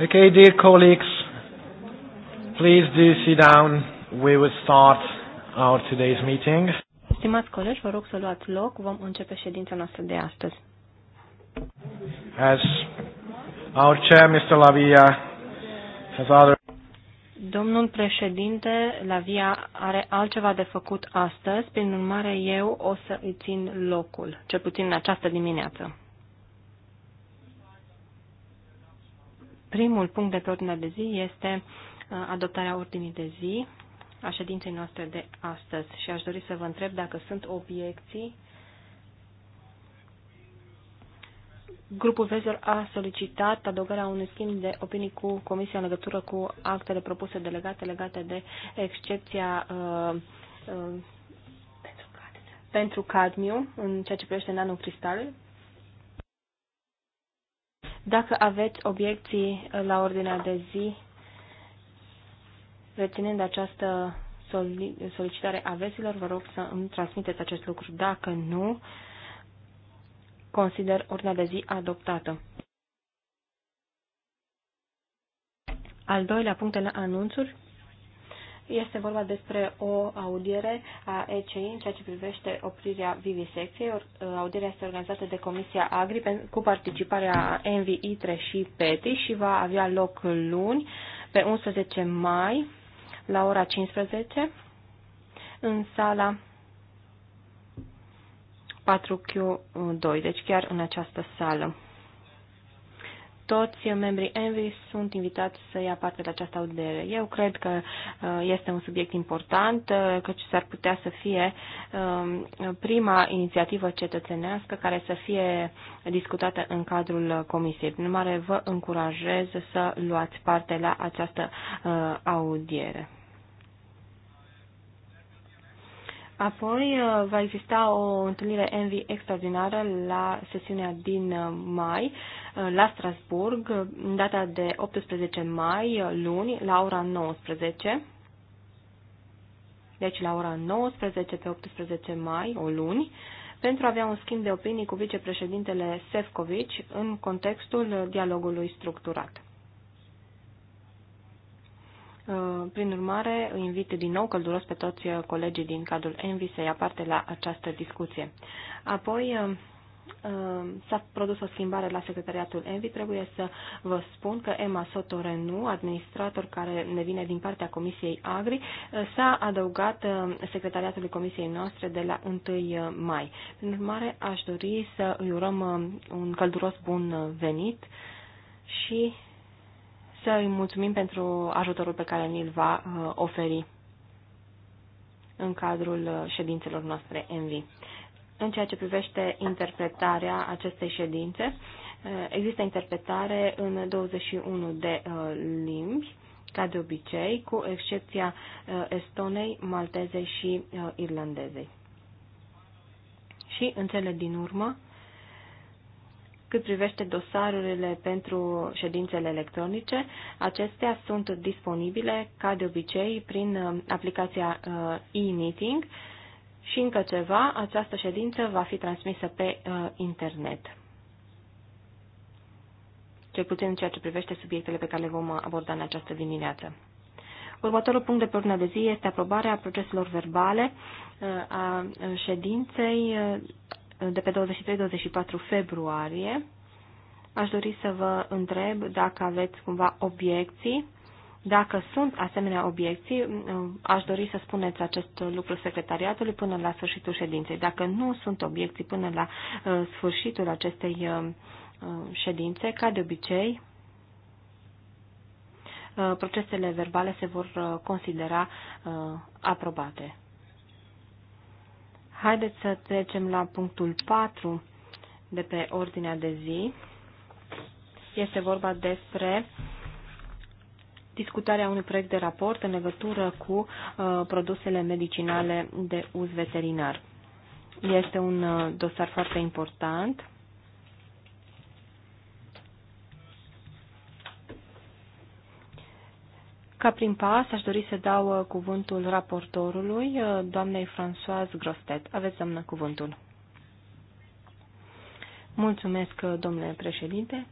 Okay, dear colleagues, please do sit down. We will start our today's meeting. Stimați colegi, vă rog să luați loc. Vom începe ședința noastră de astăzi. As our chair, Mr. Lavia, has other... Domnul președinte Lavia are altceva de făcut astăzi, prin urmare eu o să îi țin locul, cel puțin în această dimineață. Primul punct de pe ordinea de zi este uh, adoptarea ordinii de zi a ședinței noastre de astăzi și aș dori să vă întreb dacă sunt obiecții. Grupul Vezor a solicitat adăugarea unui schimb de opinii cu Comisia în legătură cu actele propuse delegate legate de excepția uh, uh, pentru cadmiu în ceea ce privește nanocristalele dacă aveți obiecții uh, la ordinea de zi, reținând această solicitare a vesilor, vă rog să îmi transmiteți acest lucru. Dacă nu, consider ordinea de zi adoptată. Al doilea punct la anunțuri este vorba despre o audiere a ECI în ceea ce privește oprirea vivisecției. Audierea este organizată de Comisia Agri cu participarea Envi, ITRE și PETI și va avea loc luni pe 11 mai la ora 15 în sala 4Q2, deci chiar în această sală toți membrii Envy sunt invitați să ia parte la această audiere. Eu cred că uh, este un subiect important, uh, căci s-ar putea să fie um, prima inițiativă cetățenească care să fie discutată în cadrul Comisiei. Prin urmare, vă încurajez să luați parte la această uh, audiere. Apoi uh, va exista o întâlnire Envy extraordinară la sesiunea din uh, mai uh, la Strasburg, în data de 18 mai, luni, la ora 19. Deci la ora 19 pe 18 mai, o luni, pentru a avea un schimb de opinii cu vicepreședintele Sefcovici în contextul dialogului structurat. Uh, prin urmare, îi invit din nou călduros pe toți uh, colegii din cadrul Envi să ia parte la această discuție. Apoi, uh, s-a produs o schimbare la secretariatul Envi. Trebuie să vă spun că Emma Sotorenu, administrator care ne vine din partea Comisiei Agri, s-a adăugat secretariatului Comisiei noastre de la 1 mai. Prin urmare, aș dori să îi urăm un călduros bun venit și să îi mulțumim pentru ajutorul pe care ni-l va uh, oferi în cadrul uh, ședințelor noastre ENVI. În ceea ce privește interpretarea acestei ședințe, uh, există interpretare în 21 de limbi, ca de obicei, cu excepția estonei, maltezei și irlandezei. Și, în cele din urmă, cât privește dosarurile pentru ședințele electronice, acestea sunt disponibile, ca de obicei, prin uh, aplicația uh, e-meeting și încă ceva, această ședință va fi transmisă pe uh, internet cel puțin în ceea ce privește subiectele pe care le vom aborda în această dimineață. Următorul punct de pe ordinea de zi este aprobarea proceselor verbale a ședinței de pe 23-24 februarie. Aș dori să vă întreb dacă aveți cumva obiecții. Dacă sunt asemenea obiecții, aș dori să spuneți acest lucru secretariatului până la sfârșitul ședinței. Dacă nu sunt obiecții până la uh, sfârșitul acestei uh, uh, ședințe, ca de obicei, procesele verbale se vor considera aprobate. Haideți să trecem la punctul 4 de pe ordinea de zi. Este vorba despre discutarea unui proiect de raport în legătură cu uh, produsele medicinale de uz veterinar. Este un uh, dosar foarte important Ca prin pas, aș dori să dau uh, cuvântul raportorului, uh, doamnei Françoise Grostet. Aveți, doamnă, cuvântul. Mulțumesc, uh, domnule președinte.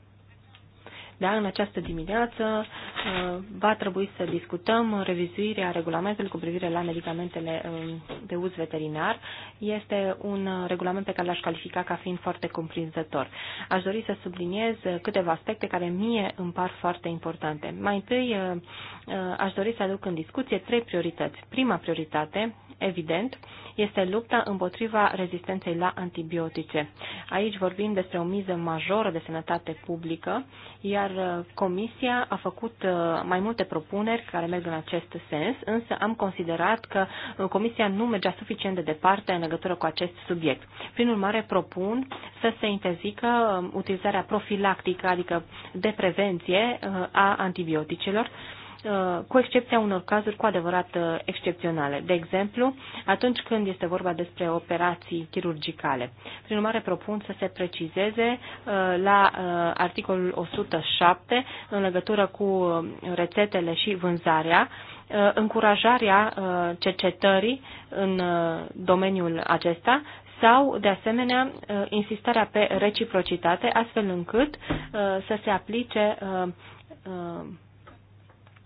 Da, în această dimineață uh, va trebui să discutăm revizuirea regulamentului cu privire la medicamentele um, de uz veterinar. Este un uh, regulament pe care l-aș califica ca fiind foarte cuprinzător. Aș dori să subliniez uh, câteva aspecte care mie îmi par foarte importante. Mai întâi, aș dori să aduc în discuție trei priorități. Prima prioritate evident, este lupta împotriva rezistenței la antibiotice. Aici vorbim despre o miză majoră de sănătate publică, iar uh, Comisia a făcut uh, mai multe propuneri care merg în acest sens, însă am considerat că uh, Comisia nu mergea suficient de departe în legătură cu acest subiect. Prin urmare, propun să se interzică utilizarea profilactică, adică de prevenție a antibioticelor, Uh, cu excepția unor cazuri cu adevărat uh, excepționale. De exemplu, atunci când este vorba despre operații chirurgicale. Prin urmare, propun să se precizeze uh, la articolul 107 în legătură cu rețetele și vânzarea încurajarea cercetării în domeniul acesta sau, de asemenea, insistarea pe reciprocitate, astfel încât să se aplice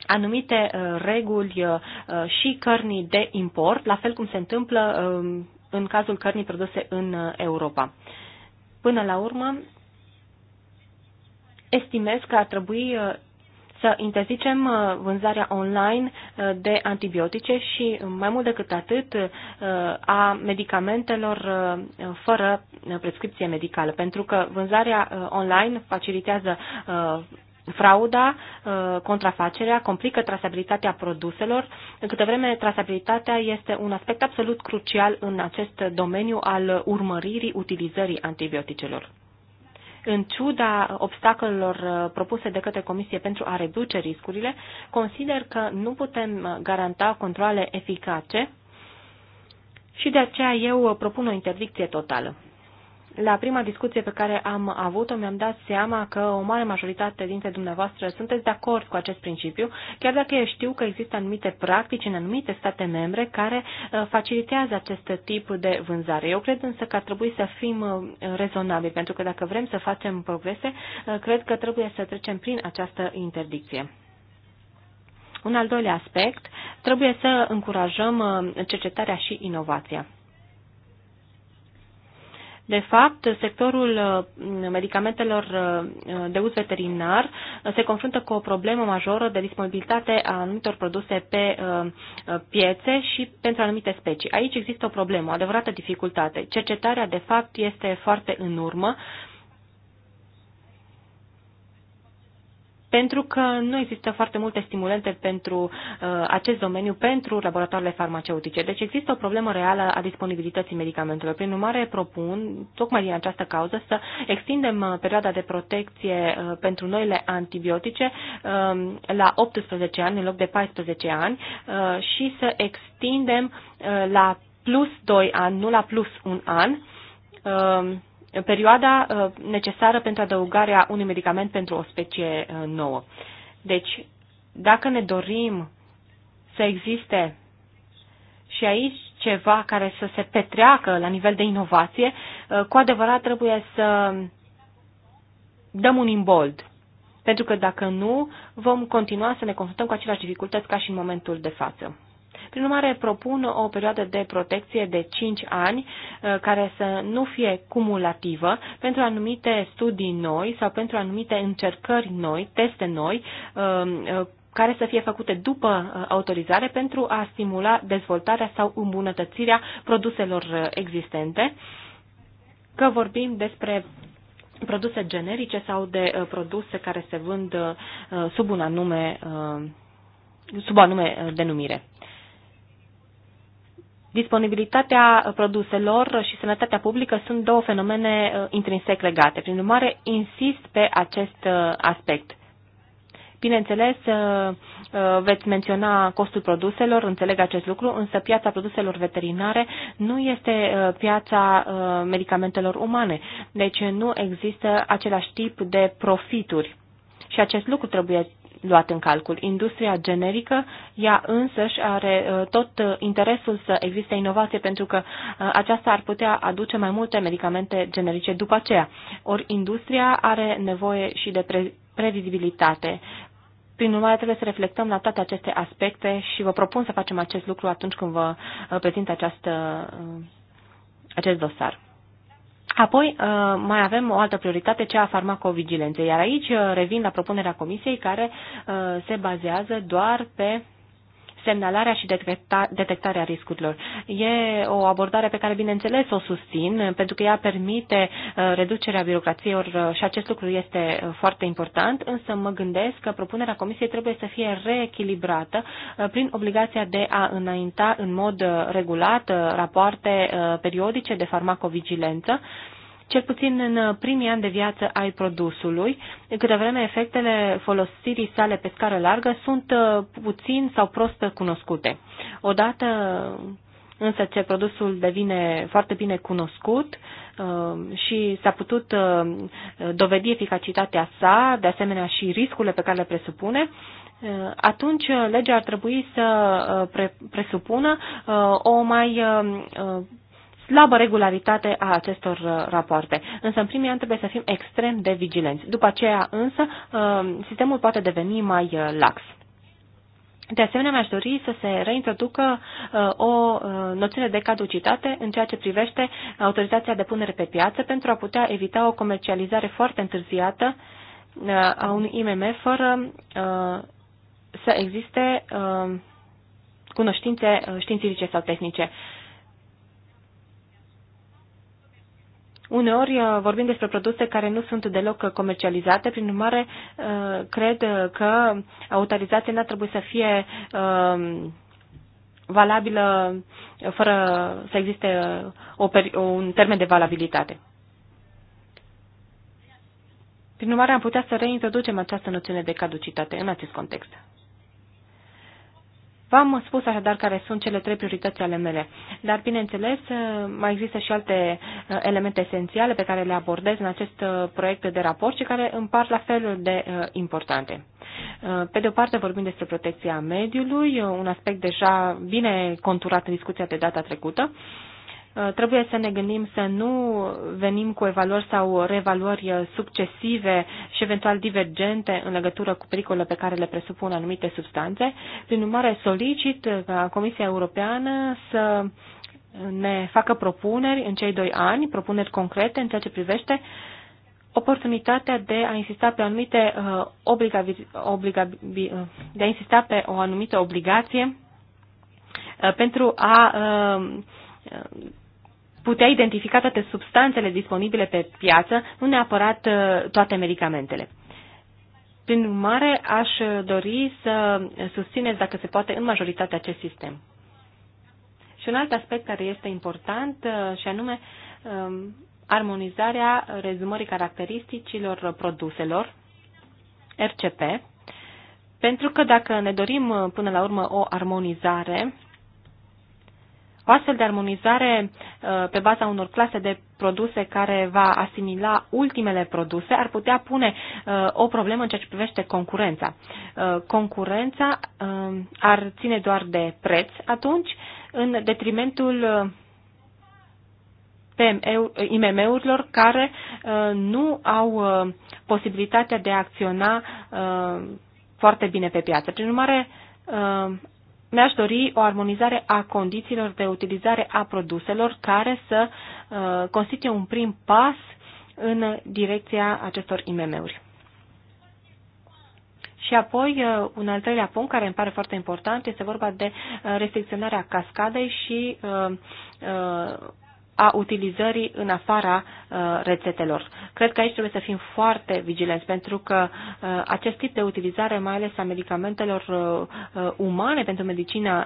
anumite uh, reguli uh, uh, și cărnii de import, la fel cum se întâmplă um, în cazul cărnii produse în Europa. Până la urmă, estimez că ar trebui să interzicem vânzarea online de antibiotice și, mai mult decât atât, a medicamentelor fără prescripție medicală, pentru că vânzarea online facilitează Frauda, uh, contrafacerea complică trasabilitatea produselor, în câte vreme trasabilitatea este un aspect absolut crucial în acest domeniu al urmăririi utilizării antibioticelor. În ciuda obstacolelor uh, propuse de către Comisie pentru a reduce riscurile, consider că nu putem garanta controle eficace și de aceea eu propun o interdicție totală. La prima discuție pe care am avut-o, mi-am dat seama că o mare majoritate dintre dumneavoastră sunteți de acord cu acest principiu, chiar dacă eu știu că există anumite practici în anumite state membre care uh, facilitează acest tip de vânzare. Eu cred însă că ar trebui să fim uh, rezonabili, pentru că dacă vrem să facem progrese, uh, cred că trebuie să trecem prin această interdicție. Un al doilea aspect, trebuie să încurajăm cercetarea și inovația. De fapt, sectorul uh, medicamentelor uh, de uz veterinar uh, se confruntă cu o problemă majoră de disponibilitate a anumitor produse pe piețe și pentru anumite specii. Aici există o problemă, o adevărată dificultate. Cercetarea, de fapt, este foarte în urmă pentru că nu există foarte multe stimulente pentru uh, acest domeniu, pentru laboratoarele farmaceutice. Deci există o problemă reală a disponibilității medicamentelor. Prin urmare, propun, tocmai din această cauză, să extindem uh, perioada de protecție uh, pentru noile antibiotice uh, la 18 ani în loc de 14 ani uh, și să extindem uh, la plus 2 ani, nu la plus 1 an. Uh, perioada uh, necesară pentru adăugarea unui medicament pentru o specie uh, nouă. Deci, dacă ne dorim să existe și aici ceva care să se petreacă la nivel de inovație, uh, cu adevărat trebuie să dăm un imbold. Pentru că dacă nu, vom continua să ne confruntăm cu aceleași dificultăți ca și în momentul de față. Prin urmare, propun o perioadă de protecție de 5 ani, uh, care să nu fie cumulativă, pentru anumite studii noi sau pentru anumite încercări noi, teste noi, uh, uh, care să fie făcute după autorizare pentru a stimula dezvoltarea sau îmbunătățirea produselor existente, că vorbim despre produse generice sau de produse care se vând sub un anume sub o anume denumire. Disponibilitatea produselor și sănătatea publică sunt două fenomene uh, intrinsec legate. Prin urmare, insist pe acest uh, aspect. Bineînțeles, uh, veți menționa costul produselor, înțeleg acest lucru, însă piața produselor veterinare nu este piața medicamentelor umane, deci nu există același tip de profituri. Și acest lucru trebuie luat în calcul. Industria generică, ea însăși are uh, tot uh, interesul să existe inovație pentru că uh, aceasta ar putea aduce mai multe medicamente generice după aceea. Ori industria are nevoie și de pre- previzibilitate. Prin urmare, trebuie să reflectăm la toate aceste aspecte și vă propun să facem acest lucru atunci când vă prezint această, acest dosar. Apoi uh, mai avem o altă prioritate, cea a farmacovigilenței, iar aici uh, revin la propunerea comisiei care uh, se bazează doar pe semnalarea și detectarea riscurilor. E o abordare pe care, bineînțeles, o susțin, pentru că ea permite uh, reducerea birocrației uh, și acest lucru este uh, foarte important, însă mă gândesc că propunerea Comisiei trebuie să fie reechilibrată prin obligația de a înainta în mod regulat rapoarte periodice de farmacovigilență, cel puțin în uh, primii ani de viață ai produsului, câte vreme efectele folosirii sale pe scară largă sunt uh, puțin sau prost cunoscute. Odată însă ce produsul devine foarte bine cunoscut uh, și s-a putut dovedi eficacitatea sa, de asemenea și riscurile pe care le presupune, atunci legea ar trebui să presupună o mai slabă regularitate a acestor uh, rapoarte. Însă în primii ani trebuie să fim extrem de vigilenți. După aceea însă uh, sistemul poate deveni mai uh, lax. De asemenea, mi-aș dori să se reintroducă uh, o noțiune de caducitate în ceea ce privește autorizația de punere pe piață pentru a putea evita o comercializare foarte întârziată uh, a unui IMM fără uh, să existe uh, cunoștințe științifice sau tehnice. Uneori uh, vorbim despre produse care nu sunt deloc comercializate, prin urmare uh, cred că autorizația n-ar trebui să fie um, valabilă fără să existe uh, un termen de valabilitate. Prin urmare, am putea să reintroducem această noțiune de caducitate în acest context. V-am spus așadar care sunt cele trei priorități ale mele, dar bineînțeles mai există și alte uh, elemente esențiale pe care le abordez în acest uh, proiect de raport și care împart la fel de uh, importante. Pe de o parte vorbim despre protecția mediului, un aspect deja bine conturat în discuția de data trecută, Uh, trebuie să ne gândim să nu venim cu evaluări sau revaluări uh, succesive și eventual divergente în legătură cu pericolele pe care le presupun anumite substanțe. Prin urmare, solicit uh, ca Comisia Europeană să ne facă propuneri în cei doi ani, propuneri concrete în ceea ce privește oportunitatea de a insista pe anumite uh, obligavi, obligabi, uh, de a insista pe o anumită obligație uh, pentru a uh, putea identifica toate substanțele disponibile pe piață, nu neapărat uh, toate medicamentele. Prin urmare, aș dori să susțineți, dacă se poate, în majoritate acest sistem. Și un alt aspect care este important, uh, și anume um, armonizarea rezumării caracteristicilor produselor, RCP, pentru că dacă ne dorim uh, până la urmă o armonizare, o astfel de armonizare uh, pe baza unor clase de produse care va asimila ultimele produse ar putea pune uh, o problemă în ceea ce privește concurența. Uh, concurența ar ține doar de preț atunci, în detrimentul IMM-urilor care nu au posibilitatea de a acționa foarte bine pe piață. Prin urmare, mi-aș dori o armonizare a condițiilor de utilizare a produselor care să uh, constituie un prim pas în direcția acestor IMM-uri. Și apoi, uh, un al treilea punct care îmi pare foarte important este vorba de uh, restricționarea cascadei și uh, uh, a utilizării în afara uh, rețetelor. Cred că aici trebuie să fim foarte vigilenți pentru că uh, acest tip de utilizare, mai ales a medicamentelor uh, umane pentru medicina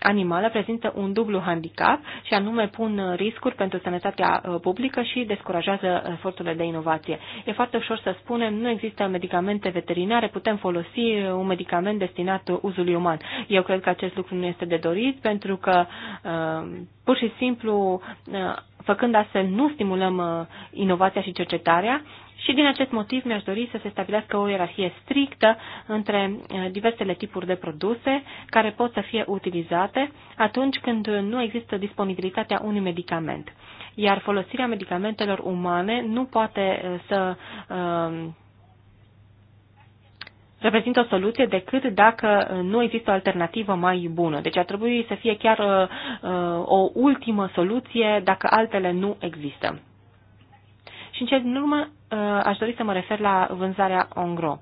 animală, prezintă un dublu handicap și anume pun riscuri pentru sănătatea publică și descurajează eforturile de inovație. E foarte ușor să spunem, nu există medicamente veterinare, putem folosi un medicament destinat uzului uman. Eu cred că acest lucru nu este de dorit pentru că pur și simplu uh, făcând astfel nu stimulăm uh, inovația și cercetarea și din acest motiv mi-aș dori să se stabilească o ierarhie strictă între uh, diversele tipuri de produse care pot să fie utilizate atunci când nu există disponibilitatea unui medicament. Iar folosirea medicamentelor umane nu poate să reprezintă o soluție decât dacă nu există o alternativă mai bună. Deci ar trebui să fie chiar uh, uh, o ultimă soluție dacă altele nu există. Și în cel din urmă uh, aș dori să mă refer la vânzarea ongro.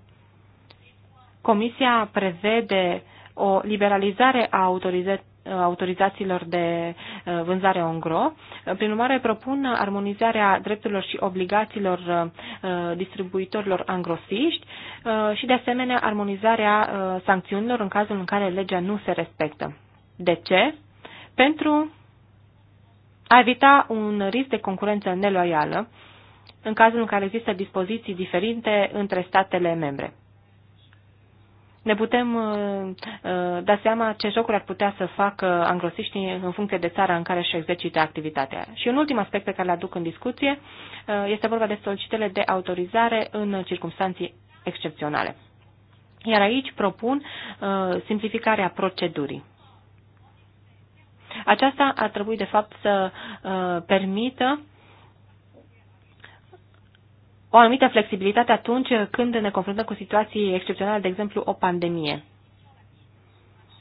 Comisia prevede o liberalizare a autorizării autorizațiilor de uh, vânzare ongro. Uh, prin urmare, propun armonizarea drepturilor și obligațiilor uh, distribuitorilor angrosiști și, de asemenea, armonizarea sancțiunilor în cazul în care legea nu se respectă. De ce? Pentru a evita un risc de concurență neloială în cazul în care există dispoziții diferite între statele membre ne putem uh, uh, da seama ce jocuri ar putea să facă anglosiștii în funcție de țara în care își exercită activitatea. Și un ultim aspect pe care le aduc în discuție uh, este vorba de solicitele de autorizare în circunstanții excepționale. Iar aici propun simplificarea procedurii. Aceasta ar trebui, de fapt, să permită uh, o anumită flexibilitate atunci când ne confruntăm cu situații excepționale, de exemplu o pandemie.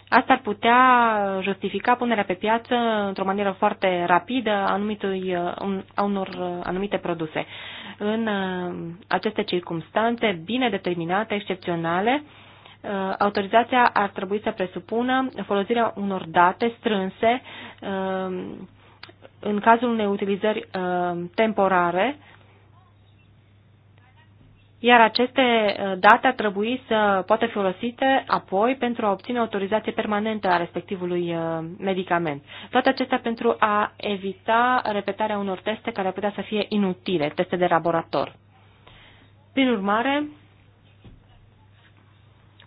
Asta ar putea justifica punerea pe piață într-o manieră foarte rapidă a, anumitui, a unor anumite produse. În uh, aceste circunstanțe bine determinate, excepționale, uh, autorizația ar trebui să presupună folosirea unor date strânse uh, în cazul unei utilizări temporare iar aceste uh, date ar trebui să poată fi folosite apoi pentru a obține autorizație permanentă a respectivului uh, medicament. Toate acestea pentru a evita repetarea unor teste care putea să fie inutile, teste de laborator. Prin urmare,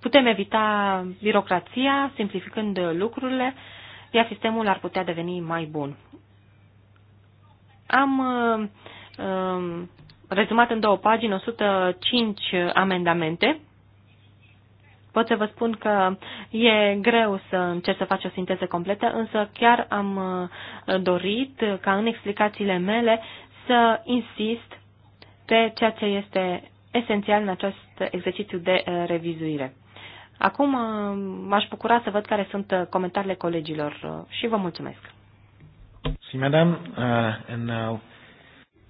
putem evita birocrația, simplificând lucrurile, iar sistemul ar putea deveni mai bun. Am uh, um, rezumat în două pagini, 105 amendamente. Pot să vă spun că e greu să încerc să faci o sinteză completă, însă chiar am uh, dorit ca în explicațiile mele să insist pe ceea ce este esențial în acest exercițiu de uh, revizuire. Acum uh, m-aș bucura să văd care sunt comentariile colegilor și vă mulțumesc.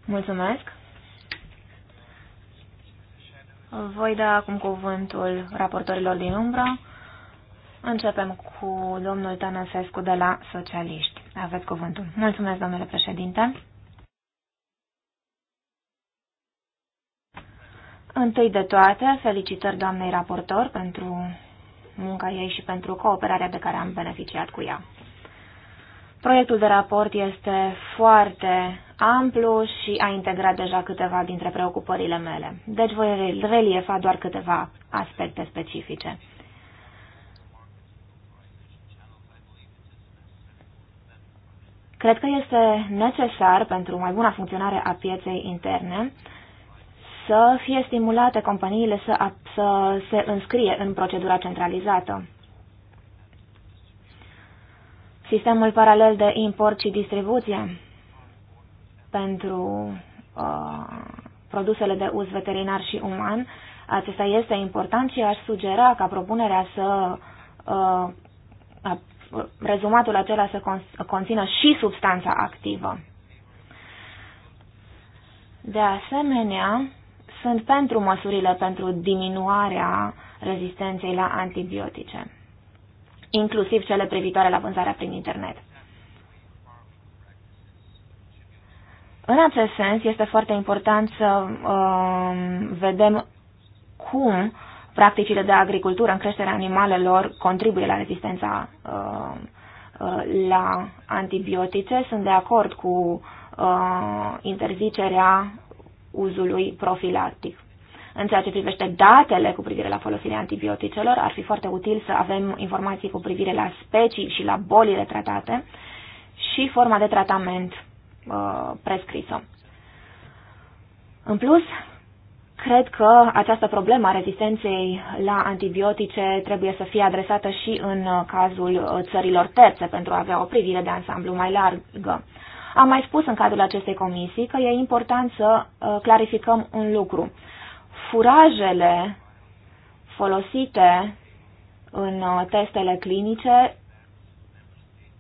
Mulțumesc. Voi da acum cuvântul raportorilor din umbră. Începem cu domnul Tănăsescu de la Socialiști. Aveți cuvântul. Mulțumesc, domnule președinte. Întâi de toate, felicitări doamnei raportor pentru munca ei și pentru cooperarea de care am beneficiat cu ea. Proiectul de raport este foarte amplu și a integrat deja câteva dintre preocupările mele. Deci voi reliefa doar câteva aspecte specifice. Cred că este necesar pentru mai buna funcționare a pieței interne să fie stimulate companiile să, să se înscrie în procedura centralizată sistemul paralel de import și distribuție pentru uh, produsele de uz veterinar și uman. Acesta este important și aș sugera ca propunerea să uh, rezumatul acela să conțină și substanța activă. De asemenea, sunt pentru măsurile pentru diminuarea rezistenței la antibiotice inclusiv cele privitoare la vânzarea prin internet. În acest sens, este foarte important să um, vedem cum practicile de agricultură în creșterea animalelor contribuie la rezistența um, uh, la antibiotice. Sunt de acord cu uh, interzicerea uzului profilactic în ceea ce privește datele cu privire la folosirea antibioticelor. Ar fi foarte util să avem informații cu privire la specii și la bolile tratate și forma de tratament uh, prescrisă. În plus, cred că această problemă a rezistenței la antibiotice trebuie să fie adresată și în cazul uh, țărilor terțe pentru a avea o privire de ansamblu mai largă. Am mai spus în cadrul acestei comisii că e important să uh, clarificăm un lucru furajele folosite în uh, testele clinice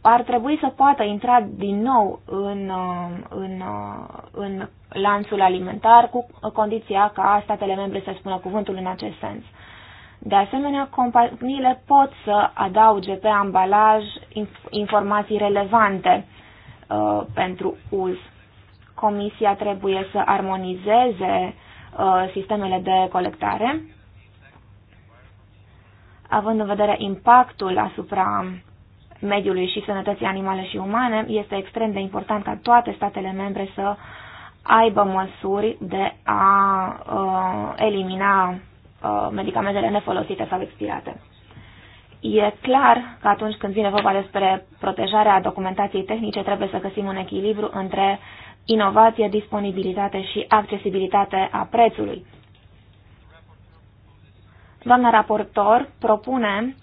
ar trebui să poată intra din nou în, uh, în, uh, în lanțul alimentar cu condiția ca statele membre să spună cuvântul în acest sens. De asemenea, companiile pot să adauge pe ambalaj informații relevante uh, pentru uz. Comisia trebuie să armonizeze Uh, sistemele de colectare, având în vedere impactul asupra mediului și sănătății animale și umane, este extrem de important ca toate statele membre să aibă măsuri de a uh, elimina uh, medicamentele nefolosite sau expirate. E clar că atunci când vine vorba despre protejarea documentației tehnice, trebuie să găsim un echilibru între inovație, disponibilitate și accesibilitate a prețului. Doamna raportor propune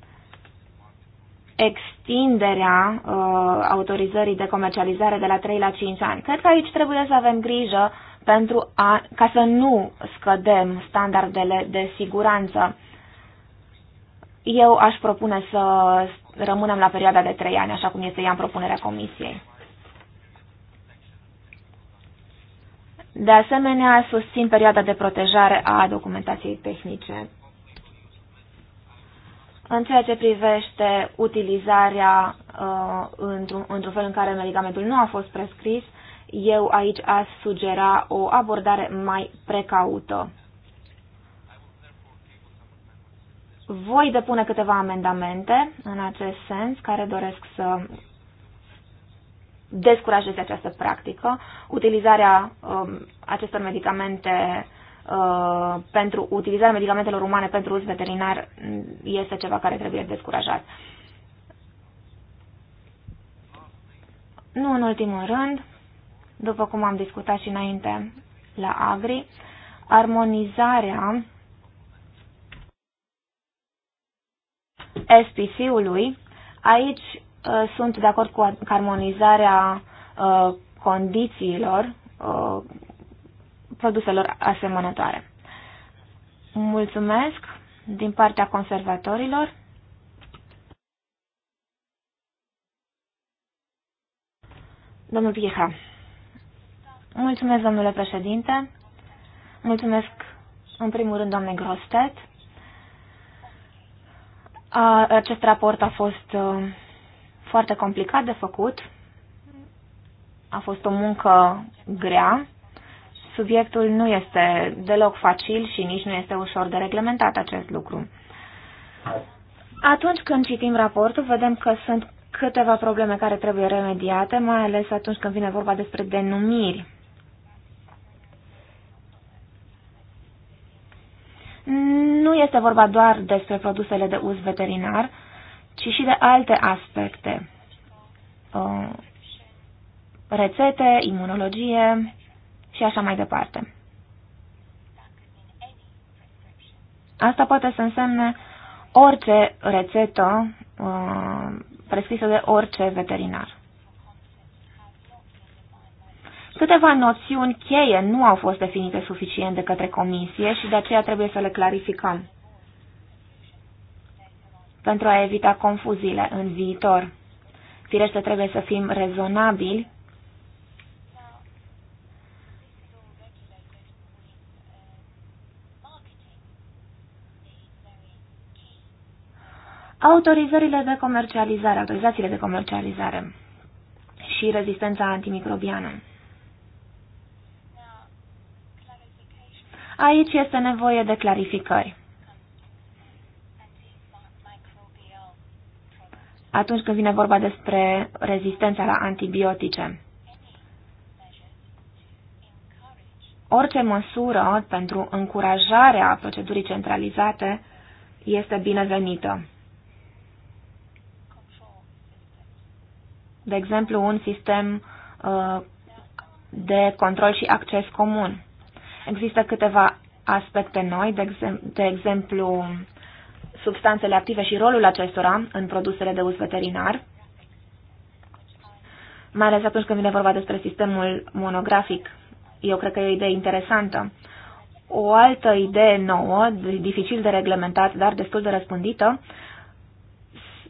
extinderea uh, autorizării de comercializare de la 3 la 5 ani. Cred că aici trebuie să avem grijă pentru a, ca să nu scădem standardele de siguranță. Eu aș propune să rămânem la perioada de 3 ani, așa cum este ea în propunerea comisiei. De asemenea, susțin perioada de protejare a documentației tehnice. În ceea ce privește utilizarea uh, într-un, într fel în care medicamentul nu a fost prescris, eu aici aș sugera o abordare mai precaută. Voi depune câteva amendamente în acest sens care doresc să descurajeze această practică, utilizarea um, acestor medicamente uh, pentru utilizarea medicamentelor umane pentru uz veterinar este ceva care trebuie descurajat. Nu în ultimul rând, după cum am discutat și înainte la Agri, armonizarea SPC-ului Aici Uh, sunt de acord cu armonizarea uh, condițiilor uh, produselor asemănătoare. Mulțumesc din partea conservatorilor. Domnul Pieha. Mulțumesc, domnule președinte. Mulțumesc, în primul rând, doamne Grostet. Acest raport a fost foarte complicat de făcut. A fost o muncă grea. Subiectul nu este deloc facil și nici nu este ușor de reglementat acest lucru. Atunci când citim raportul, vedem că sunt câteva probleme care trebuie remediate, mai ales atunci când vine vorba despre denumiri. Nu este vorba doar despre produsele de uz veterinar, ci și de alte aspecte. Rețete, imunologie și așa mai departe. Asta poate să însemne orice rețetă prescrisă de orice veterinar. Câteva noțiuni cheie nu au fost definite suficient de către comisie și de aceea trebuie să le clarificăm pentru a evita confuziile în viitor. Firește, trebuie să fim rezonabili autorizările de comercializare, autorizațiile de comercializare și rezistența antimicrobiană. Aici este nevoie de clarificări. atunci când vine vorba despre rezistența la antibiotice. Orice măsură pentru încurajarea procedurii centralizate este binevenită. De exemplu, un sistem uh, de control și acces comun. Există câteva aspecte noi, de, exemplu, substanțele active și rolul acestora în produsele de uz veterinar, mai ales atunci când vine vorba despre sistemul monografic. Eu cred că e o idee interesantă. O altă idee nouă, dificil de reglementat, dar destul de răspândită,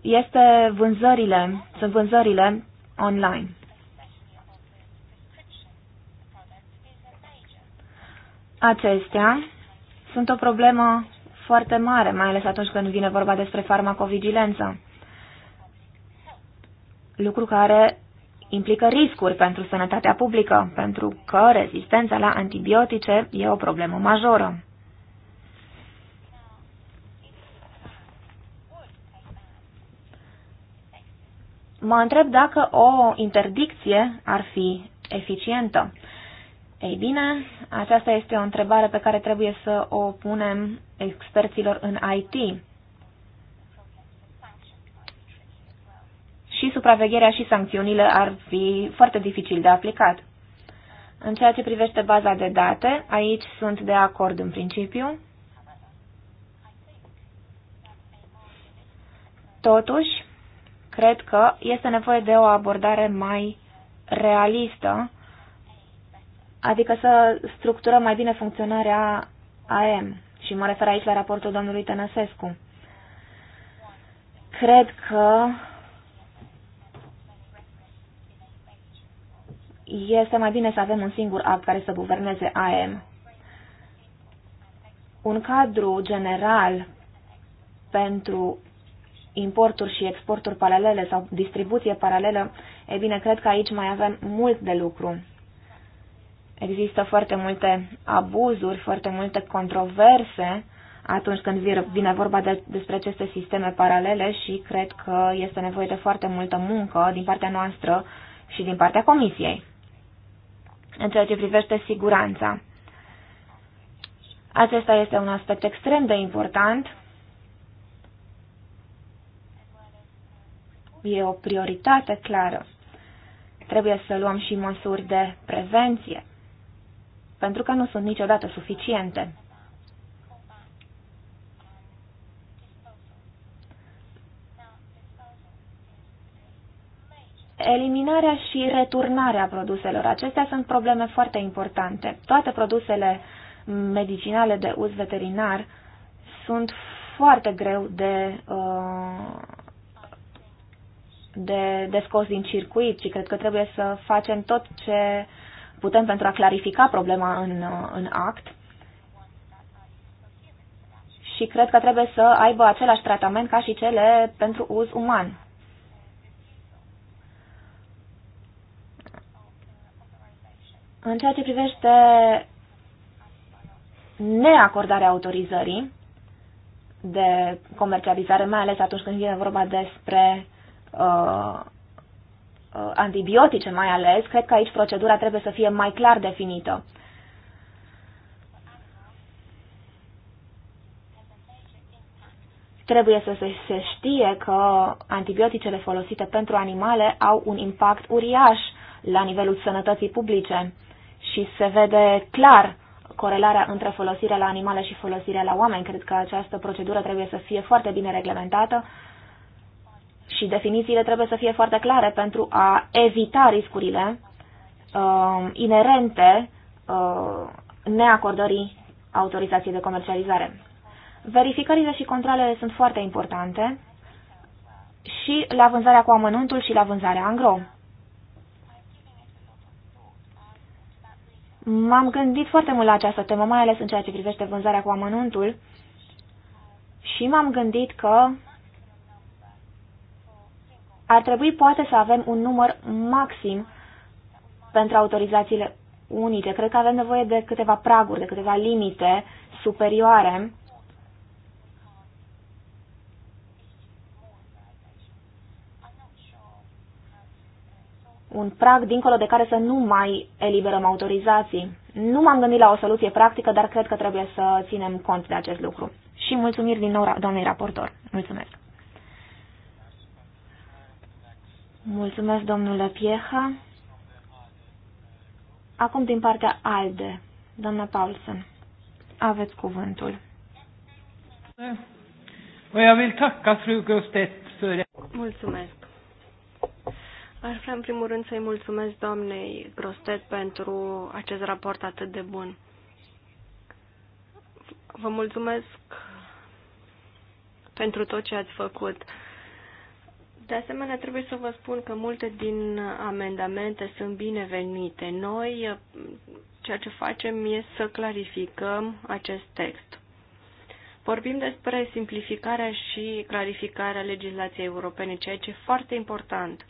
este vânzările, sunt vânzările online. Acestea sunt o problemă foarte mare, mai ales atunci când vine vorba despre farmacovigilență. Lucru care implică riscuri pentru sănătatea publică, pentru că rezistența la antibiotice e o problemă majoră. Mă întreb dacă o interdicție ar fi eficientă. Ei bine, aceasta este o întrebare pe care trebuie să o punem experților în IT. Și supravegherea și sancțiunile ar fi foarte dificil de aplicat. În ceea ce privește baza de date, aici sunt de acord în principiu. Totuși, cred că este nevoie de o abordare mai realistă, adică să structurăm mai bine funcționarea AM și mă refer aici la raportul domnului Tănăsescu. Cred că este mai bine să avem un singur act care să guverneze AM. Un cadru general pentru importuri și exporturi paralele sau distribuție paralelă, e bine, cred că aici mai avem mult de lucru. Există foarte multe abuzuri, foarte multe controverse atunci când vine vorba de, despre aceste sisteme paralele și cred că este nevoie de foarte multă muncă din partea noastră și din partea Comisiei. În ceea ce privește siguranța, acesta este un aspect extrem de important. E o prioritate clară. Trebuie să luăm și măsuri de prevenție pentru că nu sunt niciodată suficiente. Eliminarea și returnarea produselor. Acestea sunt probleme foarte importante. Toate produsele medicinale de uz veterinar sunt foarte greu de, uh, de, de scos din circuit și cred că trebuie să facem tot ce putem pentru a clarifica problema în, în act și cred că trebuie să aibă același tratament ca și cele pentru uz uman. În ceea ce privește neacordarea autorizării de comercializare, mai ales atunci când vine vorba despre uh, Uh, antibiotice mai ales, cred că aici procedura trebuie să fie mai clar definită. Trebuie să se, știe că antibioticele folosite pentru animale au un impact uriaș la nivelul sănătății publice și se vede clar corelarea între folosirea la animale și folosirea la oameni. Cred că această procedură trebuie să fie foarte bine reglementată și definițiile trebuie să fie foarte clare pentru a evita riscurile uh, inerente uh, neacordării autorizației de comercializare. Verificările și controlele sunt foarte importante și la vânzarea cu amănuntul și la vânzarea angro. M-am gândit foarte mult la această temă, mai ales în ceea ce privește vânzarea cu amănuntul și m-am gândit că ar trebui poate să avem un număr maxim pentru autorizațiile unice. Cred că avem nevoie de câteva praguri, de câteva limite superioare. Un prag dincolo de care să nu mai eliberăm autorizații. Nu m-am gândit la o soluție practică, dar cred că trebuie să ținem cont de acest lucru. Și mulțumiri din nou doamnei raportor. Mulțumesc! Mulțumesc, domnule Pieha. Acum, din partea ALDE, doamna Paulsen, aveți cuvântul. Mulțumesc. Aș vrea, în primul rând, să-i mulțumesc doamnei Grostet pentru acest raport atât de bun. Vă mulțumesc pentru tot ce ați făcut. De asemenea, trebuie să vă spun că multe din amendamente sunt binevenite. Noi ceea ce facem e să clarificăm acest text. Vorbim despre simplificarea și clarificarea legislației europene, ceea ce e foarte important.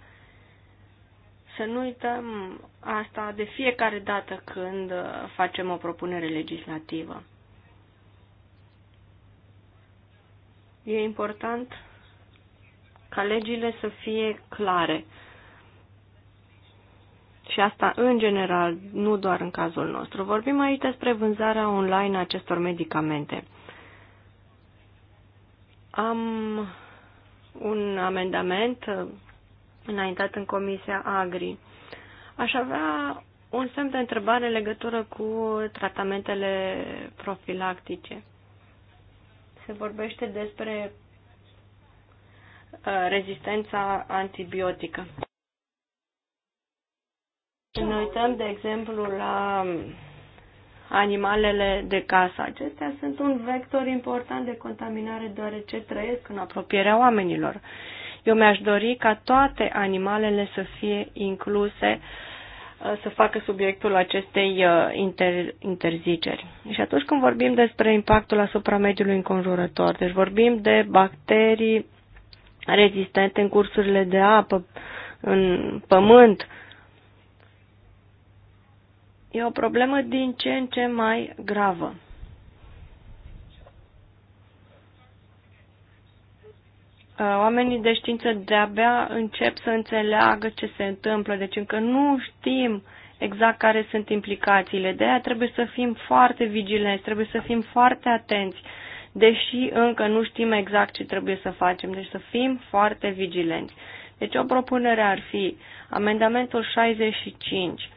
Să nu uităm asta de fiecare dată când facem o propunere legislativă. E important ca legile să fie clare. Și asta în general, nu doar în cazul nostru. Vorbim aici despre vânzarea online a acestor medicamente. Am un amendament uh, înaintat în Comisia Agri. Aș avea un semn de întrebare în legătură cu tratamentele profilactice. Se vorbește despre Uh, rezistența antibiotică. Când ne uităm, de exemplu, la animalele de casă, acestea sunt un vector important de contaminare deoarece trăiesc în apropierea oamenilor. Eu mi-aș dori ca toate animalele să fie incluse uh, să facă subiectul acestei uh, inter, interziceri. Și atunci când vorbim despre impactul asupra mediului înconjurător, deci vorbim de bacterii rezistente în cursurile de apă, în pământ. E o problemă din ce în ce mai gravă. Uh, oamenii de știință de-abia încep să înțeleagă ce se întâmplă, deci încă nu știm exact care sunt implicațiile. De aia trebuie să fim foarte vigilenți, trebuie să fim foarte atenți deși încă nu știm exact ce trebuie să facem, deci să fim foarte vigilenți. Deci o propunere ar fi amendamentul 65.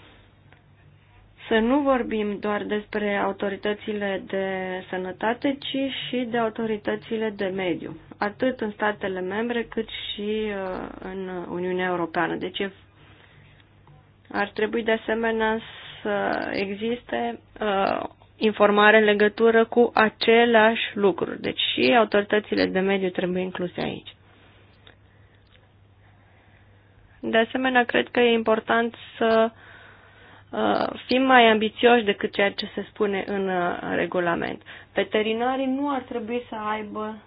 Să nu vorbim doar despre autoritățile de sănătate, ci și de autoritățile de mediu, atât în statele membre cât și uh, în Uniunea Europeană. Deci ar trebui de asemenea să existe uh, informare în legătură cu aceleași lucruri. Deci și autoritățile de mediu trebuie incluse aici. De asemenea, cred că e important să uh, fim mai ambițioși decât ceea ce se spune în uh, regulament. Veterinarii nu ar trebui să aibă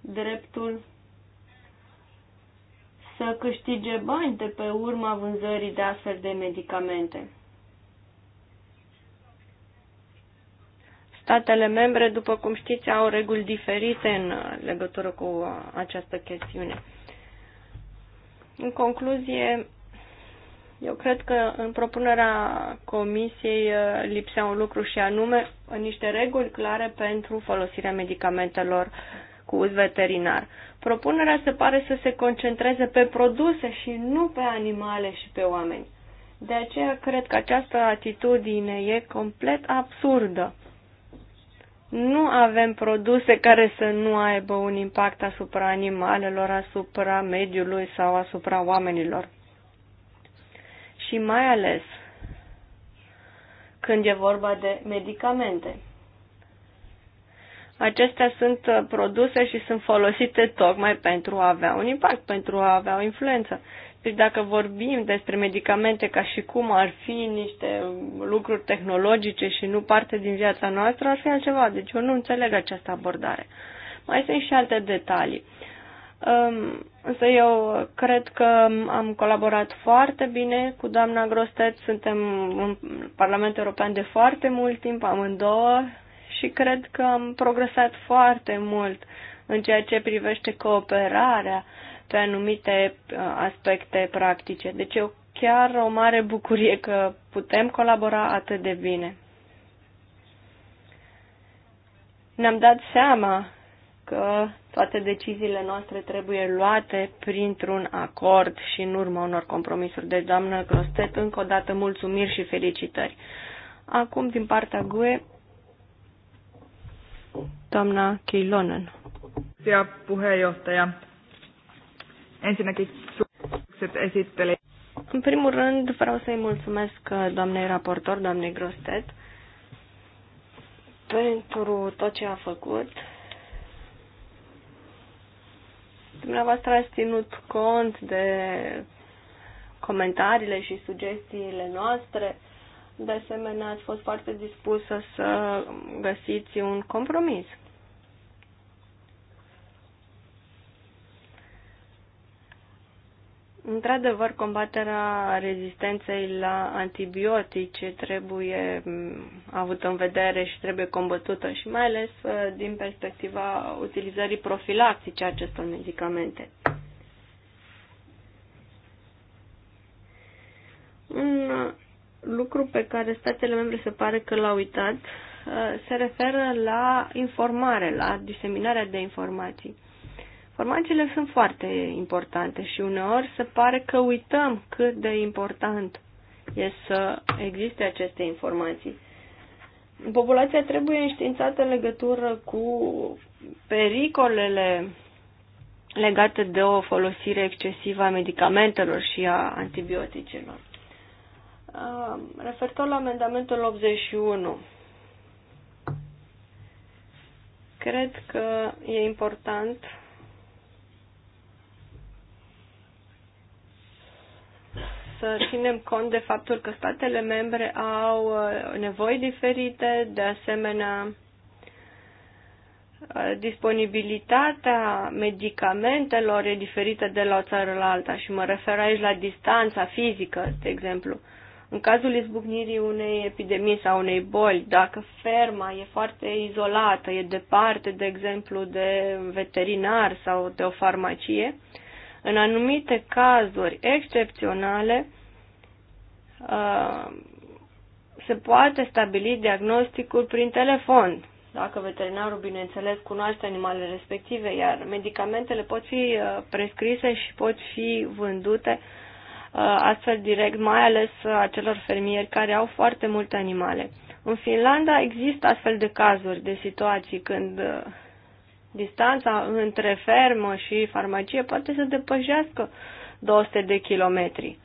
dreptul să câștige bani de pe urma vânzării de astfel de medicamente. Statele membre, după cum știți, au reguli diferite în legătură cu uh, această chestiune. În concluzie, eu cred că în propunerea comisiei uh, lipsea un lucru și anume uh, niște reguli clare pentru folosirea medicamentelor cu uz veterinar. Propunerea se pare să se concentreze pe produse și nu pe animale și pe oameni. De aceea cred că această atitudine e complet absurdă nu avem produse care să nu aibă un impact asupra animalelor, asupra mediului sau asupra oamenilor. Și mai ales când e vorba de medicamente. Acestea sunt uh, produse și sunt folosite tocmai pentru a avea un impact, pentru a avea o influență. Deci dacă vorbim despre medicamente ca și cum ar fi niște lucruri tehnologice și nu parte din viața noastră, ar fi altceva. Deci eu nu înțeleg această abordare. Mai sunt și alte detalii. Însă eu cred că am colaborat foarte bine cu doamna Grostet, suntem în Parlamentul European de foarte mult timp, amândouă, și cred că am progresat foarte mult în ceea ce privește cooperarea uh, pe anumite uh, aspecte practice. Deci o chiar o mare bucurie că putem colabora atât de bine. Ne-am dat seama că toate deciziile noastre trebuie luate printr-un acord și în urma unor compromisuri. Deci, doamnă Grostet, încă o dată mulțumiri și felicitări. Acum, din partea GUE, doamna Keilonen. Sia, puheenjohtaja. Ensinnäkin În primul rând vreau să-i mulțumesc uh, doamnei raportor, doamnei Grostet, pentru tot ce a făcut. Dumneavoastră ați ținut cont de comentariile și sugestiile noastre. De asemenea, ați fost foarte dispusă să găsiți un compromis. Într-adevăr, combaterea rezistenței la antibiotice trebuie mm, avută în vedere și trebuie combătută și mai ales uh, din perspectiva utilizării profilactice a acestor medicamente. Un uh, lucru pe care statele membre se pare că l-au uitat uh, se referă la informare, la diseminarea de informații. Informațiile sunt foarte importante și uneori se pare că uităm cât de important e să existe aceste informații. Populația trebuie înștiințată în legătură cu pericolele legate de o folosire excesivă a medicamentelor și a antibioticelor. Referitor la amendamentul 81, cred că e important să ținem cont de faptul că statele membre au uh, nevoi diferite, de asemenea uh, disponibilitatea medicamentelor e diferită de la o țară la alta și mă refer aici la distanța fizică, de exemplu. În cazul izbucnirii unei epidemii sau unei boli, dacă ferma e foarte izolată, e departe, de exemplu, de veterinar sau de o farmacie, uh, în anumite cazuri excepționale, uh, se poate stabili diagnosticul prin telefon, dacă veterinarul, bineînțeles, cunoaște animalele respective, iar medicamentele pot fi uh, prescrise și pot fi vândute uh, astfel direct, mai ales acelor fermieri care au foarte multe animale. În Finlanda există astfel de cazuri, de situații când Distanța între fermă și farmacie poate să depășească 200 de kilometri.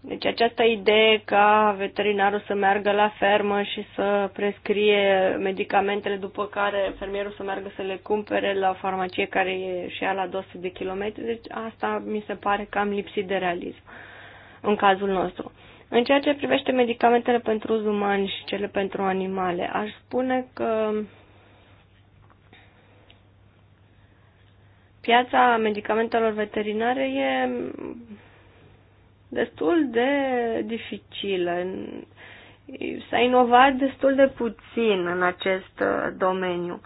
Deci această idee ca veterinarul să meargă la fermă și să prescrie medicamentele, după care fermierul să meargă să le cumpere la farmacie care e și ea la 200 de kilometri, deci asta mi se pare cam lipsit de realism în cazul nostru. În ceea ce privește medicamentele pentru uz uman și cele pentru animale, aș spune că piața medicamentelor veterinare e destul de dificilă. S-a inovat destul de puțin în acest uh, domeniu.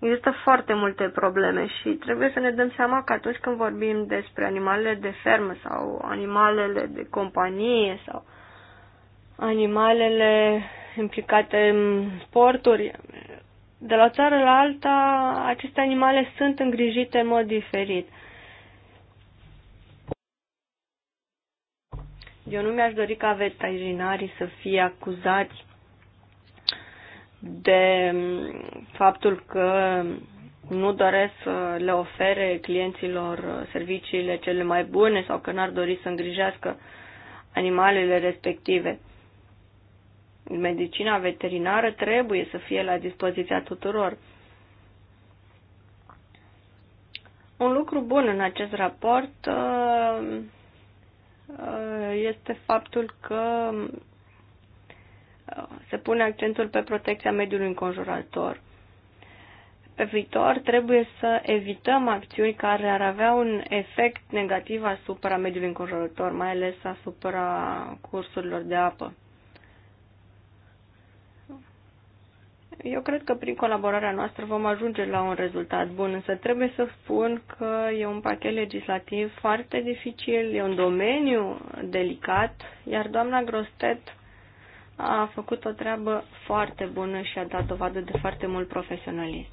Există foarte multe probleme și trebuie să ne dăm seama că atunci când vorbim despre animalele de fermă sau animalele de companie sau animalele implicate în sporturi. De la o țară la alta, aceste animale sunt îngrijite în mod diferit. Eu nu mi-aș dori ca veterinarii să fie acuzați de mm, faptul că nu doresc să le ofere clienților serviciile cele mai bune sau că n-ar dori să îngrijească animalele respective medicina veterinară trebuie să fie la dispoziția tuturor. Un lucru bun în acest raport uh, uh, este faptul că uh, se pune accentul pe protecția mediului înconjurător. Pe viitor trebuie să evităm acțiuni care ar avea un efect negativ asupra mediului înconjurător, mai ales asupra cursurilor de apă. Eu cred că prin colaborarea noastră vom ajunge la un rezultat bun, însă trebuie să spun că e un pachet legislativ foarte dificil, e un domeniu delicat, iar doamna Grostet a făcut o treabă foarte bună și a dat dovadă de foarte mult profesionalism.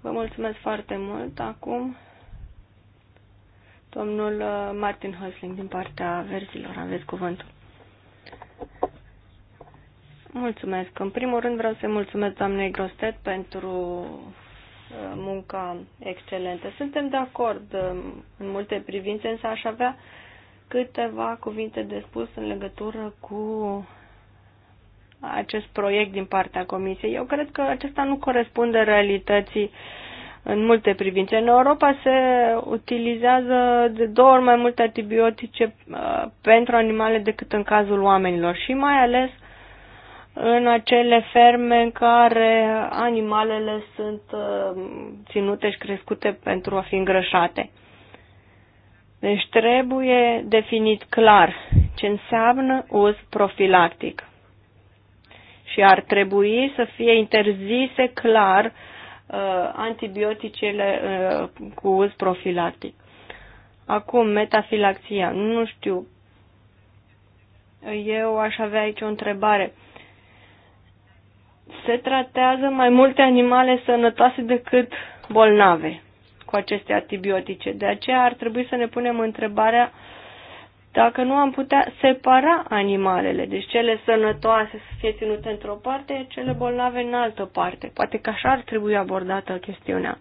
Vă mulțumesc foarte mult. Acum, domnul uh, Martin Hosling, din partea verzilor, aveți cuvântul. Mulțumesc. În primul rând vreau să mulțumesc doamnei Grostet pentru uh, munca excelentă. Suntem de acord uh, în multe privințe, însă aș avea câteva cuvinte de spus în legătură cu acest proiect din partea Comisiei. Eu cred că acesta nu corespunde realității în multe privințe. În Europa se utilizează de două ori mai multe antibiotice uh, pentru animale decât în cazul oamenilor și mai ales în acele ferme în care animalele sunt uh, ținute și crescute pentru a fi îngrășate. Deci trebuie definit clar ce înseamnă uz profilactic. Și ar trebui să fie interzise clar uh, antibioticele uh, cu uz profilactic. Acum, metafilaxia. Nu știu. Eu aș avea aici o întrebare se tratează mai multe animale sănătoase decât bolnave cu aceste antibiotice. De aceea ar trebui să ne punem întrebarea dacă nu am putea separa animalele, deci cele sănătoase să fie ținute într-o parte, cele bolnave în altă parte. Poate că așa ar trebui abordată chestiunea.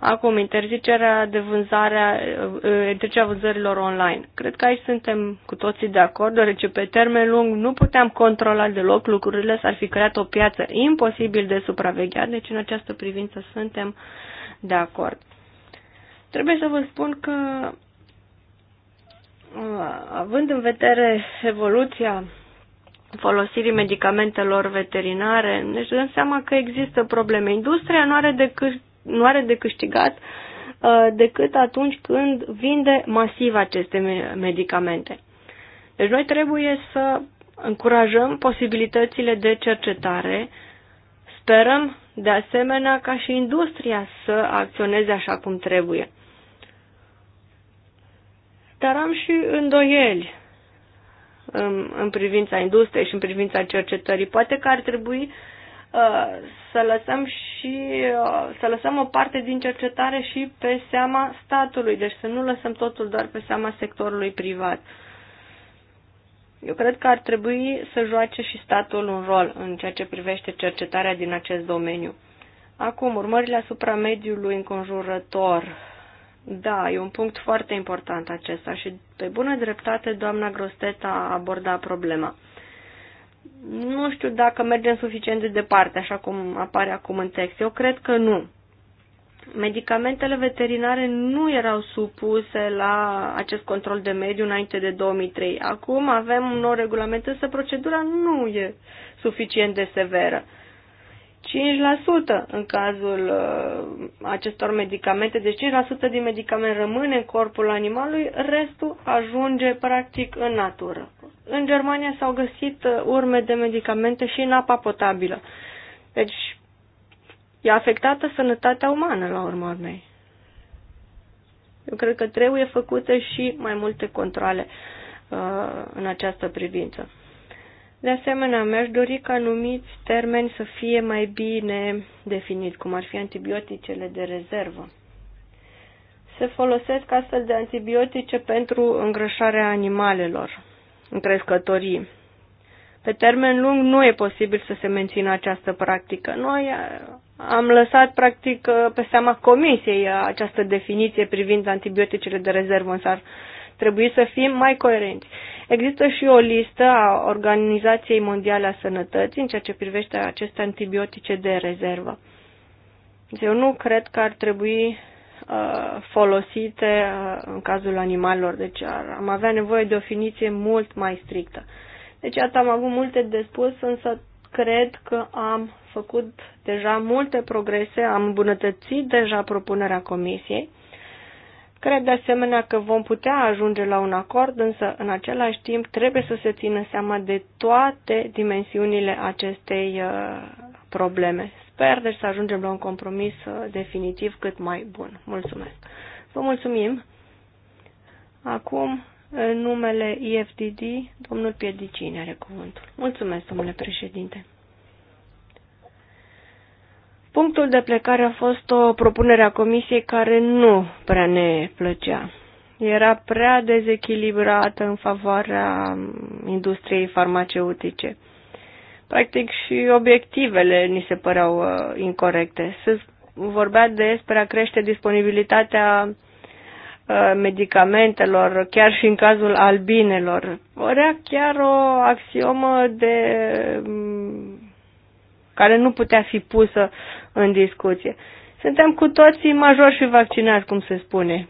Acum, interzicerea de vânzare interzicerea vânzărilor online. Cred că aici suntem cu toții de acord, deoarece pe termen lung nu puteam controla deloc lucrurile, s-ar fi creat o piață imposibil de supravegheat, deci în această privință suntem de acord. Trebuie să vă spun că având în vedere evoluția folosirii medicamentelor veterinare, ne dăm seama că există probleme. Industria nu are decât nu are de câștigat uh, decât atunci când vinde masiv aceste medicamente. Deci noi trebuie să încurajăm posibilitățile de cercetare. Sperăm, de asemenea, ca și industria să acționeze așa cum trebuie. Dar am și îndoieli în, în privința industriei și în privința cercetării. Poate că ar trebui uh, Uh, să lăsăm și uh, să lăsăm o parte din cercetare și pe seama statului, deci să nu lăsăm totul doar pe seama sectorului privat. Eu cred că ar trebui să joace și statul un rol în ceea ce privește cercetarea din acest domeniu. Acum, urmările asupra mediului înconjurător. Da, e un punct foarte important acesta și pe bună dreptate doamna Grosteta a abordat problema nu știu dacă mergem suficient de departe, așa cum apare acum în text. Eu cred că nu. Medicamentele veterinare nu erau supuse la acest control de mediu înainte de 2003. Acum avem un nou regulament, însă procedura nu e suficient de severă. 5% în cazul uh, acestor medicamente, deci 5% din medicament rămâne în corpul animalului, restul ajunge practic în natură. În Germania s-au găsit uh, urme de medicamente și în apa potabilă. Deci e afectată sănătatea umană la urma urmei. Eu cred că trebuie făcute și mai multe controle uh, în această privință. De asemenea, mi-aș dori ca anumiți termeni să fie mai bine definiți, cum ar fi antibioticele de rezervă. Se folosesc astfel de antibiotice pentru îngrășarea animalelor în crescătorii. Pe termen lung nu e posibil să se mențină această practică. Noi am lăsat practic pe seama comisiei această definiție privind antibioticele de rezervă, în sar trebui să fim mai coerenți. Există și o listă a Organizației Mondiale a Sănătății în ceea ce privește aceste antibiotice de rezervă. Eu nu cred că ar trebui uh, folosite uh, în cazul animalelor, deci ar, am avea nevoie de o definiție mult mai strictă. Deci, iată, am avut multe de spus, însă cred că am făcut deja multe progrese, am îmbunătățit deja propunerea comisiei Cred de asemenea că vom putea ajunge la un acord, însă în același timp trebuie să se țină seama de toate dimensiunile acestei uh, probleme. Sper deci să ajungem la un compromis uh, definitiv cât mai bun. Mulțumesc! Vă mulțumim! Acum, în numele IFDD, domnul Piedicini are cuvântul. Mulțumesc, domnule președinte! Punctul de plecare a fost o propunere a comisiei care nu prea ne plăcea. Era prea dezechilibrată în favoarea industriei farmaceutice. Practic și obiectivele ni se păreau uh, incorrecte. Se vorbea despre a crește disponibilitatea uh, medicamentelor, chiar și în cazul albinelor. Era chiar o axiomă de mm, care nu putea fi pusă în discuție. Suntem cu toții majori și vaccinați, cum se spune.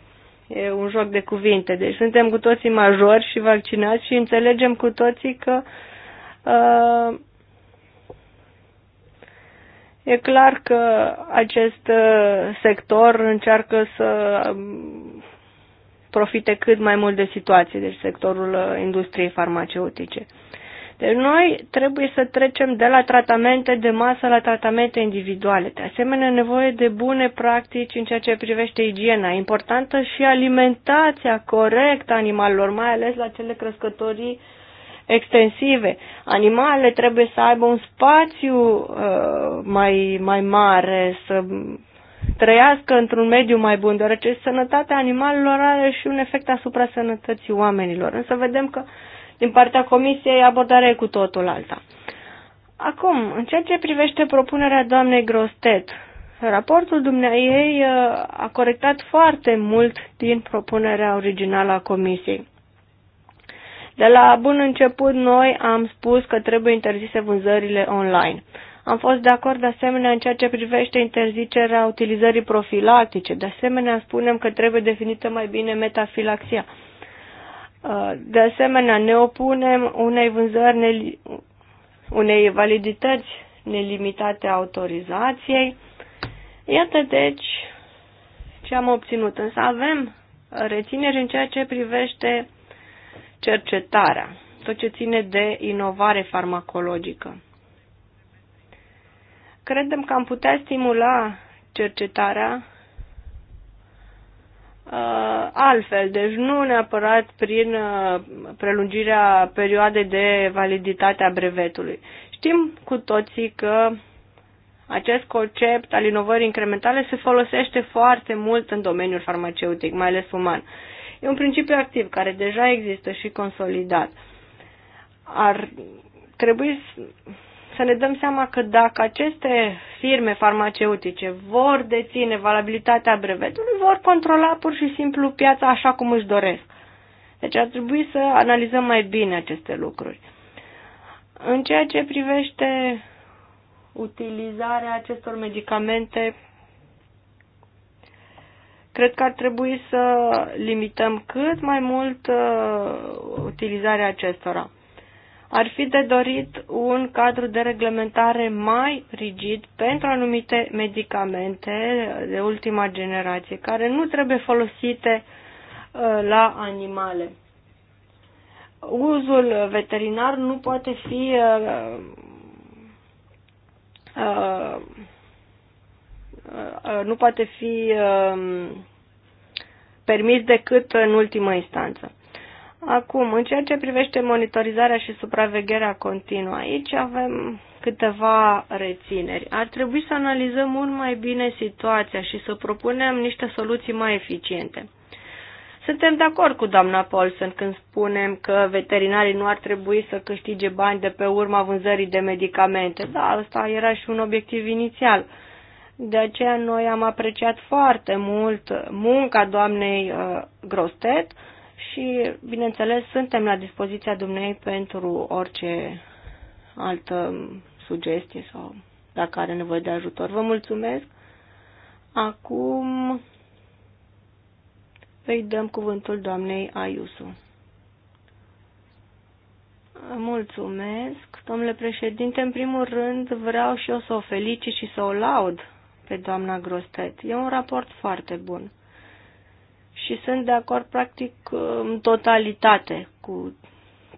E un joc de cuvinte. Deci suntem cu toții majori și vaccinați și înțelegem cu toții că uh, e clar că acest uh, sector încearcă să um, profite cât mai mult de situație, deci sectorul uh, industriei farmaceutice. Deci noi trebuie să trecem de la tratamente de masă la tratamente individuale. De asemenea, nevoie de bune practici în ceea ce privește igiena. Importantă și alimentația corectă a animalelor, mai ales la cele crescătorii extensive. Animalele trebuie să aibă un spațiu uh, mai, mai mare, să trăiască într-un mediu mai bun, deoarece sănătatea animalelor are și un efect asupra sănătății oamenilor. Însă vedem că uh, din partea comisiei e cu totul alta. Acum, în ceea ce privește propunerea doamnei Grostet, raportul dumneai uh, a corectat foarte mult din propunerea originală a comisiei. De la bun început, noi am spus că trebuie interzise vânzările online. Am fost de acord de asemenea în ceea ce privește interzicerea utilizării profilactice. De asemenea, spunem că trebuie definită mai bine metafilaxia. Uh, de asemenea, ne opunem unei vânzări, unei validități nelimitate a autorizației. Iată, deci, ce am obținut. Însă avem rețineri în ceea ce privește cercetarea, tot ce ține de inovare farmacologică. Credem că am putea stimula cercetarea uh, altfel, deci nu neapărat prin uh, prelungirea perioadei de validitate a brevetului. Știm cu toții că acest concept al inovării incrementale se folosește foarte mult în domeniul farmaceutic, mai ales uman. E un principiu activ care deja există și consolidat. Ar trebui să ne dăm seama că dacă aceste firme farmaceutice vor deține valabilitatea brevetului, vor controla pur și simplu piața așa cum își doresc. Deci ar trebui să analizăm mai bine aceste lucruri. În ceea ce privește utilizarea acestor medicamente, cred că ar trebui să limităm cât mai mult uh, utilizarea acestora ar fi de dorit un cadru de reglementare mai rigid pentru anumite medicamente de ultima generație, care nu trebuie folosite uh, la animale. Uzul veterinar nu poate fi uh, uh, nu poate fi um, permis decât în ultimă instanță. Acum, în ceea ce privește monitorizarea și supravegherea continuă, aici avem câteva rețineri. Ar trebui să analizăm mult mai bine situația și să propunem niște soluții mai eficiente. Suntem de acord cu doamna Paulson când spunem că veterinarii nu ar trebui să câștige bani de pe urma vânzării de medicamente. Da, asta era și un obiectiv inițial. De aceea noi am apreciat foarte mult munca doamnei uh, Grostet, uh, și, bineînțeles, suntem la dispoziția dumnei pentru orice altă sugestie sau dacă are nevoie de ajutor. Vă mulțumesc. Acum îi dăm cuvântul doamnei Ayuso. Mulțumesc, domnule președinte. În primul rând vreau și eu să o felicit și să o laud pe doamna Grostet. E un raport foarte bun și sunt de acord practic în totalitate cu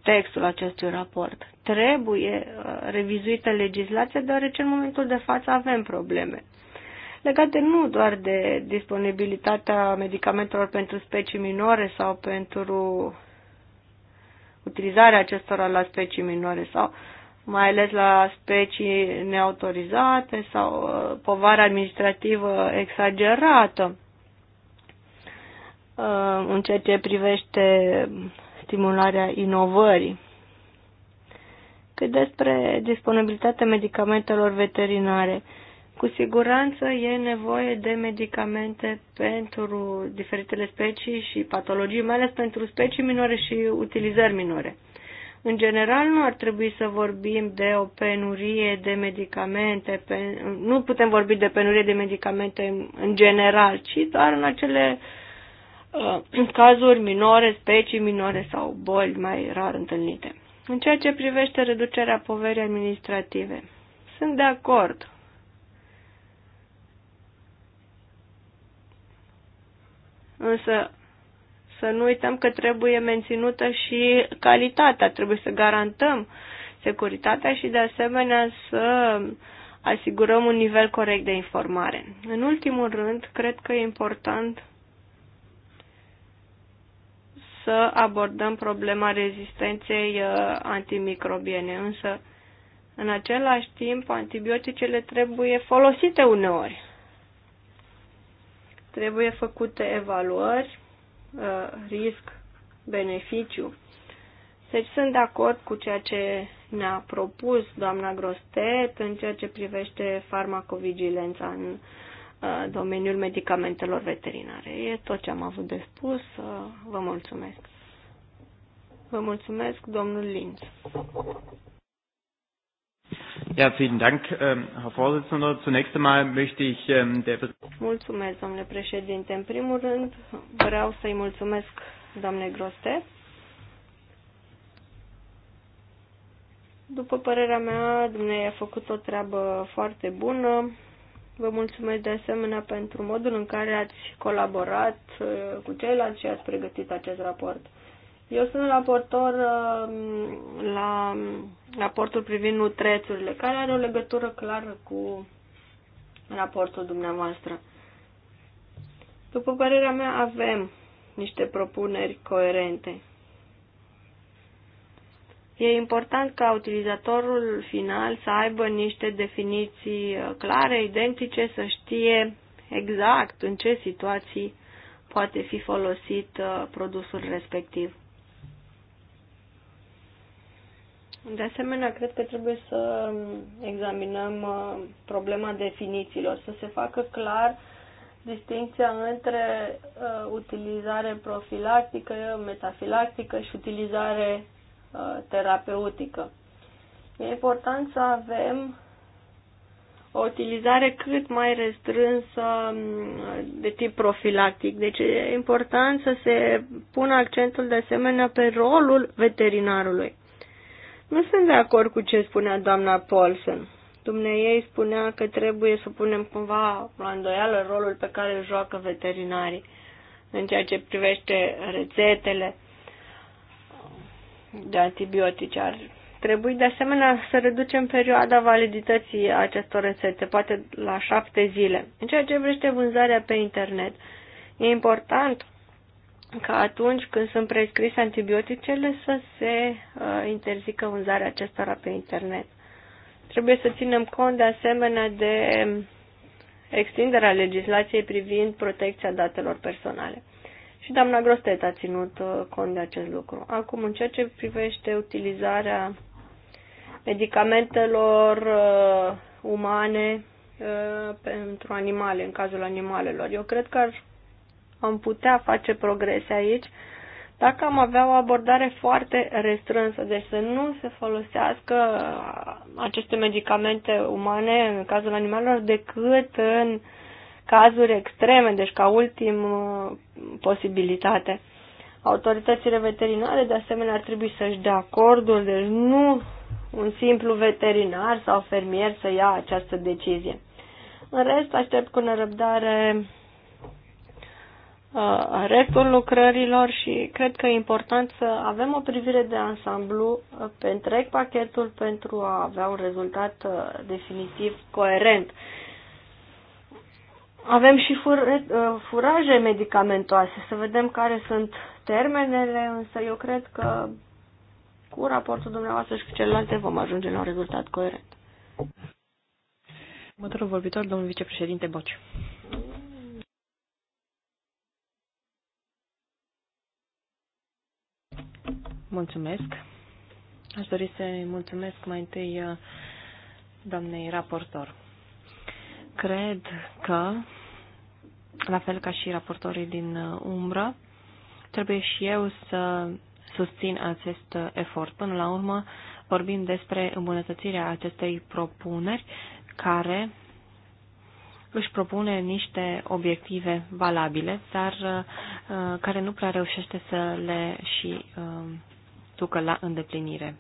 textul acestui raport. Trebuie uh, revizuită legislația deoarece în momentul de față avem probleme legate nu doar de disponibilitatea medicamentelor pentru specii minore sau pentru utilizarea acestora la specii minore sau mai ales la specii neautorizate sau uh, povara administrativă exagerată Uh, în ceea ce privește stimularea inovării. Cât despre disponibilitatea medicamentelor veterinare, cu siguranță e nevoie de medicamente pentru diferitele specii și patologii, mai ales pentru specii minore și utilizări minore. În general, nu ar trebui să vorbim de o penurie de medicamente, nu putem vorbi de penurie de medicamente în general, ci doar în acele uh, Uh, cazuri minore, specii minore sau boli mai rar întâlnite. În ceea ce privește reducerea poverii administrative, sunt de acord. Însă să nu uităm că trebuie menținută și calitatea, trebuie să garantăm securitatea și de asemenea să asigurăm un nivel corect de informare. În ultimul rând, cred că e important să abordăm problema rezistenței uh, antimicrobiene, însă în același timp antibioticele trebuie folosite uneori. Trebuie făcute evaluări, uh, risc, beneficiu. Deci sunt de acord cu ceea ce ne-a propus doamna Grostet în ceea ce privește farmacovigilența în Uh, domeniul medicamentelor veterinare. E tot ce am avut de spus. Uh, vă mulțumesc. Vă mulțumesc, domnul Linz. Ja, vielen Dank, ähm, Herr Vorsitzender. Zunächst einmal möchte ich ähm, der Mulțumesc, domnule președinte. În primul rând, vreau să-i mulțumesc doamne Groste. După părerea mea, dumneavoastră a făcut o treabă foarte bună Vă mulțumesc de asemenea pentru modul în care ați colaborat uh, cu ceilalți și ați pregătit acest raport. Eu sunt raportor um, la raportul privind nutrețurile, care are o legătură clară cu raportul dumneavoastră. După părerea mea, avem niște propuneri coerente E important ca utilizatorul final să aibă niște definiții uh, clare, identice, să știe exact în ce situații poate fi folosit uh, produsul respectiv. De asemenea, cred că trebuie să examinăm uh, problema definițiilor, să se facă clar distinția între utilizare profilactică, metafilactică și utilizare terapeutică. E important să avem o utilizare cât mai restrânsă mm, de tip profilactic. Deci e important să se pună accentul de asemenea pe rolul veterinarului. Nu sunt de acord cu ce spunea doamna Paulsen. Dumnezeu spunea că trebuie să punem cumva la îndoială rolul pe care îl joacă veterinarii în ceea ce privește rețetele de antibiotice. Ar trebui de asemenea să reducem perioada validității acestor rețete, poate la șapte zile. În ceea ce vrește vânzarea pe internet, e important ca atunci când sunt prescrise antibioticele să se uh, interzică vânzarea acestora pe internet. Trebuie să ținem cont de asemenea de extinderea legislației privind protecția datelor personale. Și doamna Grostet a ținut uh, cont de acest lucru. Acum, în ceea ce privește utilizarea medicamentelor uh, umane uh, pentru animale, în cazul animalelor, eu cred că ar, am putea face progrese aici dacă am avea o abordare foarte restrânsă, deci să nu se folosească uh, aceste medicamente umane în cazul animalelor decât în uh, cazuri extreme, deci ca ultim posibilitate. Autoritățile veterinare, de asemenea, ar trebui să-și dea acordul, deci nu un simplu veterinar sau fermier să ia această decizie. În rest, aștept cu nerăbdare uh, restul lucrărilor și cred că e important să avem o privire de ansamblu uh, pe întreg pachetul pentru a avea un rezultat uh, definitiv coerent. Avem și fur, eh, furaje medicamentoase, să vedem care sunt termenele, însă eu cred că cu raportul dumneavoastră și cu celelalte vom ajunge la un rezultat coerent. Următorul vorbitor, domnul vicepreședinte Boci. Mulțumesc. Aș dori să mulțumesc mai întâi eh, doamnei raportor. Cred că, la fel ca și raportorii din uh, umbră, trebuie și eu să susțin acest uh, efort. Până la urmă, vorbim despre îmbunătățirea acestei propuneri care își propune niște obiective valabile, dar uh, uh care nu prea reușește să le și uh, ducă la îndeplinire.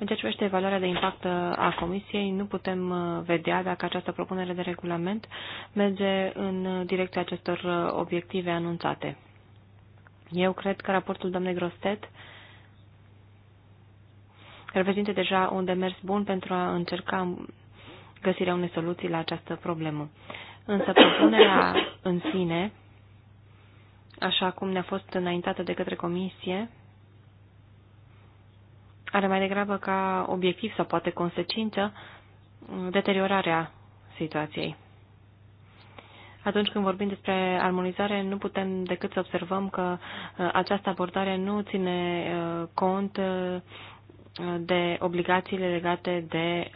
În ceea ce privește evaluarea de impact uh, a Comisiei, nu putem uh, vedea dacă această propunere de regulament merge în direcția acestor uh, obiective anunțate. Eu cred că raportul doamnei Grostet reprezintă deja un demers bun pentru a încerca găsirea unei soluții la această problemă. Însă propunerea în sine, așa cum ne-a fost înaintată de către Comisie, are mai degrabă ca obiectiv sau poate consecință deteriorarea situației. Atunci când vorbim despre armonizare, nu putem decât să observăm că uh, această abordare nu ține uh, cont uh, de obligațiile legate de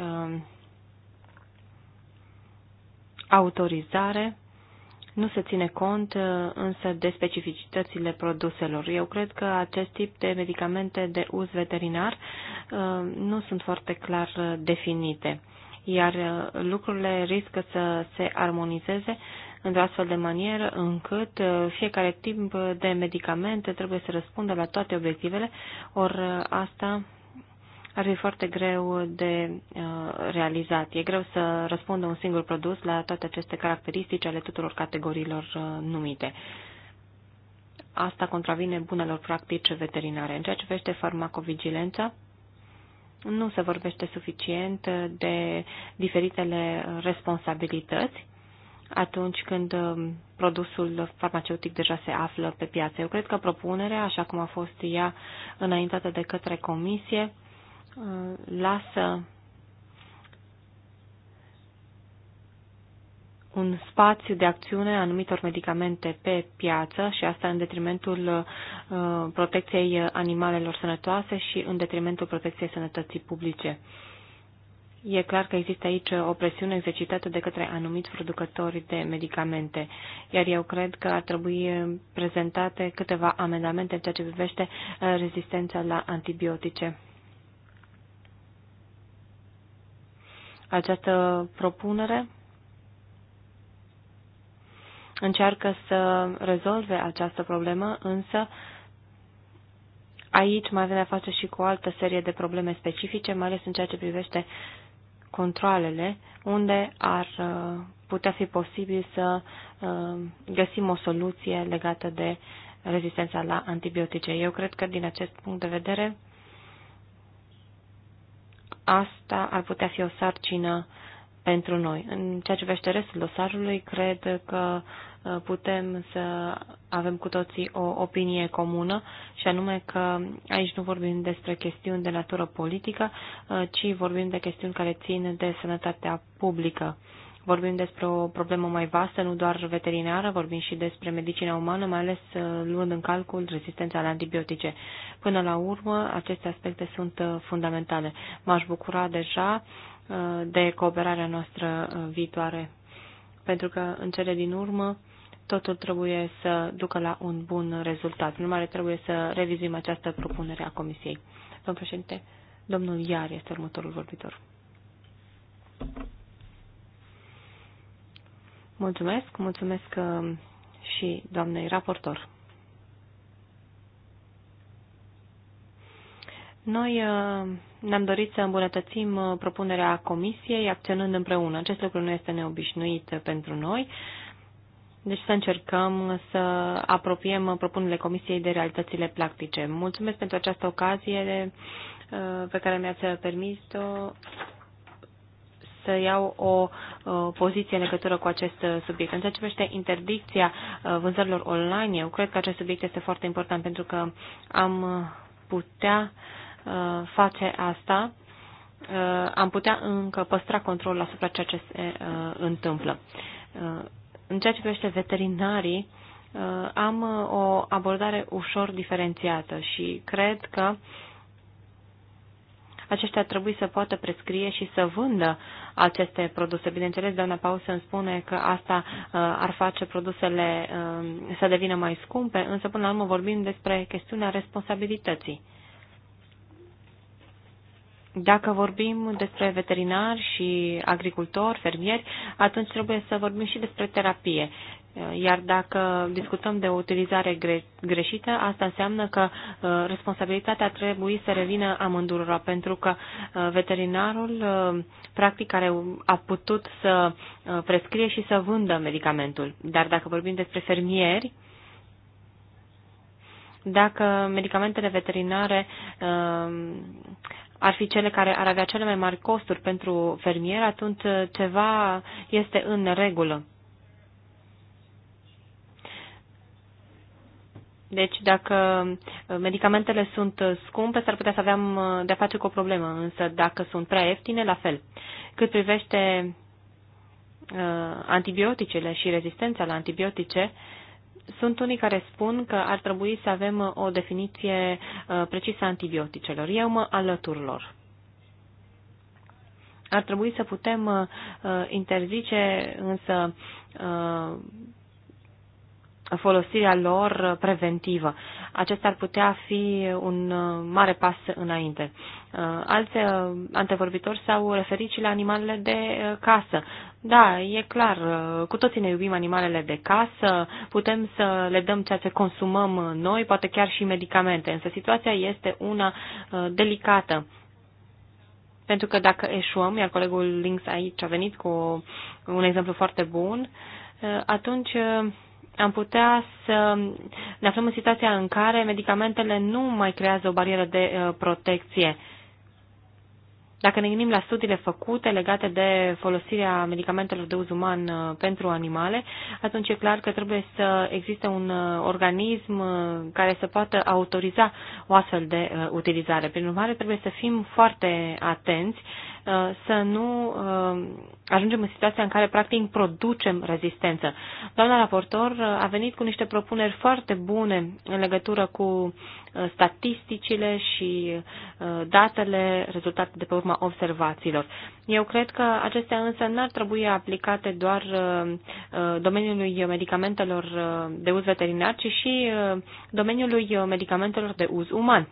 autorizare nu se ține cont uh, însă de specificitățile produselor. Eu cred că acest tip de medicamente de uz veterinar uh, nu sunt foarte clar uh, definite, iar lucrurile riscă să se armonizeze într-o astfel de manieră încât fiecare tip de medicamente trebuie să răspundă la toate obiectivele, ori asta ar fi foarte greu de uh, realizat. E greu să răspundă un singur produs la toate aceste caracteristici ale tuturor categoriilor uh, numite. Asta contravine bunelor practici veterinare. În ceea ce vește farmacovigilența, nu se vorbește suficient de diferitele responsabilități atunci când uh, produsul farmaceutic deja se află pe piață. Eu cred că propunerea, așa cum a fost ea înaintată de către comisie, Uh, lasă un spațiu de acțiune a anumitor medicamente pe piață și asta în detrimentul uh, protecției animalelor sănătoase și în detrimentul protecției sănătății publice. E clar că există aici o presiune exercitată de către anumiți producători de medicamente, iar eu cred că ar trebui prezentate câteva amendamente în ceea ce privește uh, rezistența la antibiotice. Această propunere încearcă să rezolve această problemă, însă aici mai avem de-a face și cu o altă serie de probleme specifice, mai ales în ceea ce privește controlele, unde ar uh, putea fi posibil să uh, găsim o soluție legată de rezistența la antibiotice. Eu cred că din acest punct de vedere asta ar putea fi o sarcină pentru noi. În ceea ce vește restul dosarului, cred că uh, putem să avem cu toții o opinie comună și anume că aici nu vorbim despre chestiuni de natură politică, uh, ci vorbim de chestiuni care țin de sănătatea publică. Vorbim despre o problemă mai vastă, nu doar veterinară, vorbim și despre medicina umană, mai ales uh, luând în calcul rezistența la antibiotice. Până la urmă, aceste aspecte sunt uh, fundamentale. M-aș bucura deja uh, de cooperarea noastră viitoare, pentru că în cele din urmă totul trebuie să ducă la un bun rezultat. Nu mai trebuie să revizuim această propunere a Comisiei. Domnul președinte, domnul Iar este următorul vorbitor. Mulțumesc, mulțumesc uh, și doamnei raportor. Noi uh, ne-am dorit să îmbunătățim uh, propunerea comisiei acționând împreună. Acest lucru nu este neobișnuit pentru noi. Deci să încercăm să apropiem propunerile Comisiei de realitățile practice. Mulțumesc pentru această ocazie pe care mi-ați permis-o să iau o poziție în legătură cu acest subiect. În ceea ce privește interdicția uh, vânzărilor online, eu cred că acest subiect este foarte important pentru că am putea uh, face asta, uh, am putea încă păstra controlul asupra ceea ce se întâmplă. În ceea ce privește veterinarii, am o abordare ușor diferențiată și cred că uh, aceștia ar trebui să poată prescrie și să vândă aceste produse. Bineînțeles, doamna Paus îmi spune că asta uh, ar face produsele uh, să devină mai scumpe, însă până la urmă vorbim despre chestiunea responsabilității. Dacă vorbim despre veterinari și agricultori, fermieri, atunci trebuie să vorbim și despre terapie. Iar dacă discutăm de o utilizare gre- greșită, asta înseamnă că uh, responsabilitatea trebuie să revină amândurora, pentru că uh, veterinarul, uh, practic, care a putut să uh, prescrie și să vândă medicamentul. Dar dacă vorbim despre fermieri, dacă medicamentele veterinare uh, ar fi cele care ar avea cele mai mari costuri pentru fermier, atunci uh, ceva este în regulă. Deci, dacă uh, medicamentele sunt uh, scumpe, s-ar putea să avem uh, de-a face cu o problemă, însă dacă sunt prea ieftine, la fel. Cât privește antibioticele și rezistența la antibiotice, sunt unii care spun că ar trebui să avem o definiție precisă a antibioticelor. Eu mă alătur lor. Ar trebui să putem interzice însă folosirea lor uh, preventivă. Acesta ar putea fi un uh, mare pas înainte. Uh, alți antevorbitori s-au referit și la animalele de casă. Da, e clar, cu toții ne iubim animalele de casă, putem să le dăm ceea ce consumăm noi, poate chiar și medicamente, însă situația este una delicată. Pentru că dacă eșuăm, iar colegul Links aici a venit cu un exemplu foarte bun, atunci am putea să ne aflăm în situația în care medicamentele nu mai creează o barieră de uh, protecție. Dacă ne gândim la studiile făcute legate de folosirea medicamentelor de uz uman uh, pentru animale, atunci e clar că trebuie să existe un uh, organism care să poată autoriza o astfel de utilizare. Prin urmare, trebuie să fim foarte atenți Uh, să nu uh, ajungem în situația în care practic producem rezistență. Doamna raportor uh, a venit cu niște propuneri foarte bune în legătură cu statisticile și datele rezultate de pe urma observațiilor. Eu cred că acestea însă n-ar trebui aplicate doar domeniului medicamentelor de uz veterinar, ci și domeniului medicamentelor de uz uman.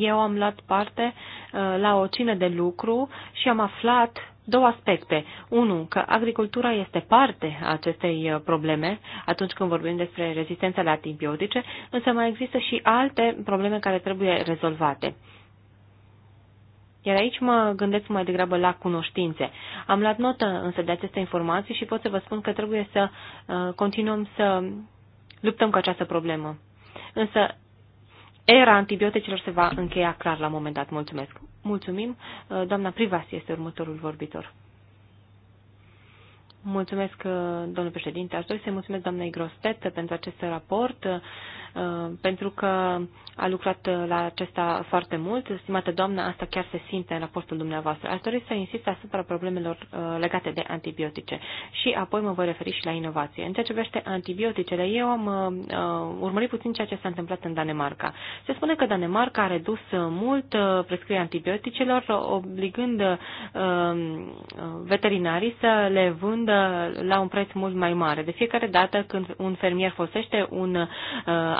Eu am luat parte uh, la o cină de lucru și am aflat două aspecte. Unu, că agricultura este parte a acestei uh, probleme atunci când vorbim despre rezistența la antibiotice, însă mai există și alte probleme care trebuie rezolvate. Iar aici mă gândesc mai degrabă la cunoștințe. Am luat notă însă de aceste informații și pot să vă spun că trebuie să uh, continuăm să luptăm cu această problemă. Însă era antibioticelor se va încheia clar la un moment dat. Mulțumesc. Mulțumim. Uh, doamna Privas, este următorul vorbitor. Mulțumesc, uh, domnule președinte. Aș dori să mulțumesc doamnei Grostet pentru acest raport Uh, pentru că a lucrat uh, la acesta foarte mult. Stimată doamnă, asta chiar se simte în raportul dumneavoastră. Aș dori să insist asupra problemelor uh, legate de antibiotice și apoi mă voi referi și la inovație. În ceea ce privește antibioticele, eu am urmărit puțin ceea ce s-a întâmplat în Danemarca. Se spune că Danemarca a redus mult prescrierea antibioticelor, obligând veterinarii să le vândă la un preț mult mai mare. De fiecare dată când un fermier folosește un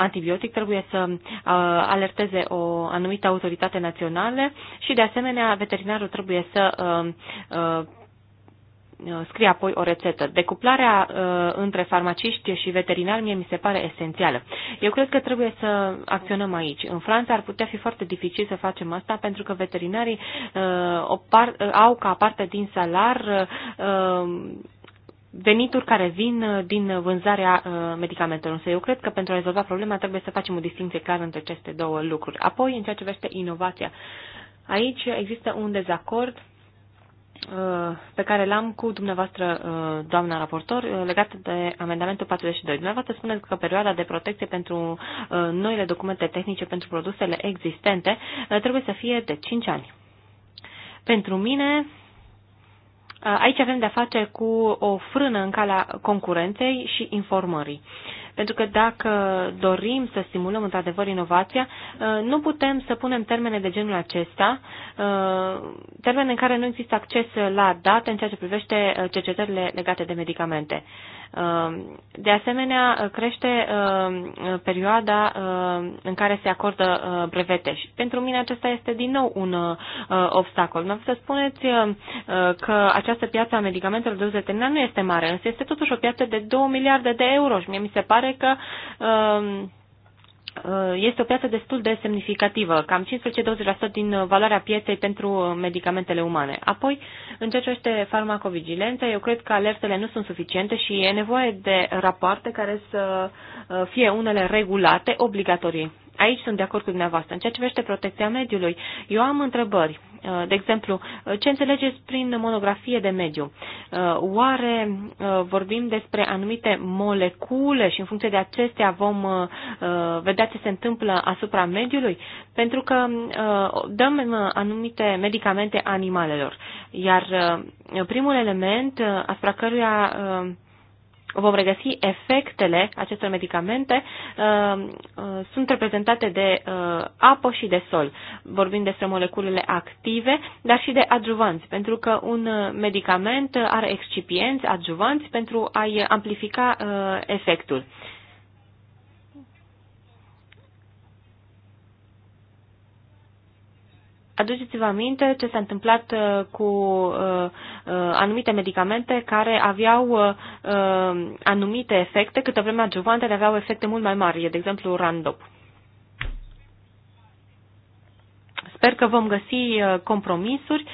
antibiotic trebuie să alerteze o anumită autoritate națională și, de asemenea, veterinarul trebuie să scrie apoi o rețetă. Decuplarea uh, între farmaciști și veterinari mie mi se pare esențială. Eu cred că trebuie să acționăm aici. În Franța ar putea fi foarte dificil să facem asta pentru că veterinarii uh, par, uh, au ca parte din salar uh, venituri care vin uh, din vânzarea uh, medicamentelor. Însă eu cred că pentru a rezolva problema trebuie să facem o distinție clară între aceste două lucruri. Apoi, în ceea ce vește inovația, aici există un dezacord uh, pe care l-am cu dumneavoastră, doamna raportor, legat de amendamentul 42. Dumneavoastră spuneți că perioada de protecție pentru noile documente tehnice pentru produsele existente trebuie să fie de 5 ani. Pentru mine, Uh, aici avem de-a face cu o frână în calea concurenței și informării. Pentru că dacă dorim să stimulăm într-adevăr inovația, uh, nu putem să punem termene de genul acesta, uh, termene în care nu există acces la date în ceea ce privește cercetările legate de medicamente. Um, de asemenea, crește um, perioada um, în care se acordă uh, brevete și pentru mine acesta este din nou un uh, obstacol. Nu să spuneți uh, că această piață a medicamentelor de uz nu este mare, însă este totuși o piață de 2 miliarde de euro și mie mi se pare că Uh, este o piață destul de semnificativă, cam 15-20% din valoarea pieței pentru uh, medicamentele umane. Apoi, în ceea ce este farmacovigilență, eu cred că alertele nu sunt suficiente și e nevoie de rapoarte care să uh, fie unele regulate, obligatorii. Aici sunt de acord cu dumneavoastră. În ceea ce privește protecția mediului, eu am întrebări. Eh, de exemplu, eh, ce înțelegeți prin monografie de mediu? Eh, oare vorbim despre anumite molecule și în funcție de acestea vom vedea ce se întâmplă asupra mediului? Pentru că dăm anumite medicamente animalelor. Iar primul element asupra căruia vom regăsi efectele acestor medicamente uh, uh, sunt reprezentate de uh, apă și de sol. Vorbim despre moleculele active, dar și de adjuvanți, pentru că un medicament are excipienți, adjuvanți pentru a-i amplifica efectul. Aduceți-vă aminte ce s-a întâmplat uh, cu uh, uh, anumite medicamente care aveau anumite efecte, câte vreme adjuvantele aveau efecte mult mai mari, de exemplu Randop. Sper că vom găsi compromisuri uh,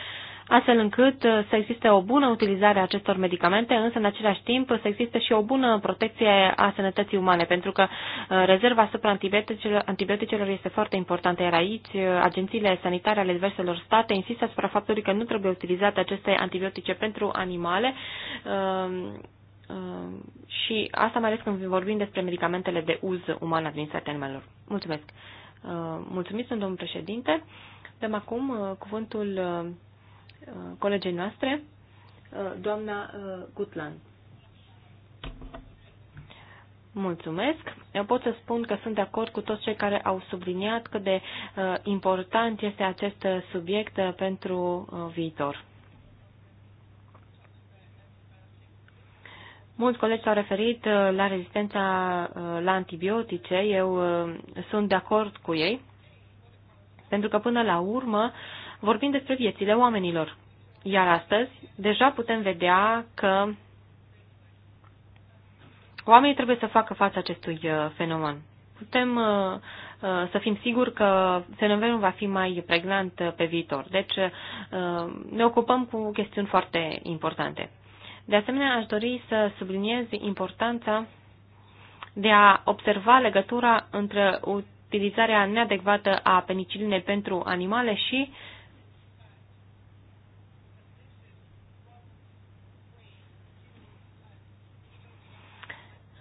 astfel încât uh, să existe o bună utilizare a acestor medicamente, însă în același timp să existe și o bună protecție a sănătății umane, pentru că uh, rezerva asupra antibioticelor, antibioticelor este foarte importantă, iar aici uh, agențiile sanitare ale diverselor state insistă asupra faptului că nu trebuie utilizate aceste antibiotice pentru animale, um, um, și asta mai ales când vorbim despre medicamentele de uz uman administrate animalelor. Mulțumesc. Mulțumim, domnul președinte. Dăm acum cuvântul Uh, colegei noastre, uh, doamna uh, Gutland. Mulțumesc. Eu pot să spun că sunt de acord cu toți cei care au subliniat cât de important este acest subiect pentru viitor. Mulți colegi s-au referit la rezistența la antibiotice. Eu sunt de acord cu ei, pentru că până la urmă vorbim despre viețile oamenilor. Iar astăzi deja putem vedea că oamenii trebuie să facă față acestui uh, fenomen. Putem uh, uh, să fim siguri că fenomenul va fi mai pregnant pe viitor. Deci ne ocupăm cu chestiuni foarte importante. De asemenea, aș dori să subliniez importanța de a observa legătura între utilizarea neadecvată a penicilinei pentru animale și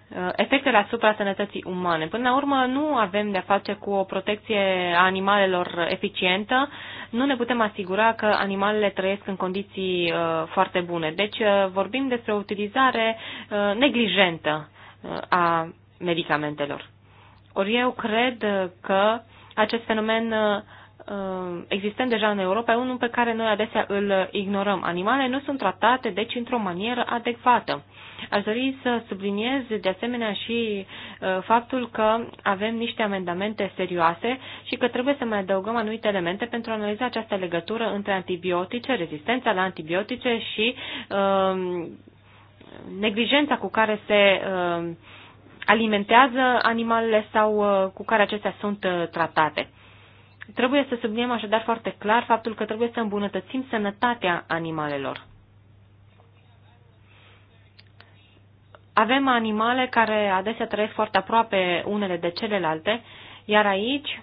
Uh, efectele asupra sănătății umane. Până la urmă, nu avem de-a face cu o protecție a animalelor eficientă, nu ne putem asigura că animalele trăiesc în condiții uh, foarte bune. Deci uh, vorbim despre o utilizare neglijentă a medicamentelor. Ori eu cred că acest fenomen Uh, existent deja în Europa e unul pe care noi adesea îl ignorăm. Animalele nu sunt tratate, deci, într-o manieră adecvată. Aș dori să subliniez de asemenea și uh, faptul că avem niște amendamente serioase și că trebuie să mai adăugăm anumite elemente pentru a analiza această legătură între antibiotice, rezistența la antibiotice și uh, neglijența cu care se alimentează animalele sau cu care acestea sunt tratate. Trebuie să subliniem așadar foarte clar faptul că trebuie să îmbunătățim sănătatea animalelor. Avem animale care adesea trăiesc foarte aproape unele de celelalte, iar aici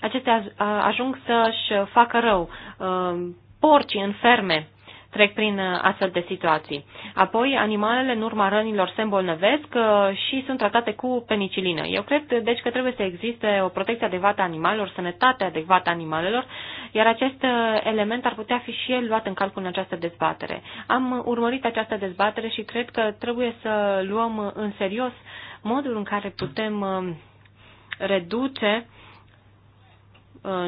acestea ajung să-și facă rău. Ă, porcii în ferme trec prin uh, astfel de situații. Apoi, animalele în urma rănilor se îmbolnăvesc uh, și sunt tratate cu penicilină. Eu cred, deci, că trebuie să existe o protecție adecvată a animalelor, sănătate adecvată a animalelor, iar acest uh, element ar putea fi și el luat în calcul în această dezbatere. Am urmărit această dezbatere și cred că trebuie să luăm în serios modul în care putem reduce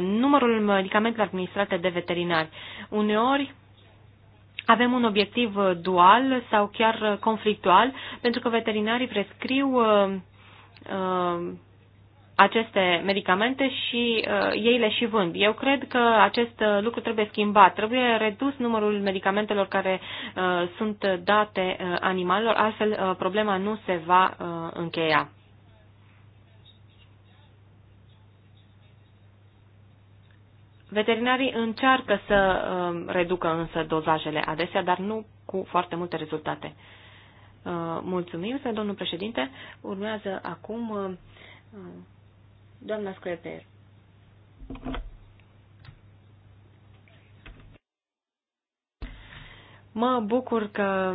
numărul medicamentelor administrate de veterinari. Uneori, avem un obiectiv uh, dual sau chiar uh, conflictual, pentru că veterinarii prescriu uh, aceste medicamente și uh, ei le și vând. Eu cred că acest lucru trebuie schimbat. Trebuie redus numărul medicamentelor care uh, sunt date uh, animalelor, altfel uh, problema nu se va uh, încheia. Veterinarii încearcă să um, reducă însă dozajele adesea, dar nu cu foarte multe rezultate. Uh, mulțumim, domnul președinte. Urmează acum uh, uh, doamna Screpeer. Mă bucur că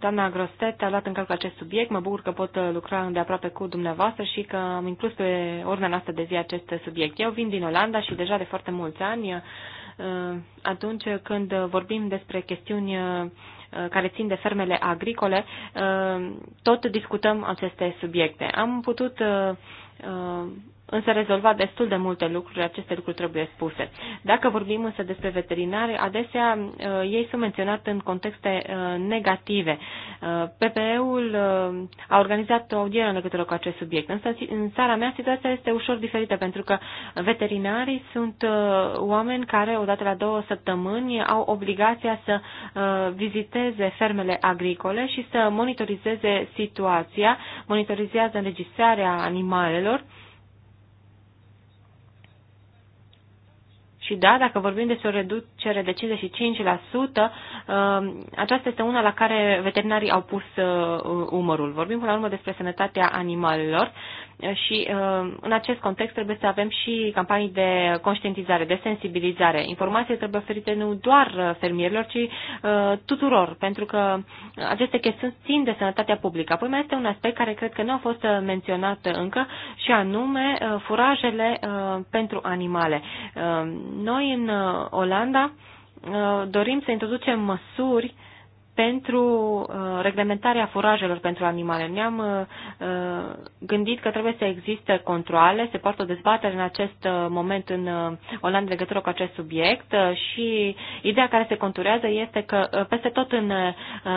Doamna Grostet a luat în calcul acest subiect. Mă bucur că pot uh, lucra îndeaproape cu dumneavoastră și că am inclus pe ordinea noastră de zi acest subiect. Eu vin din Olanda și deja de foarte mulți ani, uh, atunci când vorbim despre chestiuni uh, care țin de fermele agricole, tot discutăm aceste subiecte. Am putut însă rezolva destul de multe lucruri, aceste lucruri trebuie spuse. Dacă vorbim însă despre veterinari, adesea uh, ei sunt menționat în contexte uh, negative. Uh, PPE-ul a organizat o audiere în legătură cu acest subiect, însă în țara mea situația este ușor diferită, pentru că veterinarii sunt oameni care odată la două săptămâni au obligația să viziteze fermele agricole și să monitorizeze situația, monitorizează înregistrarea animalelor, Și da, dacă vorbim despre o reducere de 55%, um, aceasta este una la care veterinarii au pus uh, umărul. Vorbim până la urmă despre sănătatea animalelor și uh, în acest context trebuie să avem și campanii de conștientizare, de sensibilizare. Informații trebuie oferite nu doar uh, fermierilor, ci uh, tuturor, pentru că aceste chestiuni țin de sănătatea publică. Apoi mai este un aspect care cred că nu a fost menționat încă și anume furajele pentru animale. Noi în Olanda dorim să introducem măsuri uh, pentru uh, reglementarea furajelor pentru animale. Ne-am uh, uh, gândit că trebuie să existe controle, se poartă o dezbatere în acest moment în Olanda legătură cu acest subiect și ideea care se conturează este că peste tot în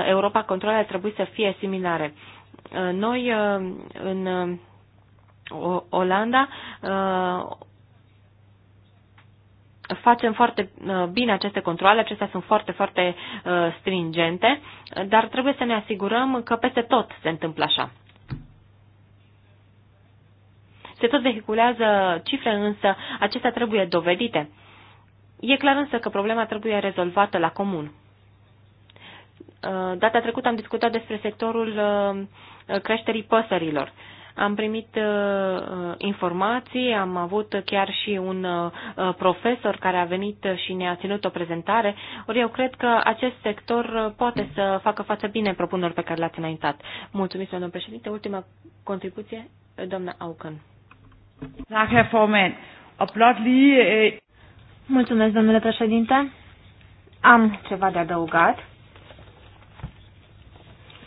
Europa controlele trebuie să fie similare. Noi în Olanda Facem foarte uh, bine aceste controle, acestea sunt foarte, foarte uh, stringente, dar trebuie să ne asigurăm că peste tot se întâmplă așa. Se tot vehiculează cifre, însă acestea trebuie dovedite. E clar însă că problema trebuie rezolvată la comun. Uh, data trecută am discutat despre sectorul creșterii păsărilor. Am primit uh, uh, informații, am avut chiar și un uh, uh, profesor care a venit și ne-a ținut o prezentare, ori eu cred că acest sector uh, poate să facă față bine propunerilor pe care le-ați înaintat. Mulțumesc, domnul președinte. Ultima contribuție, doamna Aucan. formand. Äh, Mulțumesc, domnule președinte. Am ceva de adăugat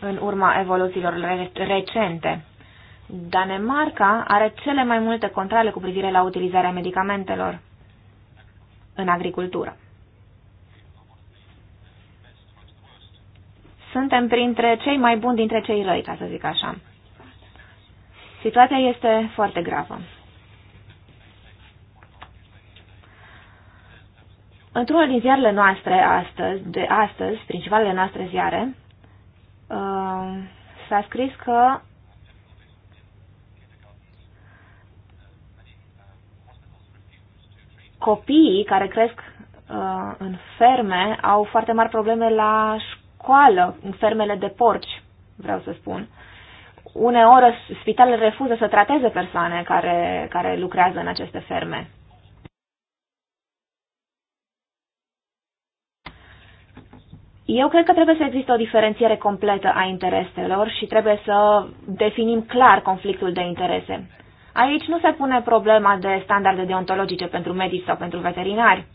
în urma evoluțiilor recente. Danemarca are cele mai multe controle cu privire la utilizarea medicamentelor în agricultură. Suntem printre cei mai buni dintre cei răi, ca să zic așa. Situația este foarte gravă. Într-unul din ziarele noastre astăzi, de astăzi, principalele noastre ziare, uh, s-a scris că copiii care cresc uh, în ferme au foarte mari probleme la școală, în fermele de porci, vreau să spun. Uneori spitalele refuză să trateze persoane care, care lucrează în aceste ferme. Eu cred că trebuie să existe o diferențiere completă a intereselor și trebuie să definim clar conflictul de interese. Aici nu se pune problema de standarde deontologice pentru medici sau pentru veterinari.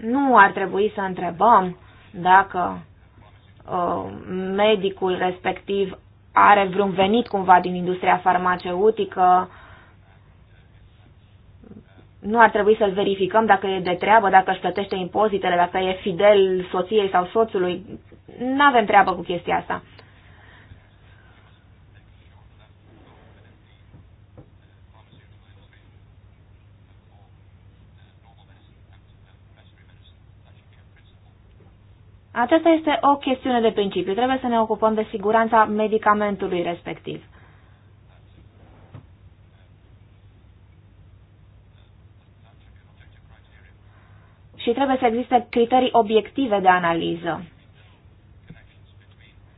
Nu ar trebui să întrebăm dacă uh, medicul respectiv are vreun venit cumva din industria farmaceutică, nu ar trebui să-l verificăm dacă e de treabă, dacă își plătește impozitele, dacă e fidel soției sau soțului. Nu avem treabă cu chestia asta. Aceasta este o chestiune de principiu. Trebuie să ne ocupăm de siguranța medicamentului respectiv. Și trebuie să existe criterii obiective de analiză.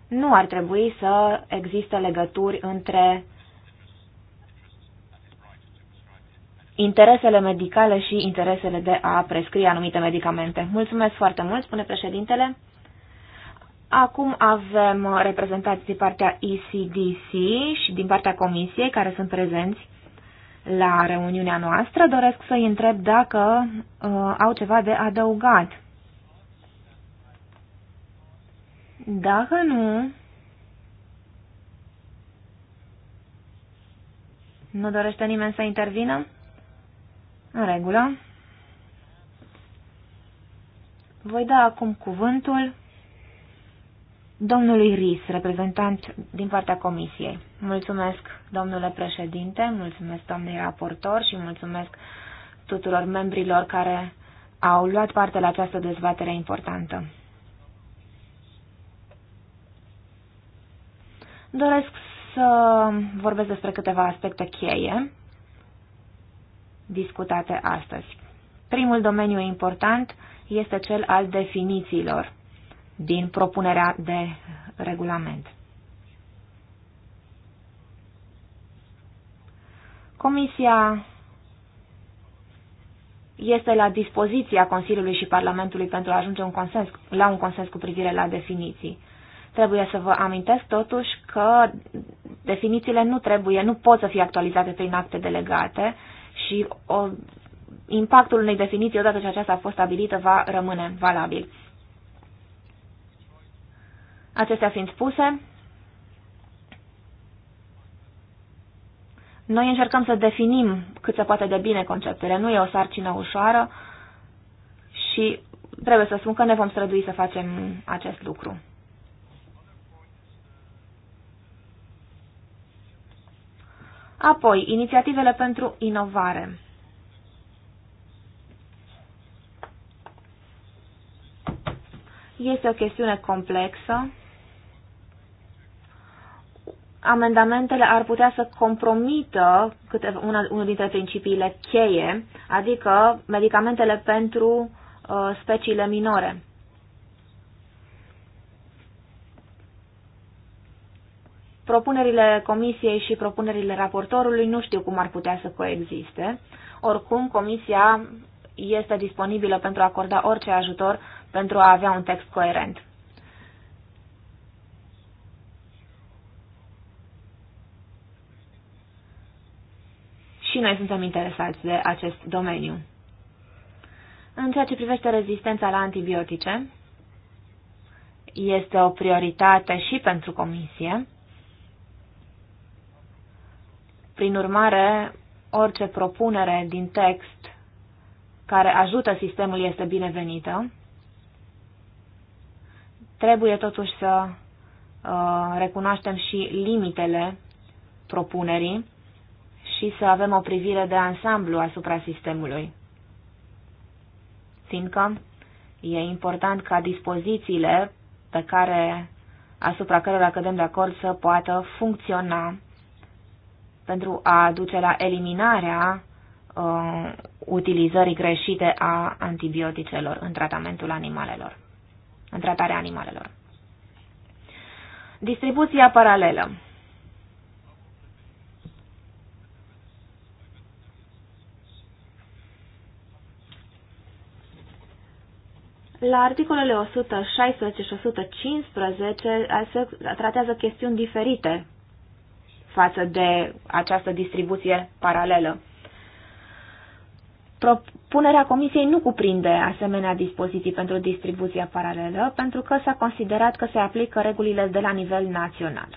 Nu ar trebui să existe legături între interesele medicale și interesele de a prescrie anumite medicamente. Mulțumesc foarte mult, spune președintele. Acum avem reprezentanți din partea ECDC și din partea Comisiei care sunt prezenți la reuniunea noastră. Doresc să-i întreb dacă uh, au ceva de adăugat. Dacă nu, nu dorește nimeni să intervină? În regulă. Voi da acum cuvântul domnului Ris, reprezentant din partea comisiei. Mulțumesc, domnule președinte, mulțumesc domnului raportor și mulțumesc tuturor membrilor care au luat parte la această dezbatere importantă. Doresc să vorbesc despre câteva aspecte cheie discutate astăzi. Primul domeniu important este cel al definițiilor din propunerea de regulament. Comisia este la dispoziția Consiliului și Parlamentului pentru a ajunge un consens, la un consens cu privire la definiții. Trebuie să vă amintesc totuși că definițiile nu trebuie, nu pot să fie actualizate prin acte delegate și o, impactul unei definiții, odată ce aceasta a fost stabilită, va rămâne valabil. Acestea fiind spuse, noi încercăm să definim cât se poate de bine conceptele. Nu e o sarcină ușoară și trebuie să spun că ne vom strădui să facem acest lucru. Apoi, inițiativele pentru inovare. Este o chestiune complexă. Amendamentele ar putea să compromită câte, una, unul dintre principiile cheie, adică medicamentele pentru uh, speciile minore. Propunerile comisiei și propunerile raportorului nu știu cum ar putea să coexiste. Oricum, comisia este disponibilă pentru a acorda orice ajutor pentru a avea un text coerent. Și noi suntem interesați de acest domeniu. În ceea ce privește rezistența la antibiotice, este o prioritate și pentru Comisie. Prin urmare, orice propunere din text care ajută sistemul este binevenită. Trebuie totuși să uh, recunoaștem și limitele propunerii și să avem o privire de ansamblu asupra sistemului. Fiindcă e important ca dispozițiile pe care, asupra cărora cădem de acord să poată funcționa pentru a duce la eliminarea uh, utilizării greșite a antibioticelor în tratamentul animalelor, în tratarea animalelor. Distribuția paralelă. La articolele 116 și 115 se tratează chestiuni diferite față de această distribuție paralelă. Propunerea Comisiei nu cuprinde asemenea dispoziții pentru distribuția paralelă, pentru că s-a considerat că se aplică regulile de la nivel național.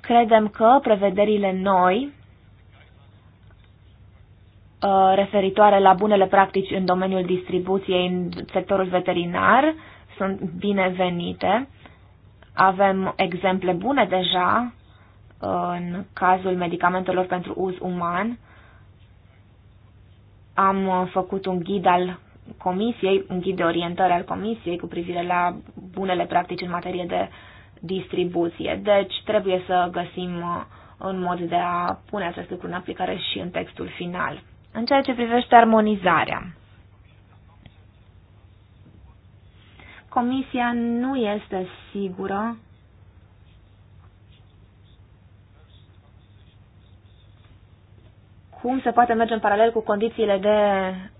Credem că prevederile noi Uh, referitoare la bunele practici în domeniul distribuției în sectorul veterinar sunt binevenite. Avem exemple bune deja uh, în cazul medicamentelor pentru uz uman. Am uh, făcut un ghid al comisiei, un ghid de orientare al comisiei cu privire la bunele practici în materie de distribuție. Deci trebuie să găsim un mod de a pune acest lucru în aplicare și în textul final. În ceea ce privește armonizarea, Comisia nu este sigură cum se poate merge în paralel cu condițiile de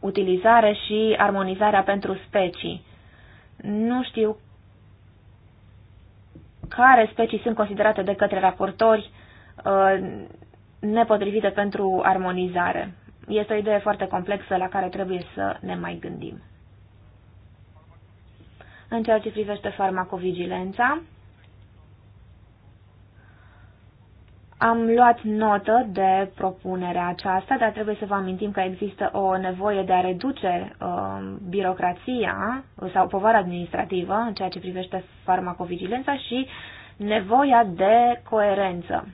utilizare și armonizarea pentru specii. Nu știu care specii sunt considerate de către raportori uh, nepotrivite pentru armonizare este o idee foarte complexă la care trebuie să ne mai gândim. În ceea ce privește farmacovigilența, Am luat notă de propunerea aceasta, dar trebuie să vă amintim că există o nevoie de a reduce uh, birocrația sau povara administrativă în ceea ce privește farmacovigilența și nevoia de coerență.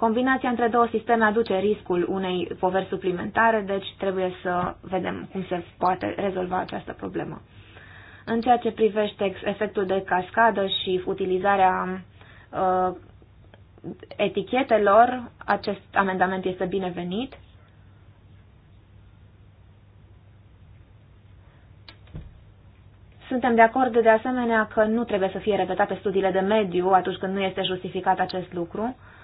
Combinația între două sisteme aduce riscul unei poveri suplimentare, deci trebuie să vedem cum se poate rezolva această problemă. În ceea ce privește efectul de cascadă și utilizarea uh, etichetelor, acest amendament este binevenit. Suntem de acord de asemenea că nu trebuie să fie repetate studiile de mediu atunci când nu este justificat acest lucru. Uh,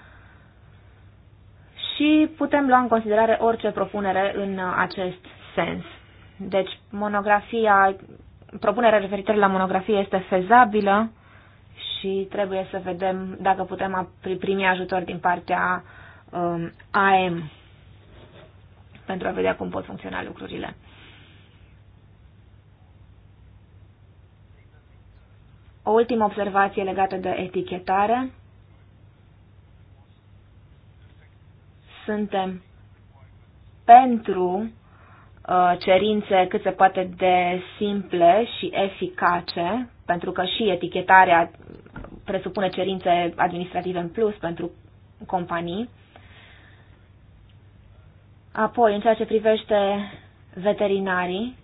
și putem lua în considerare orice propunere în acest sens. Deci, monografia, propunerea referitoare la monografie este fezabilă și trebuie să vedem dacă putem primi ajutor din partea um, AM pentru a vedea cum pot funcționa lucrurile. O ultimă observație legată de etichetare. suntem pentru uh, cerințe cât se poate de simple și eficace, pentru că și etichetarea presupune cerințe administrative în plus pentru companii. Apoi, în ceea ce privește veterinarii,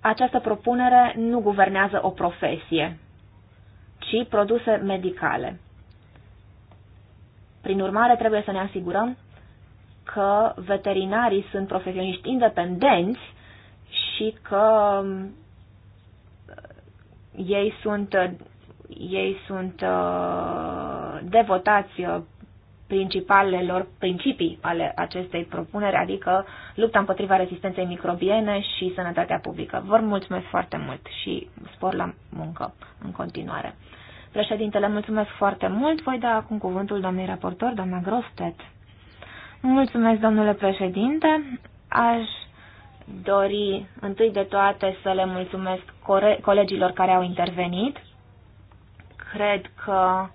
această propunere nu guvernează o profesie, ci produse medicale. Prin urmare, trebuie să ne asigurăm că veterinarii sunt profesioniști independenți și că uh, ei sunt, uh, ei sunt uh, devotați principalelor principii ale acestei propuneri, adică lupta împotriva rezistenței microbiene și sănătatea publică. Vă mulțumesc foarte mult și spor la muncă în continuare. Președintele, mulțumesc foarte mult. Voi da acum cuvântul doamnei raportor, doamna Grostet. Mulțumesc, domnule președinte. Aș dori întâi de toate să le mulțumesc colegilor care au intervenit. Cred că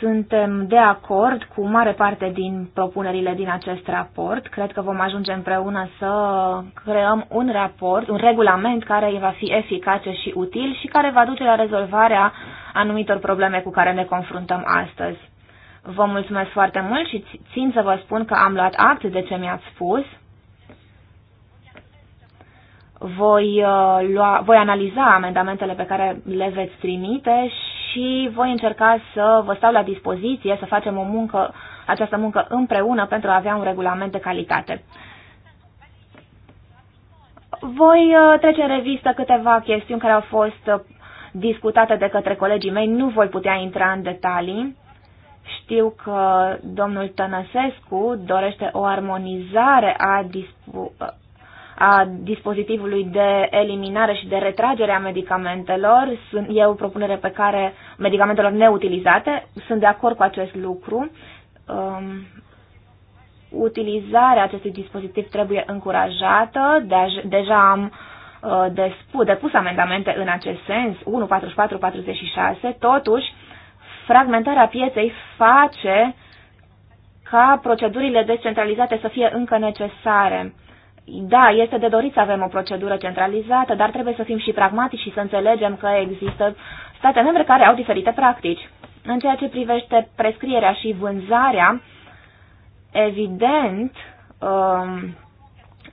Suntem de acord cu mare parte din propunerile din acest raport. Cred că vom ajunge împreună să creăm un raport, un regulament care va fi eficace și util și care va duce la rezolvarea anumitor probleme cu care ne confruntăm astăzi. Vă mulțumesc foarte mult și țin să vă spun că am luat act de ce mi-ați spus. Voi, uh, lua, voi analiza amendamentele pe care le veți trimite și și voi încerca să vă stau la dispoziție, să facem o muncă, această muncă împreună pentru a avea un regulament de calitate. Voi uh, trece în revistă câteva chestiuni care au fost uh, discutate de către colegii mei. Nu voi putea intra în detalii. Știu că domnul Tănăsescu dorește o armonizare a, dispu- a dispozitivului de eliminare și de retragere a medicamentelor. Sunt, e o propunere pe care medicamentelor neutilizate. Sunt de acord cu acest lucru. Um, utilizarea acestui dispozitiv trebuie încurajată. De, deja am uh, despu, depus amendamente în acest sens, 1.44.46, Totuși, fragmentarea pieței face ca procedurile descentralizate să fie încă necesare da, este de dorit să avem o procedură centralizată, dar trebuie să fim și pragmatici și să înțelegem că există state membre care au diferite practici. În ceea ce privește prescrierea și vânzarea, evident, um,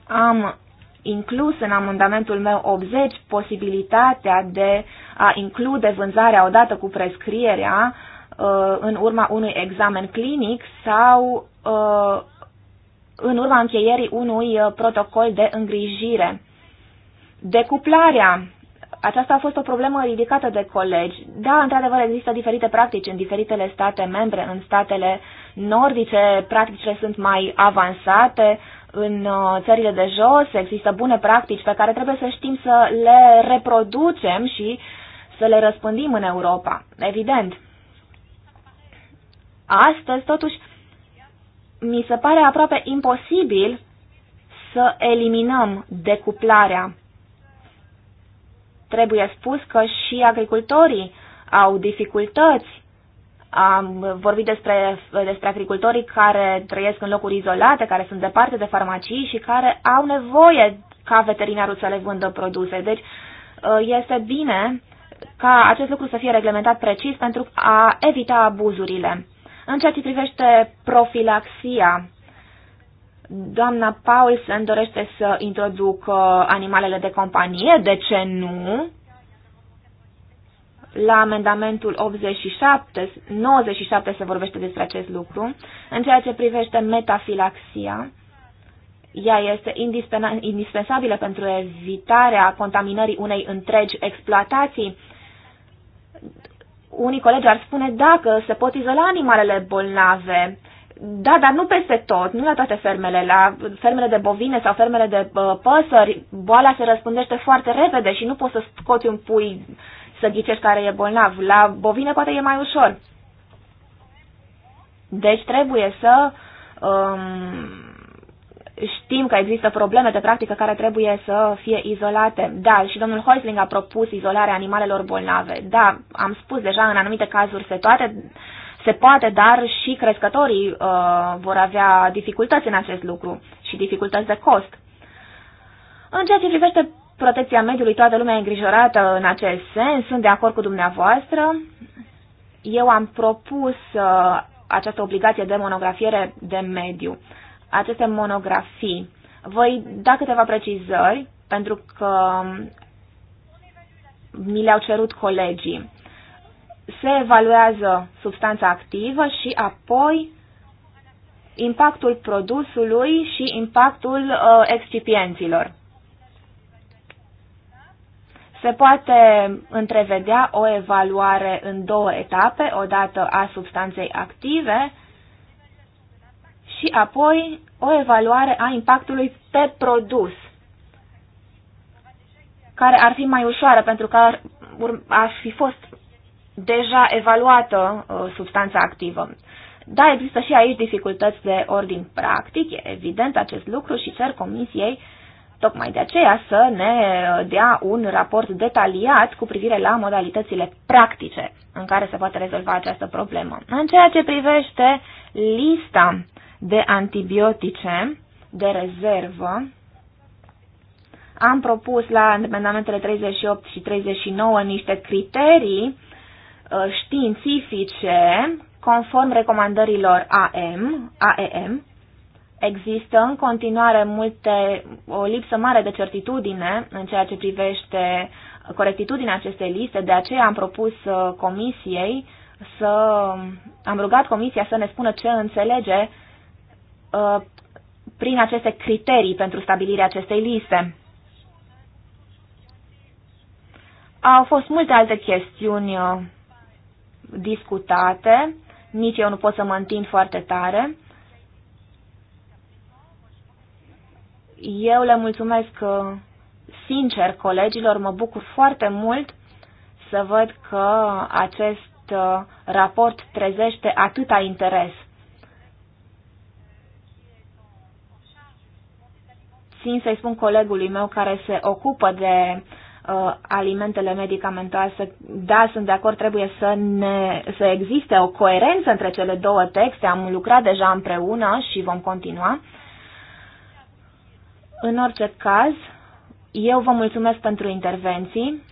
am inclus în amendamentul meu 80 posibilitatea de a include vânzarea odată cu prescrierea uh, în urma unui examen clinic sau uh, în urma încheierii unui uh, protocol de îngrijire. Decuplarea. Aceasta a fost o problemă ridicată de colegi. Da, într-adevăr, există diferite practici în diferitele state membre. În statele nordice, practicile sunt mai avansate. În uh, țările de jos există bune practici pe care trebuie să știm să le reproducem și să le răspândim în Europa. Evident. Astăzi, totuși, mi se pare aproape imposibil să eliminăm decuplarea. Trebuie spus că și agricultorii au dificultăți. Am vorbit despre, despre agricultorii care trăiesc în locuri izolate, care sunt departe de farmacii și care au nevoie ca veterinarul să le vândă produse. Deci uh, este bine ca acest lucru să fie reglementat precis pentru a evita abuzurile. În ceea ce privește profilaxia, doamna Paulsen dorește să introducă animalele de companie, de ce nu? La amendamentul 87, 97 se vorbește despre acest lucru. În ceea ce privește metafilaxia, ea este indispensabilă pentru evitarea contaminării unei întregi exploatații. Unii colegi ar spune da că se pot izola animalele bolnave. Da, dar nu peste tot, nu la toate fermele. La fermele de bovine sau fermele de uh, păsări, boala se răspândește foarte repede și nu poți să scoți un pui să ghicești care e bolnav. La bovine poate e mai ușor. Deci trebuie să um, Știm că există probleme de practică care trebuie să fie izolate. Da, și domnul Heusling a propus izolarea animalelor bolnave. Da, am spus deja, în anumite cazuri se, toate, se poate, dar și crescătorii uh, vor avea dificultăți în acest lucru și dificultăți de cost. În ceea ce privește protecția mediului, toată lumea e îngrijorată în acest sens, sunt de acord cu dumneavoastră. Eu am propus uh, această obligație de monografiere de mediu. Uh, aceste monografii. Voi da câteva precizări, pentru că mi le-au cerut colegii. Se evaluează substanța activă și apoi impactul produsului și impactul uh, excipienților. Se poate întrevedea o evaluare în două etape, o dată a substanței active și apoi o evaluare a impactului pe produs, care ar fi mai ușoară pentru că ar, ar fi fost deja evaluată uh, substanța activă. Da, există și aici dificultăți de ordin practic, e evident acest lucru și cer comisiei tocmai de aceea să ne uh, dea un raport detaliat cu privire la modalitățile practice în care se poate rezolva această problemă. În ceea ce privește lista de antibiotice de rezervă, am propus la amendamentele 38 și 39 niște criterii uh, științifice conform recomandărilor AM, AEM. Există în continuare multe, o lipsă mare de certitudine în ceea ce privește corectitudinea acestei liste, de aceea am propus uh, comisiei să am rugat comisia să ne spună ce înțelege Uh, prin aceste criterii pentru stabilirea acestei liste. Au fost multe alte chestiuni uh, discutate, nici eu nu pot să mă întind foarte tare. Eu le mulțumesc uh, sincer colegilor, mă bucur foarte mult să văd că acest raport trezește atâta interes țin să-i spun colegului meu care se ocupă de uh, alimentele medicamentoase, da, sunt de acord, trebuie să, ne, să existe o coerență între cele două texte, am lucrat deja împreună și vom continua. În orice caz, eu vă mulțumesc pentru intervenții,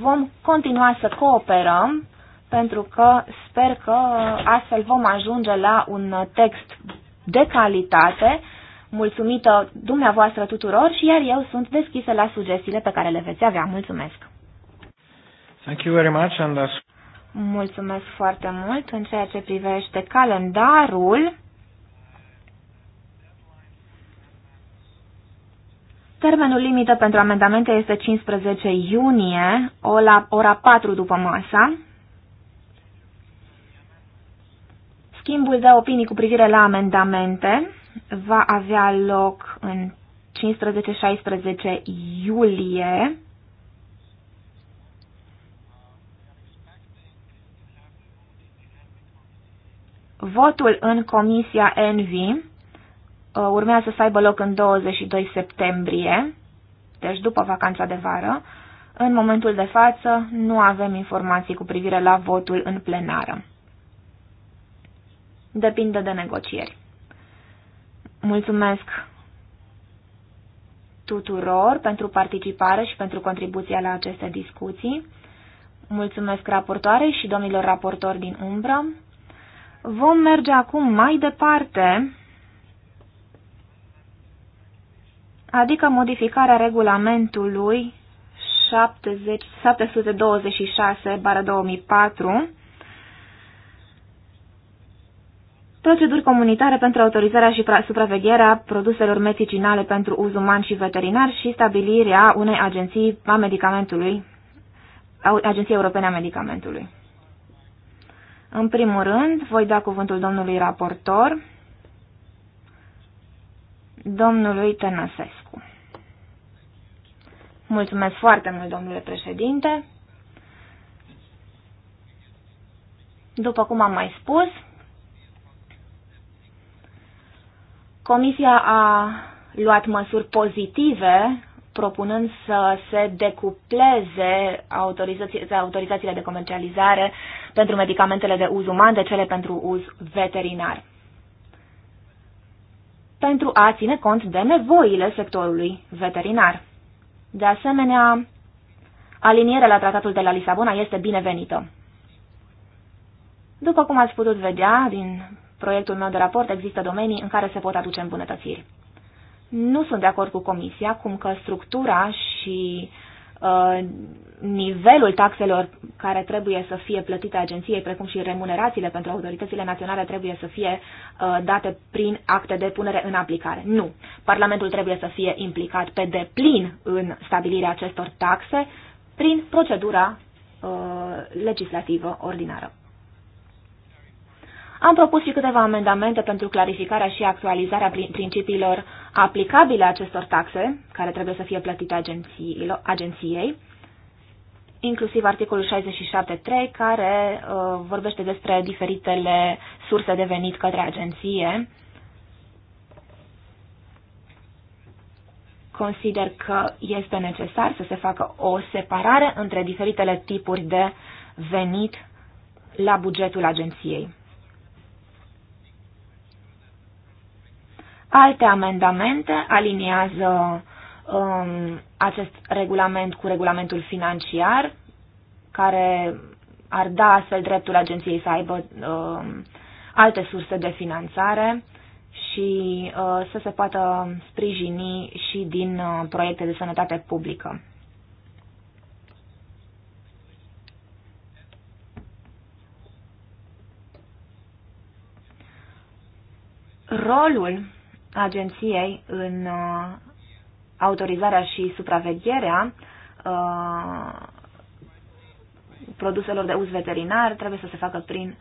vom continua să cooperăm, pentru că sper că astfel vom ajunge la un text de calitate, mulțumită dumneavoastră tuturor și iar eu sunt deschisă la sugestiile pe care le veți avea. Mulțumesc! Thank you very much, and Mulțumesc foarte mult în ceea ce privește calendarul. Termenul limită pentru amendamente este 15 iunie, ora, ora 4 după masa. Schimbul de opinii cu privire la amendamente va avea loc în 15-16 iulie. Votul în Comisia Envi uh, urmează să aibă loc în 22 septembrie, deci după vacanța de vară. În momentul de față nu avem informații cu privire la votul în plenară. Depinde de negocieri. Mulțumesc tuturor pentru participare și pentru contribuția la aceste discuții. Mulțumesc raportoare și domnilor raportori din umbră. Vom merge acum mai departe, adică modificarea regulamentului 726-2004 proceduri comunitare pentru autorizarea și supravegherea produselor medicinale pentru uz uman și veterinar și stabilirea unei agenții a medicamentului, Agenției Europene a Medicamentului. În primul rând, voi da cuvântul domnului raportor, domnului Tănăsescu. Mulțumesc foarte mult, domnule președinte. După cum am mai spus, Comisia a luat măsuri pozitive, propunând să se decupleze autorizațiile de comercializare pentru medicamentele de uz uman de cele pentru uz veterinar, pentru a ține cont de nevoile sectorului veterinar. De asemenea, alinierea la tratatul de la Lisabona este binevenită. După cum ați putut vedea din proiectul meu de raport există domenii în care se pot aduce îmbunătățiri. Nu sunt de acord cu Comisia cum că structura și uh, nivelul taxelor care trebuie să fie plătite agenției, precum și remunerațiile pentru autoritățile naționale, trebuie să fie uh, date prin acte de punere în aplicare. Nu. Parlamentul trebuie să fie implicat pe deplin în stabilirea acestor taxe prin procedura uh, legislativă ordinară. Am propus și câteva amendamente pentru clarificarea și actualizarea principiilor aplicabile acestor taxe, care trebuie să fie plătite agenției, inclusiv articolul 67.3, care uh, vorbește despre diferitele surse de venit către agenție. Consider că este necesar să se facă o separare între diferitele tipuri de venit la bugetul agenției. Alte amendamente aliniază um, acest regulament cu regulamentul financiar, care ar da astfel dreptul agenției să aibă um, alte surse de finanțare și uh, să se poată sprijini și din uh, proiecte de sănătate publică. Rolul agenției în uh, autorizarea și supravegherea uh, produselor de uz veterinar trebuie să se facă prin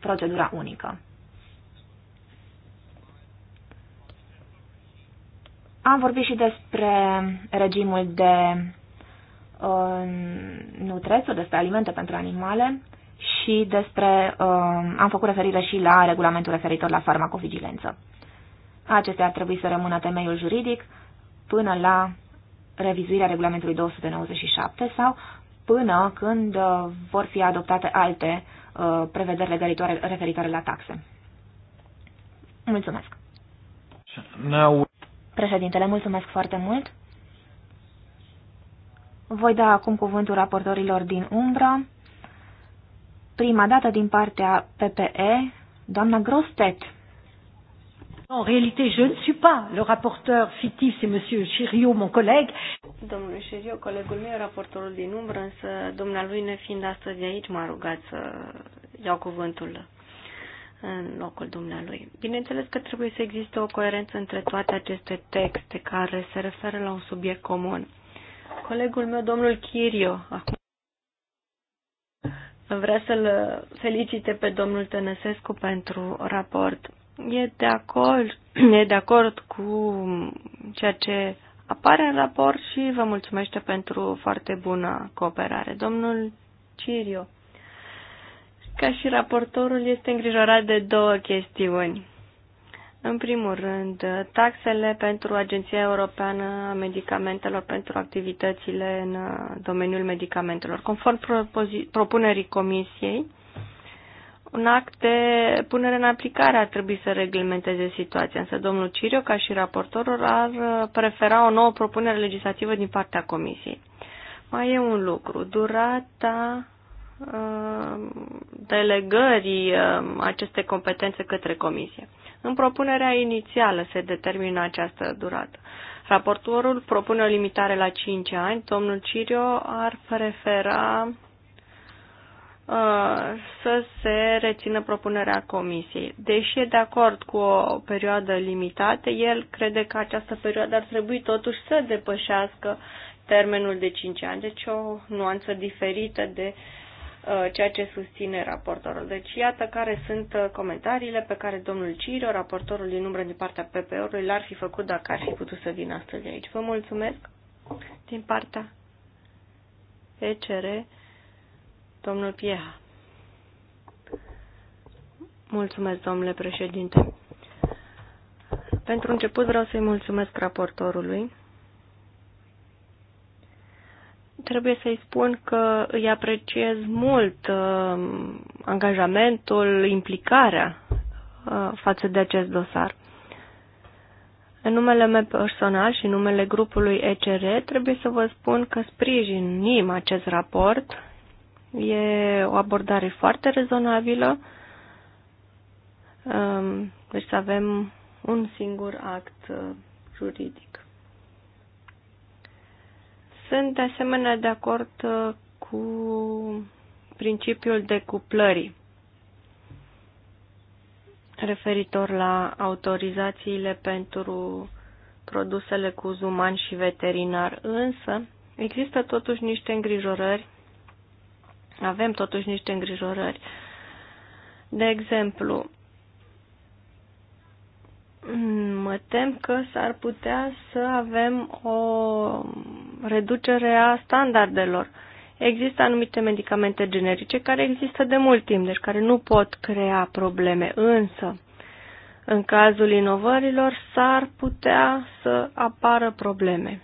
procedura unică. Am vorbit și despre regimul de uh, nutrețuri, despre alimente pentru animale și despre, uh, am făcut referire și la regulamentul referitor la farmacovigilență. Acestea ar trebui să rămână temeiul juridic până la revizuirea regulamentului 297 sau până când uh, vor fi adoptate alte uh, prevederi referitoare la taxe. Mulțumesc. Now... Președintele, mulțumesc foarte mult. Voi da acum cuvântul raportorilor din umbra. Prima dată din partea PPE, doamna Grostet. En réalité, je ne suis pas le rapporteur fictif, c'est Monsieur Chirio, mon coleg. Domnul Chirio, colegul meu, raportorul din umbră, însă dumnealui ne fiind astăzi aici, m-a rugat să iau cuvântul în locul dumnealui. Bineînțeles că trebuie să existe o coerență între toate aceste texte care se referă la un subiect comun. Colegul meu, domnul Chirio, acum vrea să-l felicite pe domnul Tănăsescu pentru raport e de acord, e de acord cu ceea ce apare în raport și vă mulțumește pentru foarte bună cooperare. Domnul Cirio, ca și raportorul, este îngrijorat de două chestiuni. În primul rând, taxele pentru Agenția Europeană a Medicamentelor pentru activitățile în domeniul medicamentelor. Conform propunerii Comisiei, un act de punere în aplicare ar trebui să reglementeze situația, însă domnul Cirio, ca și raportorul, ar prefera o nouă propunere legislativă din partea Comisiei. Mai e un lucru, durata uh, delegării uh, acestei competențe către Comisie. În propunerea inițială se determină această durată. Raportorul propune o limitare la 5 ani, domnul Cirio ar prefera să se rețină propunerea comisiei. Deși e de acord cu o perioadă limitată, el crede că această perioadă ar trebui totuși să depășească termenul de 5 ani, deci o nuanță diferită de uh, ceea ce susține raportorul. Deci iată care sunt uh, comentariile pe care domnul Ciro, raportorul din umbră din partea PPR-ului, l-ar fi făcut dacă ar fi putut să vină astăzi aici. Vă mulțumesc din partea ECR. Domnul Pieha. Mulțumesc, domnule președinte. Pentru început vreau să-i mulțumesc raportorului. Trebuie să-i spun că îi apreciez mult uh, angajamentul, implicarea uh, față de acest dosar. În numele meu personal și numele grupului ECR trebuie să vă spun că sprijinim acest raport E o abordare foarte rezonabilă. Ehm, deci să avem un singur act uh, juridic. Sunt de asemenea de acord uh, cu principiul decuplării referitor la autorizațiile pentru produsele cu uz uman și veterinar, însă există totuși niște îngrijorări avem totuși niște îngrijorări. De exemplu, mă tem că s-ar putea să avem o reducere a standardelor. Există anumite medicamente generice care există de mult timp, deci care nu pot crea probleme, însă în cazul inovărilor s-ar putea să apară probleme.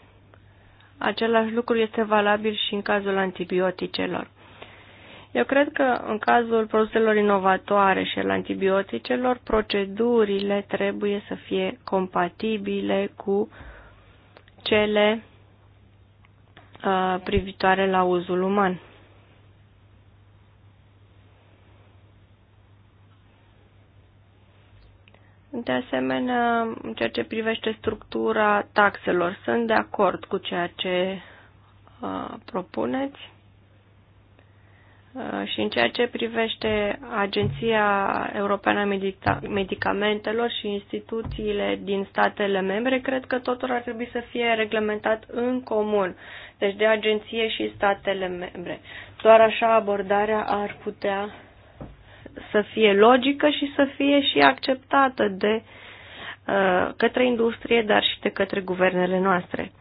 Același lucru este valabil și în cazul antibioticelor. Eu cred că în cazul produselor inovatoare și al antibioticelor, procedurile trebuie să fie compatibile cu cele uh, privitoare la uzul uman. De asemenea, în ceea ce privește structura taxelor, sunt de acord cu ceea ce uh, propuneți. Uh, și în ceea ce privește Agenția Europeană a Medicamentelor și instituțiile din statele membre, cred că totul ar trebui să fie reglementat în comun, deci de agenție și statele membre. Doar așa abordarea ar putea să fie logică și să fie și acceptată de uh, către industrie, dar și de către guvernele noastre.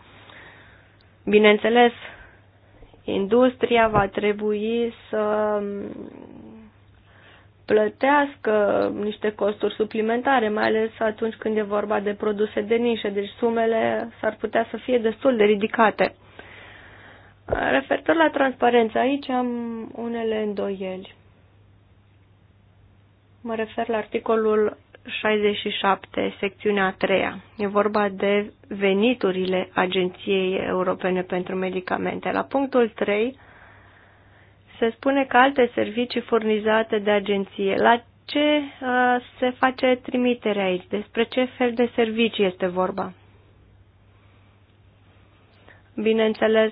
Bineînțeles, Industria va trebui să plătească niște costuri suplimentare, mai ales atunci când e vorba de produse de nișă, deci sumele s-ar putea să fie destul de ridicate. Referitor la transparență, aici am unele îndoieli. Mă refer la articolul 67, secțiunea a treia. E vorba de veniturile Agenției Europene pentru Medicamente. La punctul 3 se spune că alte servicii furnizate de agenție. La ce uh, se face trimitere aici? Despre ce fel de servicii este vorba? Bineînțeles,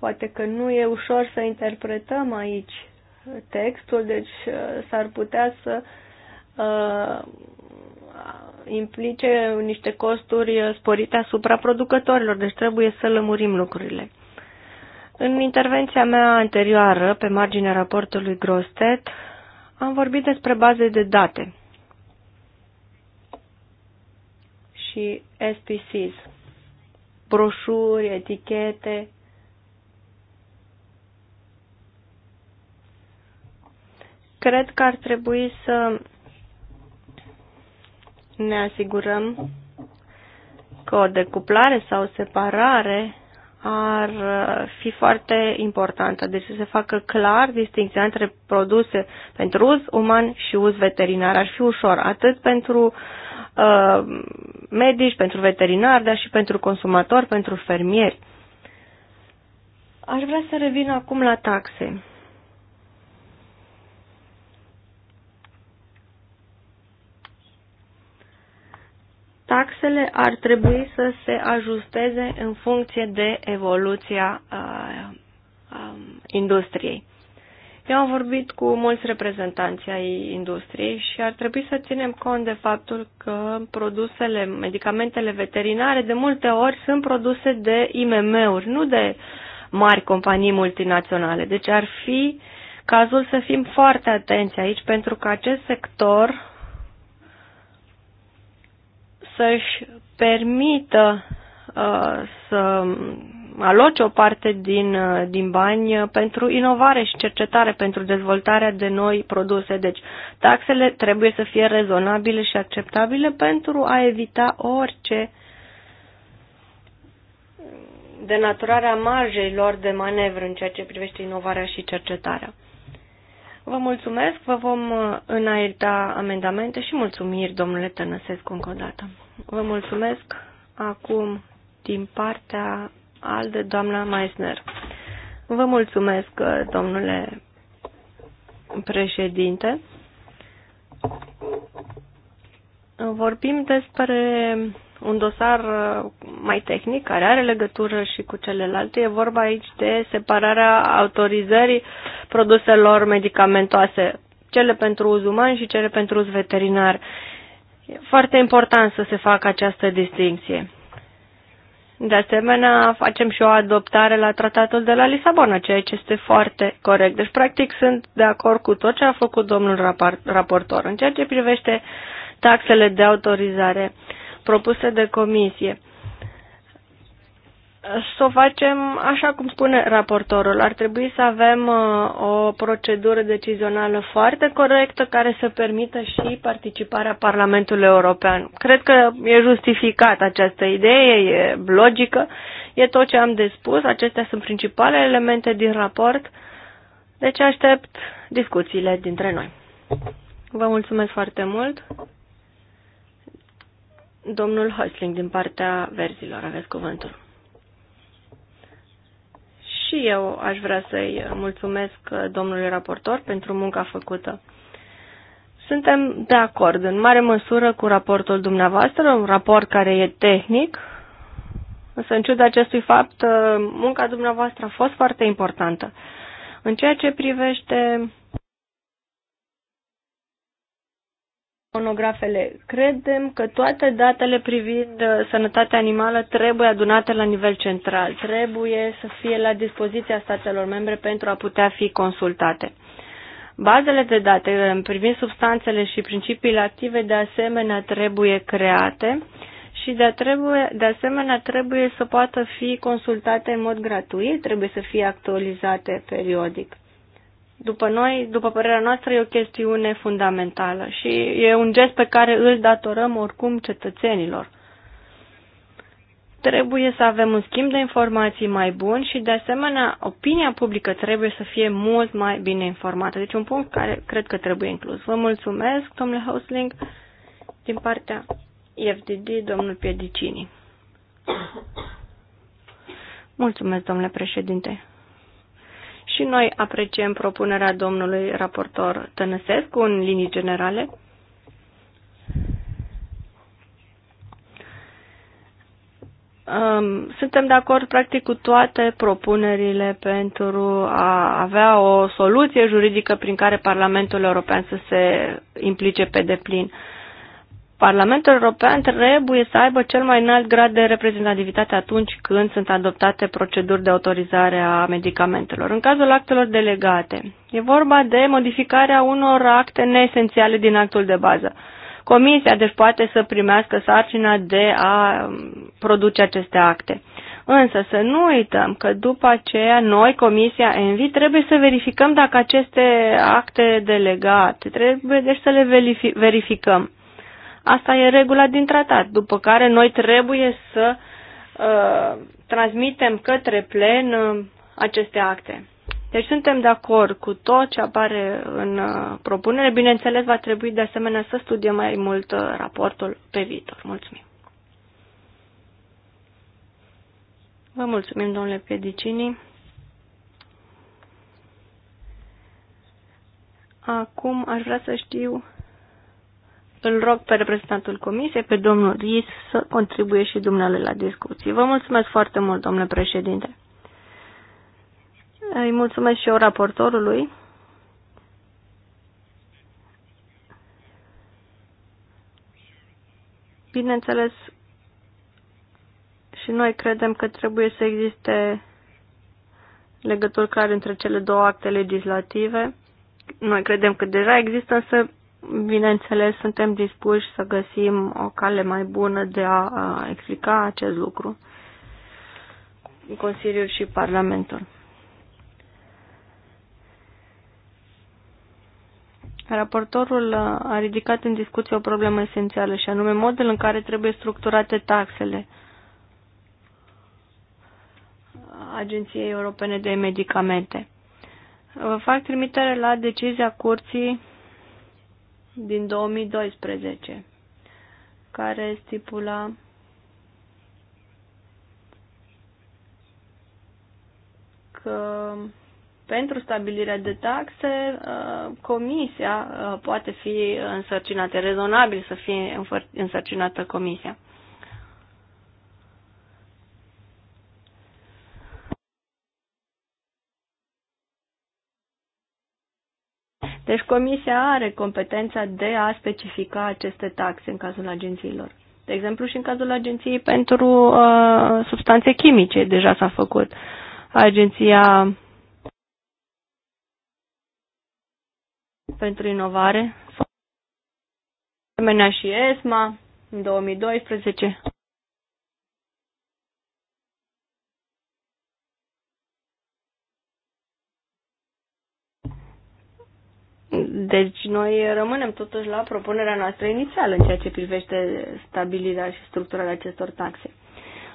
poate că nu e ușor să interpretăm aici textul, deci uh, s-ar putea să uh, implice niște costuri sporite asupra producătorilor, deci trebuie să lămurim lucrurile. În intervenția mea anterioară, pe marginea raportului Grostet, am vorbit despre baze de date și SPCs, broșuri, etichete, Cred că ar trebui să ne asigurăm că o decuplare sau separare ar fi foarte importantă. Deci să se facă clar distinția între produse pentru uz uman și uz veterinar. Ar fi ușor, atât pentru uh, medici, pentru veterinari, dar și pentru consumatori, pentru fermieri. Aș vrea să revin acum la taxe. taxele ar trebui să se ajusteze în funcție de evoluția industriei. Eu am vorbit cu mulți reprezentanți ai industriei și ar trebui să ținem cont de faptul că produsele, medicamentele veterinare de multe ori sunt produse de IMM-uri, nu de mari companii multinaționale. Deci ar fi cazul să fim foarte atenți aici pentru că acest sector să-și permită uh, să aloce o parte din, uh, din bani pentru inovare și cercetare, pentru dezvoltarea de noi produse. Deci taxele trebuie să fie rezonabile și acceptabile pentru a evita orice denaturarea marjei lor de manevră în ceea ce privește inovarea și cercetarea. Vă mulțumesc, vă vom uh, înainta amendamente și mulțumiri, domnule Tănăsescu, încă o dată. Vă mulțumesc acum din partea al de doamna Meisner. Vă mulțumesc, uh, domnule președinte. Vorbim despre un dosar uh, mai tehnic care are legătură și cu celelalte. E vorba aici de separarea autorizării produselor medicamentoase, cele pentru uz uman și cele pentru uz veterinar. E foarte important să se facă această distinție. De asemenea, facem și o adoptare la tratatul de la Lisabona, ceea ce este foarte corect. Deci, practic, sunt de acord cu tot ce a făcut domnul raportor în ceea ce privește taxele de autorizare. Uh, propuse de comisie. Să o facem așa cum spune raportorul. Ar trebui să avem uh, o procedură decizională foarte corectă care să permită și participarea Parlamentului European. Cred că e justificat această idee, e logică, e tot ce am de spus. Acestea sunt principalele elemente din raport. Deci aștept discuțiile dintre noi. Vă mulțumesc foarte mult. Domnul Hosling, din partea verzilor, aveți cuvântul. Și eu aș vrea să-i mulțumesc domnului raportor pentru munca făcută. Suntem de acord în mare măsură cu raportul dumneavoastră, un raport care e tehnic, însă în ciuda acestui fapt, munca dumneavoastră a fost foarte importantă. În ceea ce privește monografele. Credem că toate datele privind uh, sănătatea animală trebuie adunate la nivel central, trebuie să fie la dispoziția statelor membre pentru a putea fi consultate. Bazele de date uh, privind substanțele și principiile active de asemenea trebuie create și de, trebuie, de asemenea trebuie să poată fi consultate în mod gratuit, trebuie să fie actualizate periodic după noi, după părerea noastră, e o chestiune fundamentală și e un gest pe care îl datorăm oricum cetățenilor. Trebuie să avem un schimb de informații mai bun și, de asemenea, opinia publică trebuie să fie mult mai bine informată. Deci un punct care cred că trebuie inclus. Vă mulțumesc, domnule Hausling, din partea FDD, domnul Piedicini. Mulțumesc, domnule președinte. Și noi apreciem propunerea domnului raportor Tănăsescu în linii generale. Suntem de acord practic cu toate propunerile pentru a avea o soluție juridică prin care Parlamentul European să se implice pe deplin. Parlamentul European trebuie să aibă cel mai înalt grad de reprezentativitate atunci când sunt adoptate proceduri de autorizare a medicamentelor. În cazul actelor delegate, e vorba de modificarea unor acte neesențiale din actul de bază. Comisia, deci, poate să primească sarcina de a um, produce aceste acte. Însă să nu uităm că după aceea noi, Comisia ENVI, trebuie să verificăm dacă aceste acte delegate, trebuie deci să le verificăm Asta e regula din tratat, după care noi trebuie să uh, transmitem către plen uh, aceste acte. Deci suntem de acord cu tot ce apare în uh, propunere. Bineînțeles, va trebui de asemenea să studiem mai mult uh, raportul pe viitor. Mulțumim! Vă mulțumim, domnule Piedicini. Acum aș vrea să știu îl rog pe reprezentantul comisiei, pe domnul Ries, să contribuie și dumneavoastră la discuții. Vă mulțumesc foarte mult, domnule președinte. Îi mulțumesc și eu raportorului. Bineînțeles, și noi credem că trebuie să existe legături clare între cele două acte legislative. Noi credem că deja există, însă bineînțeles, suntem dispuși să găsim o cale mai bună de a explica acest lucru în Consiliul și Parlamentul. Raportorul a ridicat în discuție o problemă esențială și anume modul în care trebuie structurate taxele Agenției Europene de Medicamente. Vă fac trimitere la decizia Curții din 2012, care stipula că pentru stabilirea de taxe, uh, comisia uh, poate fi însărcinată, rezonabil să fie însărcinată comisia. Deci comisia are competența de a specifica aceste taxe în cazul agențiilor. De exemplu și în cazul agenției pentru uh, substanțe chimice deja s-a făcut. Agenția pentru inovare, asemenea și ESMA în 2012. Deci noi rămânem totuși la propunerea noastră inițială în ceea ce privește stabilirea și structura acestor taxe.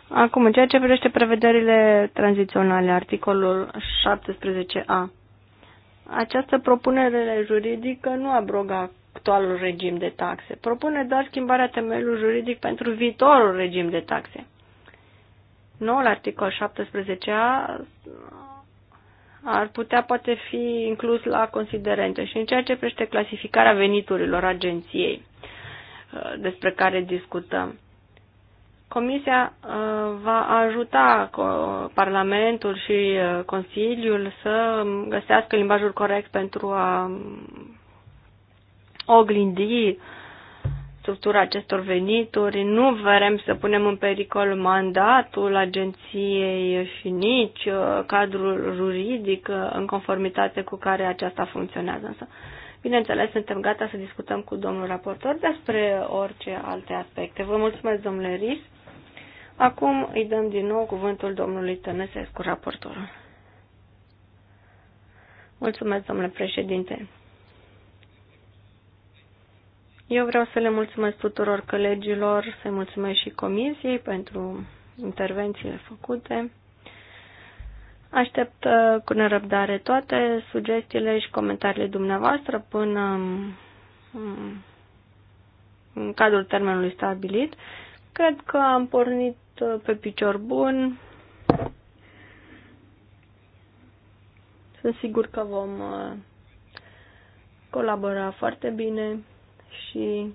Acum, în ceea ce privește prevederile tranziționale, articolul 17a, această propunere juridică nu abroga actualul regim de taxe, propune doar schimbarea temeiului juridic pentru viitorul regim de taxe. Noul articol 17a ar putea poate fi inclus la considerente și în ceea ce prește clasificarea veniturilor agenției uh, despre care discutăm. Comisia uh, va ajuta Parlamentul și uh, Consiliul să um, găsească limbajul corect pentru a um, oglindi structura acestor venituri, nu vrem să punem în pericol mandatul agenției și nici uh, cadrul juridic uh, în conformitate cu care aceasta funcționează. Însă, bineînțeles, suntem gata să discutăm cu domnul raportor despre orice alte aspecte. Vă mulțumesc, domnule Ris. Acum îi dăm din nou cuvântul domnului Tănesescu, raportorul. Mulțumesc, domnule președinte. Eu vreau să le mulțumesc tuturor colegilor, să-i mulțumesc și comisiei pentru intervențiile făcute. Aștept uh, cu nerăbdare toate sugestiile și comentariile dumneavoastră până mm, în cadrul termenului stabilit. Cred că am pornit uh, pe picior bun. Sunt sigur că vom uh, colabora foarte bine și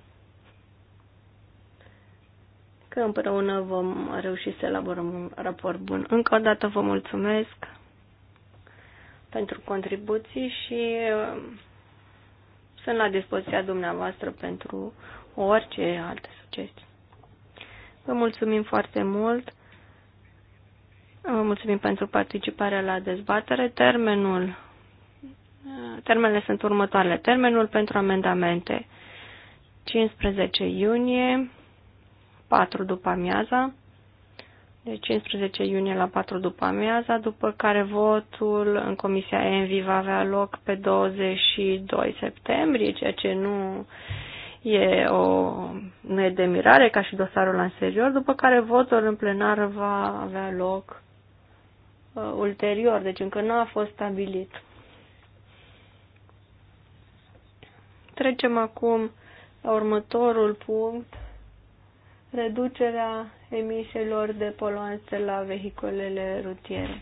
că împreună vom reuși să elaborăm un raport bun. Încă o dată vă mulțumesc pentru contribuții și uh, sunt la dispoziția dumneavoastră pentru orice alte sugestii. Vă mulțumim foarte mult. Vă mulțumim pentru participarea la dezbatere. Termenul, uh, termenele sunt următoarele. Termenul pentru amendamente 15 iunie, 4 după amiaza, Deci 15 iunie la 4 după amiaza, după care votul în Comisia ENVI va avea loc pe 22 septembrie, ceea ce nu e o nu e de mirare ca și dosarul anterior, după care votul în plenar va avea loc uh, ulterior, deci încă nu a fost stabilit. Trecem acum la următorul punct, reducerea emisiilor de poluanțe la vehiculele rutiere.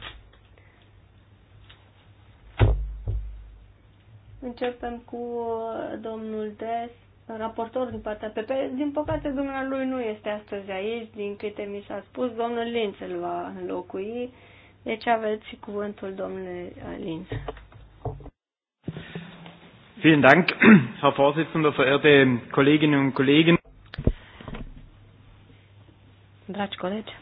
Începem cu uh, domnul Des, raportor din partea PP. Din păcate, dumnealui nu este astăzi aici, din câte mi s-a spus, domnul Linț îl va înlocui. Deci aveți și cuvântul domnule Linț. Vielen Dank, Herr Vorsitzender, verehrte Kolleginnen und Kollegen. Dragi colegi,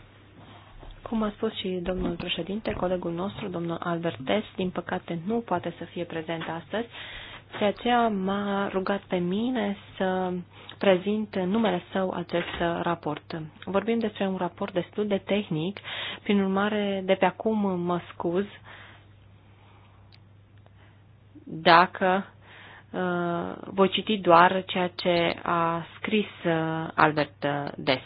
cum a spus și domnul președinte, colegul nostru, domnul Albertes, din păcate nu poate să fie prezent astăzi, de aceea m-a rugat pe mine să prezint în numele său acest raport. Vorbim despre un raport destul de tehnic, prin urmare, de pe acum mă scuz dacă Uh, voi citi doar ceea ce a scris uh, Albert uh, Des.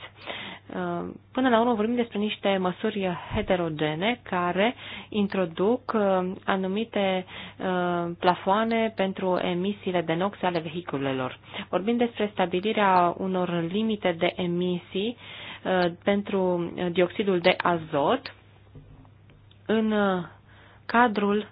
Până la urmă vorbim despre niște măsuri heterogene care introduc anumite plafoane pentru emisiile de nox ale vehiculelor. Vorbim despre stabilirea unor limite de emisii pentru dioxidul de azot în cadrul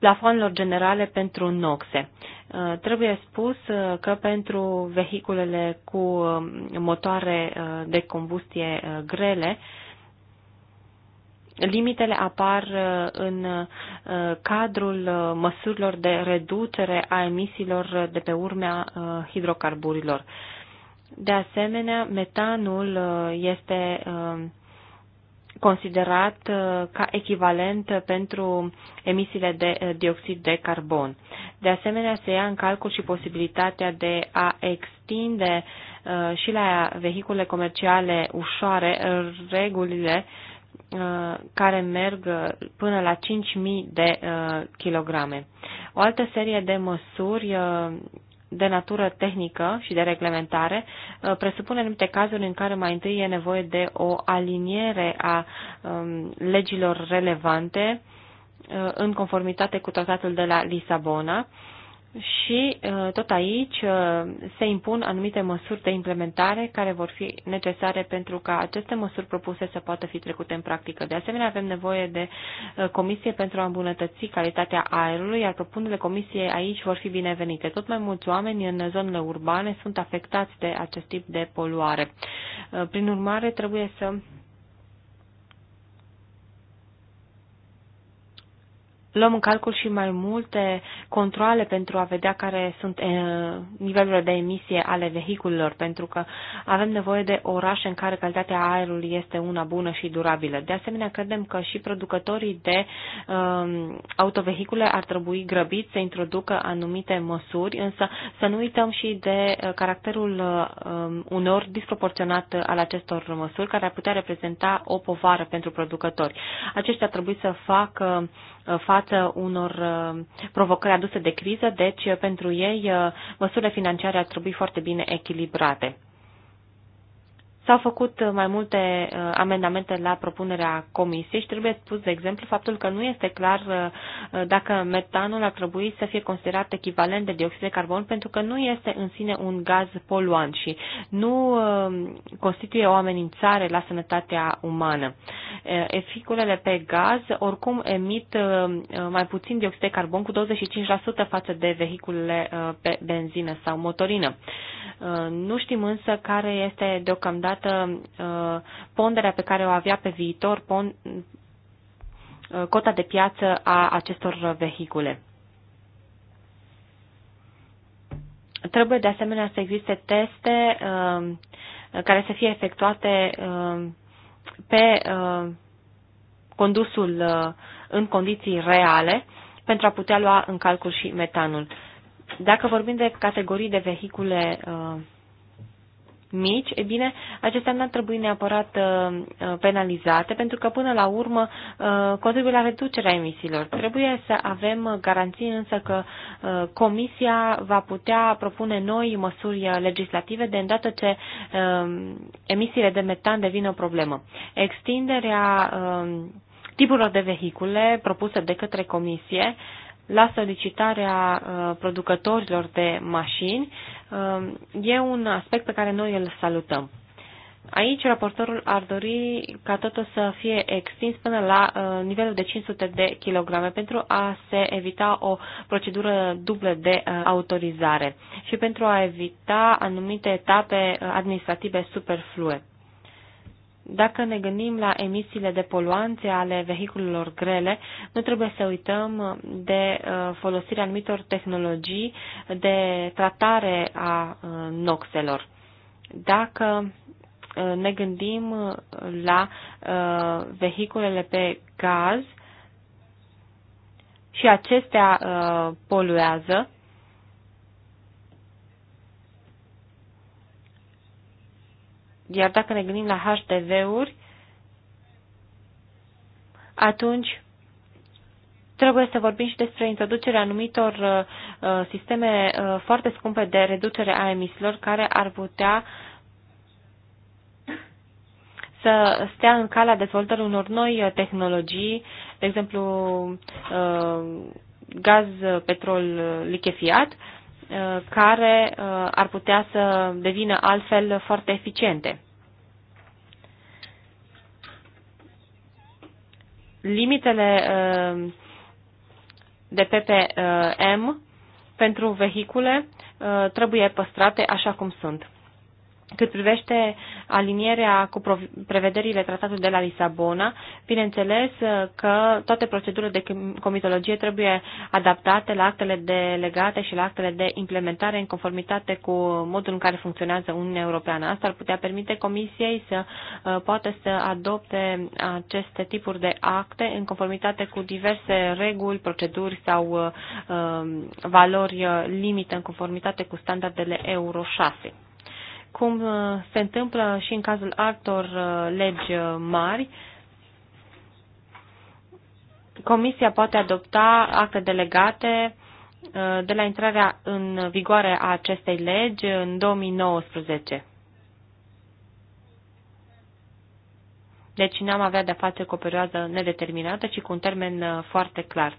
plafonelor generale pentru noxe. Uh, trebuie spus uh, că pentru vehiculele cu uh, motoare de combustie grele, limitele apar în cadrul măsurilor de reducere a emisiilor de pe urmea hidrocarburilor. De asemenea, metanul este considerat uh, ca echivalent pentru emisiile de uh, dioxid de carbon. De asemenea, se ia în calcul și posibilitatea de a extinde uh, și la vehicule comerciale ușoare regulile care merg până la 5.000 de kilograme. O altă serie de măsuri de natură tehnică și de reglementare uh, presupune anumite cazuri în care mai întâi e nevoie de o aliniere a um, legilor relevante uh, în conformitate cu tratatul de la Lisabona și uh, tot aici uh, se impun anumite măsuri de implementare care vor fi necesare pentru ca aceste măsuri propuse să poată fi trecute în practică. De asemenea, avem nevoie de uh, comisie pentru a îmbunătăți calitatea aerului, iar propunerile comisiei aici vor fi binevenite. Tot mai mulți oameni în zonele urbane sunt afectați de acest tip de poluare. Prin urmare, trebuie să luăm în calcul și mai multe controle pentru a vedea care sunt eh, nivelurile de emisie ale vehiculelor, pentru că avem nevoie de orașe în care calitatea aerului este una bună și durabilă. De asemenea, credem că și producătorii de um, autovehicule ar trebui grăbiți să introducă anumite măsuri, însă să nu uităm și de eh, caracterul um, unor disproporționat al acestor măsuri, care ar putea reprezenta o povară pentru producători. Aceștia ar trebui să facă Uh, față unor uh, provocări aduse de criză, deci uh, pentru ei măsurile financiare ar trebui foarte bine echilibrate. S-au făcut uh, mai multe uh, amendamente la propunerea comisiei și trebuie spus, de exemplu, faptul că nu este clar uh, dacă metanul ar trebui să fie considerat echivalent de dioxid de carbon pentru că nu este în sine un gaz poluant și nu constituie o amenințare la sănătatea umană. Eficulele pe gaz oricum emit mai puțin dioxid de carbon cu 25% față de vehiculele pe benzină sau motorină. Nu știm însă care este deocamdată arată uh, ponderea pe care o avea pe viitor uh, cota de piață a acestor vehicule. Trebuie de asemenea să existe teste uh, care să fie efectuate pe condusul în condiții reale pentru a putea lua în calcul și metanul. Dacă vorbim de categorii de vehicule mici, e bine, acestea n-ar trebui neapărat uh, uh, penalizate, pentru că până la urmă uh, contribuie la reducerea emisiilor. Trebuie să avem garanții însă că Comisia va putea propune noi măsuri legislative de îndată ce emisiile de metan devin o problemă. Extinderea tipurilor de vehicule propuse de către Comisie uh, la solicitarea uh, producătorilor de mașini uh, e un aspect pe care noi îl salutăm. Aici raportorul ar dori ca totul să fie extins până la uh, nivelul de 500 de kilograme pentru a se evita o procedură dublă de uh, autorizare și pentru a evita anumite etape uh, administrative superflue. Dacă ne gândim la emisiile de poluanțe ale vehiculelor grele, nu trebuie să uităm de uh, folosirea anumitor tehnologii de tratare a uh, noxelor. Dacă uh, ne gândim la vehiculele pe gaz și acestea poluează, Iar dacă ne gândim la HDV-uri, atunci trebuie să vorbim și despre introducerea anumitor uh, uh, sisteme uh, foarte scumpe de reducere a emisiilor care ar putea să stea în calea dezvoltării unor noi uh, tehnologii, de exemplu uh, gaz, petrol uh, lichefiat, uh, Uh, care uh, ar putea să devină altfel foarte eficiente. Limitele uh, de PPM pentru vehicule trebuie păstrate așa cum sunt. Cât privește alinierea cu prevederile tratatului de la Lisabona, bineînțeles uh, că toate procedurile de comitologie trebuie adaptate la actele delegate și la actele de implementare în conformitate cu modul în care funcționează Uniunea Europeană. Asta ar putea permite Comisiei să uh, poată să adopte aceste tipuri de acte în conformitate cu diverse reguli, proceduri sau uh, um, valori limită în conformitate cu standardele Euro 6 cum uh, se întâmplă și în cazul altor uh, legi uh, mari, Comisia poate adopta acte delegate de la intrarea în vigoare a acestei legi în 2019. Deci n-am avea de-a face cu o perioadă nedeterminată, ci cu un termen foarte clar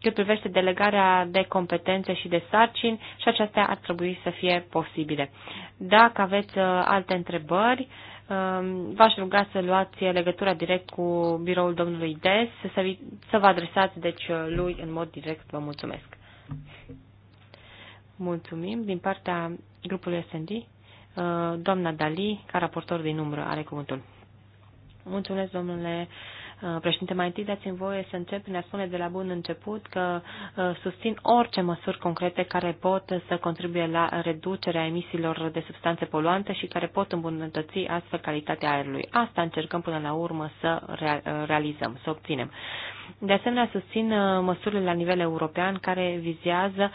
cât privește delegarea de competențe și de sarcini și acestea ar trebui să fie posibile. Dacă aveți uh, alte întrebări, um, v-aș ruga să luați legătura direct cu biroul domnului Des, să, vă adresați deci uh, lui în mod direct. Vă mulțumesc. Mulțumim. Din partea grupului SND, uh, doamna Dali, ca raportor din umbră, are cuvântul. Mulțumesc, domnule Uh, președinte, mai întâi dați-mi voie să încep prin a spune de la bun început că uh, susțin orice măsuri concrete care pot să contribuie la reducerea emisiilor de substanțe poluante și care pot îmbunătăți astfel calitatea aerului. Asta încercăm până la urmă să uh, realizăm, să obținem. De asemenea, susțin măsurile la nivel european care vizează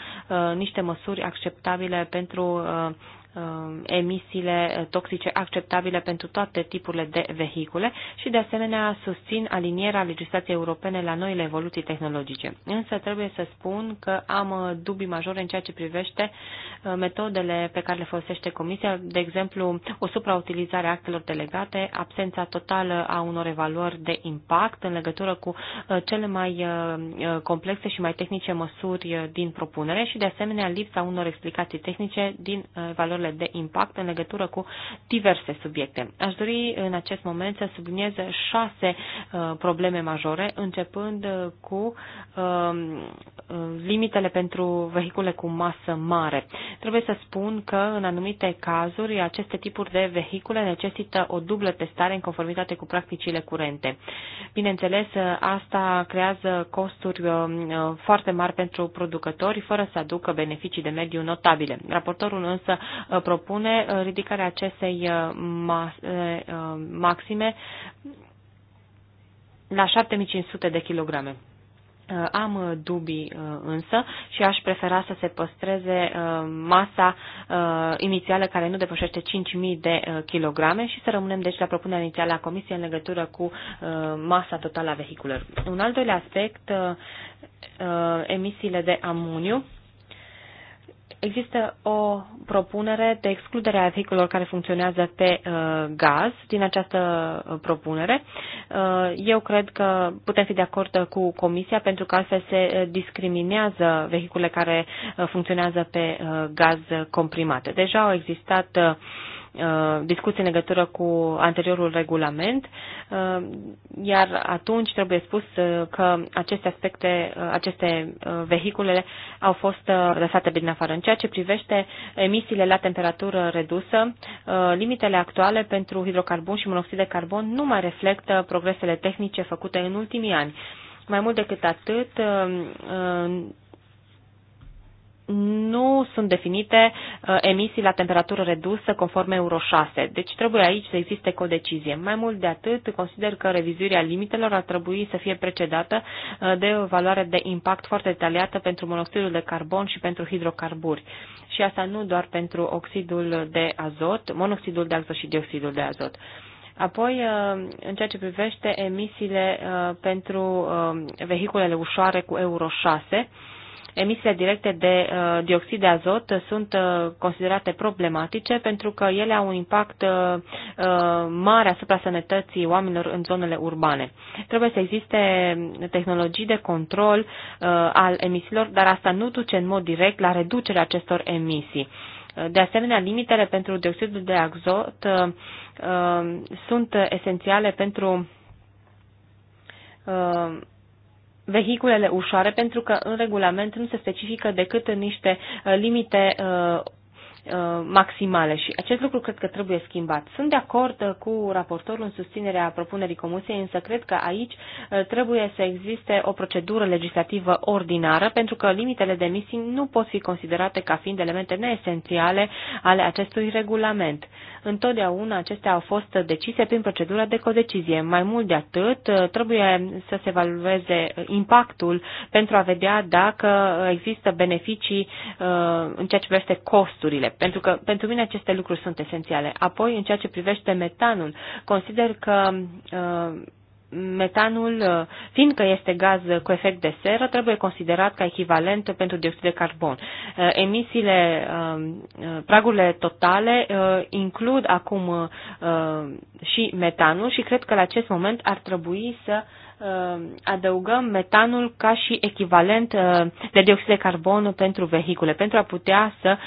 niște măsuri acceptabile pentru Um, emisiile toxice acceptabile pentru toate tipurile de vehicule și, de asemenea, susțin alinierea legislației europene la noile evoluții tehnologice. Însă trebuie să spun că am dubii majore în ceea ce privește uh, metodele pe care le folosește Comisia, de exemplu, o suprautilizare a actelor delegate, absența totală a unor evaluări de impact în legătură cu uh, cele mai uh, complexe și mai tehnice măsuri din propunere și, de asemenea, lipsa unor explicații tehnice din valori factorile de impact în legătură cu diverse subiecte. Aș dori în acest moment să subliniez șase uh, probleme majore, începând uh, cu um, limitele pentru vehicule cu masă mare. Trebuie să spun că în anumite cazuri aceste tipuri de vehicule necesită o dublă testare în conformitate cu practicile curente. Bineînțeles, asta creează costuri um, uh, foarte mari pentru producători, fără să aducă beneficii de mediu notabile. Raportorul însă Uh, propune uh, ridicarea acestei uh, maxime la 7500 de kilograme. Am dubii însă și aș prefera să se păstreze masa inițială care nu depășește 5.000 de kilograme și să rămânem deci la propunerea inițială a Comisiei în legătură cu masa totală a vehiculelor. Un al doilea aspect, emisiile de amoniu există o propunere de excludere a vehiculelor care funcționează pe uh, gaz din această uh, propunere. Uh, eu cred că putem fi de acord uh, cu Comisia pentru că astfel se uh, discriminează vehiculele care funcționează pe uh, gaz comprimat. Deja au existat uh, Uh, discuții în legătură cu anteriorul regulament, uh, iar atunci trebuie spus uh, că aceste aspecte, aceste vehiculele au fost lăsate bine afară. În ceea ce privește emisiile la temperatură redusă, limitele actuale pentru hidrocarbon și monoxid de carbon nu mai reflectă progresele tehnice făcute în ultimii ani. Mai mult decât atât, nu sunt definite uh, emisii la temperatură redusă conform Euro 6. Deci trebuie aici să existe codecizie. Mai mult de atât, consider că revizuirea limitelor ar trebui să fie precedată uh, de o valoare de impact foarte detaliată pentru monoxidul de carbon și pentru hidrocarburi. Și asta nu doar pentru oxidul de azot, monoxidul de azot și dioxidul de azot. Apoi, uh, în ceea ce privește emisiile pentru vehiculele ușoare cu Euro 6, emisiile directe de uh, dioxid de azot sunt uh, considerate problematice pentru că ele au un impact uh, mare asupra sănătății oamenilor în zonele urbane. Trebuie să existe tehnologii de control al emisiilor, dar asta nu duce în mod direct la reducerea acestor emisii. De asemenea, limitele pentru dioxidul de azot uh, sunt esențiale pentru uh, vehiculele ușoare, pentru că în regulament nu se specifică decât în niște uh, limite uh, uh, maximale și acest lucru cred că trebuie schimbat. Sunt de acord cu raportorul în susținerea propunerii Comisiei, însă cred că aici trebuie să existe o procedură legislativă ordinară, pentru că limitele de emisii nu pot fi considerate ca fiind elemente neesențiale ale acestui regulament. Întotdeauna acestea au fost decise prin procedura de codecizie. Mai mult de atât, trebuie să se evalueze impactul pentru a vedea dacă există beneficii uh, în ceea ce privește costurile, pentru că pentru mine aceste lucruri sunt esențiale. Apoi, în ceea ce privește metanul, consider că uh, metanul, uh, fiindcă este gaz cu efect de seră, trebuie considerat ca echivalent pentru dioxid de carbon. Uh, emisiile, um, uh, pragurile totale includ acum și metanul și cred că la acest moment ar trebui să adăugăm metanul ca și echivalent de dioxid de carbon pentru vehicule, pentru a putea să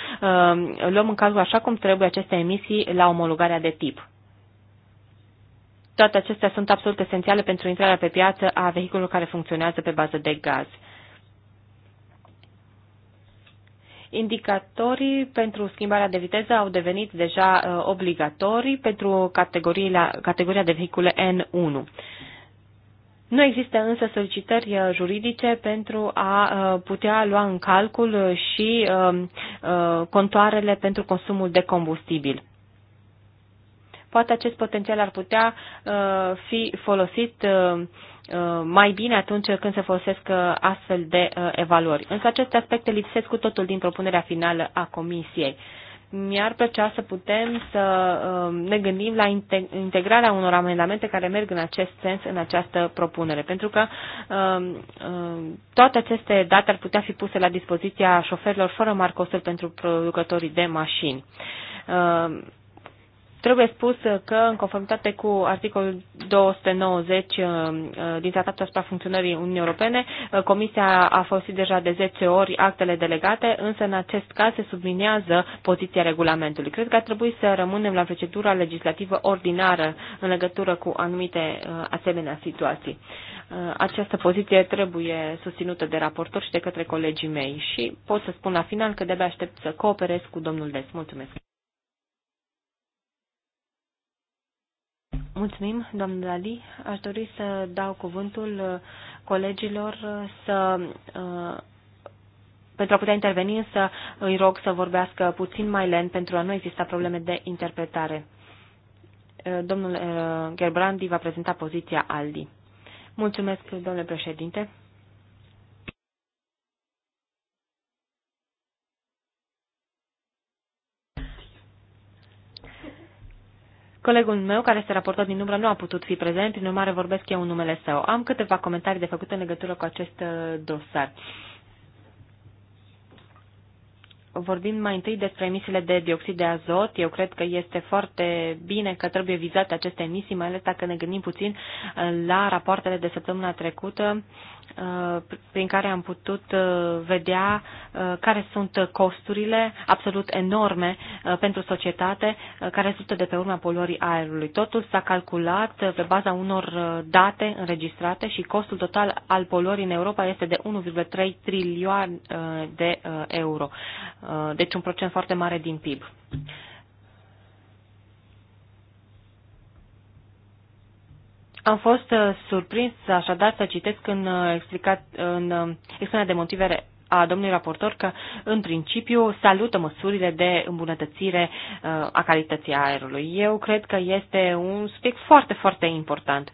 luăm în cazul așa cum trebuie aceste emisii la omologarea de tip. Toate acestea sunt absolut esențiale pentru intrarea pe piață a vehiculului care funcționează pe bază de gaz. Indicatorii pentru schimbarea de viteză au devenit deja uh, obligatorii pentru categoria de vehicule N1. Nu există însă solicitări uh, juridice pentru a uh, putea lua în calcul și um, uh, contoarele pentru consumul de combustibil poate acest potențial ar putea uh, fi folosit uh, uh, mai bine atunci când se folosesc astfel de evaluări. Însă aceste aspecte lipsesc cu totul din propunerea finală a Comisiei. Mi-ar plăcea să putem să ne gândim la integrarea unor amendamente care merg în acest sens în această propunere, pentru că toate aceste date ar putea fi puse la dispoziția șoferilor fără marcosuri pentru producătorii de mașini Trebuie spus că, în conformitate cu articolul 290 uh, uh, din Tratatul asupra funcționării Uniunii Europene, uh, Comisia a folosit deja de 10 ori actele delegate, însă în acest caz se subminează poziția regulamentului. Cred că ar trebui să rămânem la procedura legislativă ordinară în legătură cu anumite asemenea situații. Această poziție trebuie susținută de raportor și de către colegii mei și pot să spun la final că de-abia aștept să cooperez cu domnul Des. Mulțumesc! Mulțumim, doamnă Dali. Aș dori să dau cuvântul uh, colegilor uh, să, uh, pentru a putea interveni, să îi rog să vorbească puțin mai lent pentru a nu exista probleme de interpretare. Domnul Gerbrandi va prezenta poziția ALDI. Mulțumesc, domnule președinte. Colegul meu, care este raportat din umbră, nu a putut fi prezent, prin urmare vorbesc eu în numele său. Am câteva comentarii de făcut în legătură cu acest uh, dosar. Vorbim mai întâi despre emisiile de dioxid de azot. Eu cred că este foarte bine că trebuie vizate aceste emisii, mai ales dacă ne gândim puțin la rapoartele de săptămâna trecută Uh, prin care am putut uh, vedea uh, care sunt costurile absolut enorme pentru societate care rezultă de pe urma poluării aerului. Totul s-a calculat pe baza unor date înregistrate și costul total al poluării în Europa este de 1,3 trilioane de euro, deci un procent foarte mare din PIB. Am fost uh, surprins așadar să citesc în, uh, explicat, în uh, expunerea de motive a domnului raportor că, în principiu, salută măsurile de îmbunătățire a calității aerului. Eu cred că este un subiect foarte, foarte important.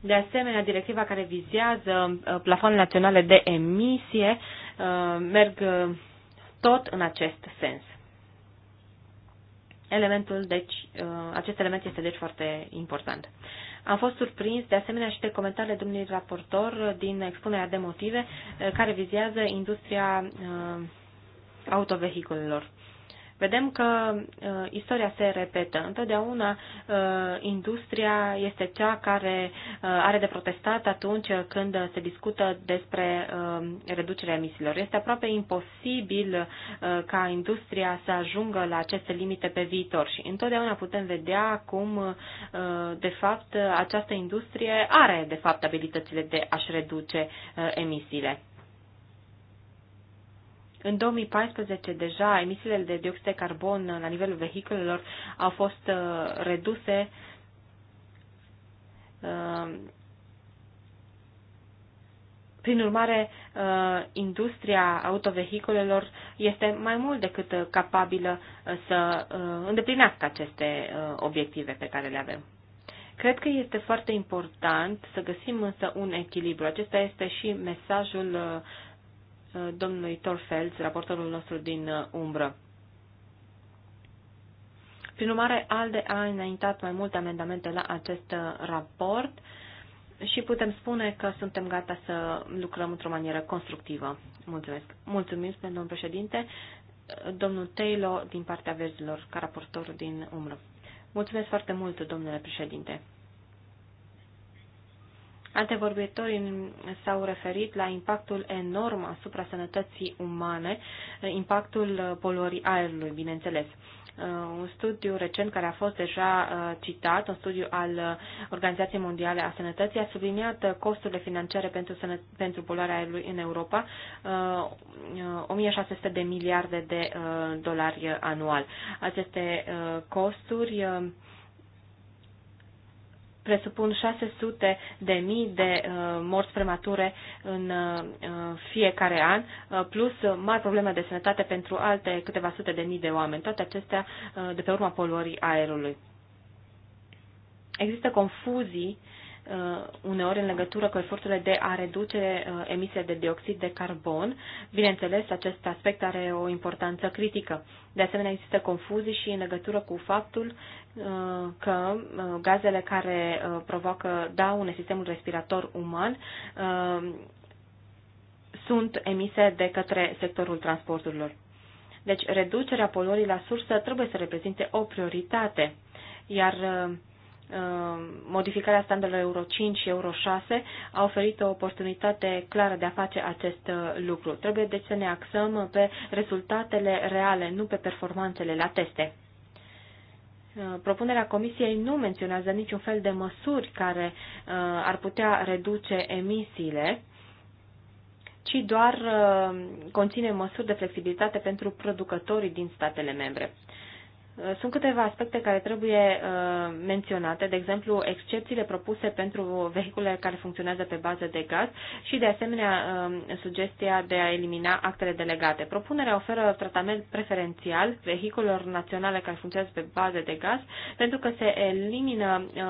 De asemenea, directiva care vizează plafoanele naționale de emisie merg tot în acest sens elementul, deci, uh, acest element este deci foarte important. Am fost surprins de asemenea și de comentariile domnului raportor din expunerea de motive uh, care vizează industria uh, autovehiculelor vedem că uh, istoria se repetă. Întotdeauna uh, industria este cea care uh, are de protestat atunci când se discută despre uh, reducerea emisiilor. Este aproape imposibil uh, ca industria să ajungă la aceste limite pe viitor și întotdeauna putem vedea cum, uh, de fapt, această industrie are, de fapt, abilitățile de a-și reduce uh, emisiile. În 2014 deja emisiile de dioxid de carbon la nivelul vehiculelor au fost uh, reduse uh, prin urmare, uh, industria autovehiculelor este mai mult decât capabilă să îndeplinească aceste obiective pe care le avem. Cred că este foarte important să găsim însă un echilibru. Acesta este și mesajul Uh, domnului Torfelz, raportorul nostru din uh, umbră. Prin urmare, ALDE a înaintat mai multe amendamente la acest uh, raport și putem spune că suntem gata să lucrăm într-o manieră constructivă. Mulțumesc. Mulțumim, domnul președinte, domnul Taylor din partea verzilor, ca raportor din umbră. Mulțumesc foarte mult, domnule președinte. Alte vorbitori s-au referit la impactul enorm asupra sănătății umane, impactul uh, poluării aerului, bineînțeles uh, un studiu recent care a fost deja uh, citat, un studiu al Organizației Mondiale a Sănătății, a subliniat costurile financiare pentru, pentru poluarea aerului în Europa, 1600 de miliarde de dolari anual. Aceste costuri presupun 600 de mii de uh, morți premature în uh, fiecare an, uh, plus mari probleme de sănătate pentru alte câteva sute de mii de oameni. Toate acestea uh, de pe urma poluării aerului. Există confuzii uh, Uh, uneori în legătură cu eforturile de a reduce uh, emisiile de dioxid de carbon. Bineînțeles, acest aspect are o importanță critică. De asemenea, există confuzii și în legătură cu faptul uh, că gazele care provoacă daune sistemul respirator uman sunt emise de către sectorul transporturilor. Deci, reducerea poluării la sursă trebuie să reprezinte o prioritate, iar uh, Um, modificarea standardelor Euro 5 și Euro 6 a oferit o oportunitate clară de a face acest uh, lucru. Trebuie deci să ne axăm pe rezultatele reale, nu pe performanțele la teste. Uh, propunerea Comisiei nu menționează niciun fel de măsuri care uh, ar putea reduce emisiile, ci doar conține măsuri de flexibilitate pentru producătorii din statele membre. Sunt câteva aspecte care trebuie uh, menționate, de exemplu, excepțiile propuse pentru vehicule care funcționează pe bază de gaz și, de asemenea, um, sugestia de a elimina actele delegate. Propunerea oferă tratament preferențial vehiculelor naționale care funcționează pe bază de gaz pentru că se elimină uh,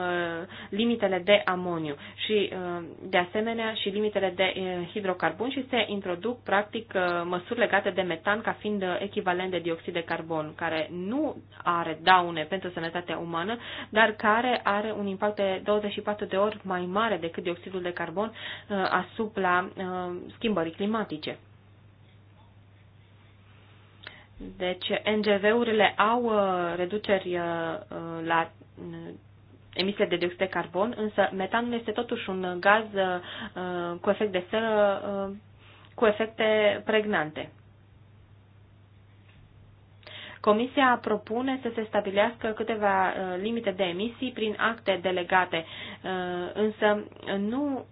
limitele de amoniu și, uh, de asemenea, și limitele de hidrocarbon și se introduc, practic, măsuri legate de metan ca fiind echivalent de dioxid de carbon, care nu are daune pentru sănătatea umană, dar care are un impact de 24 de ori mai mare decât dioxidul de carbon uh, asupra uh, schimbării climatice. Deci NGV-urile au uh, reduceri la emisiile de dioxid de carbon, însă metanul este totuși un gaz cu efect de seră cu efecte pregnante. Comisia propune să se stabilească câteva uh, limite de emisii prin acte delegate, uh, însă nu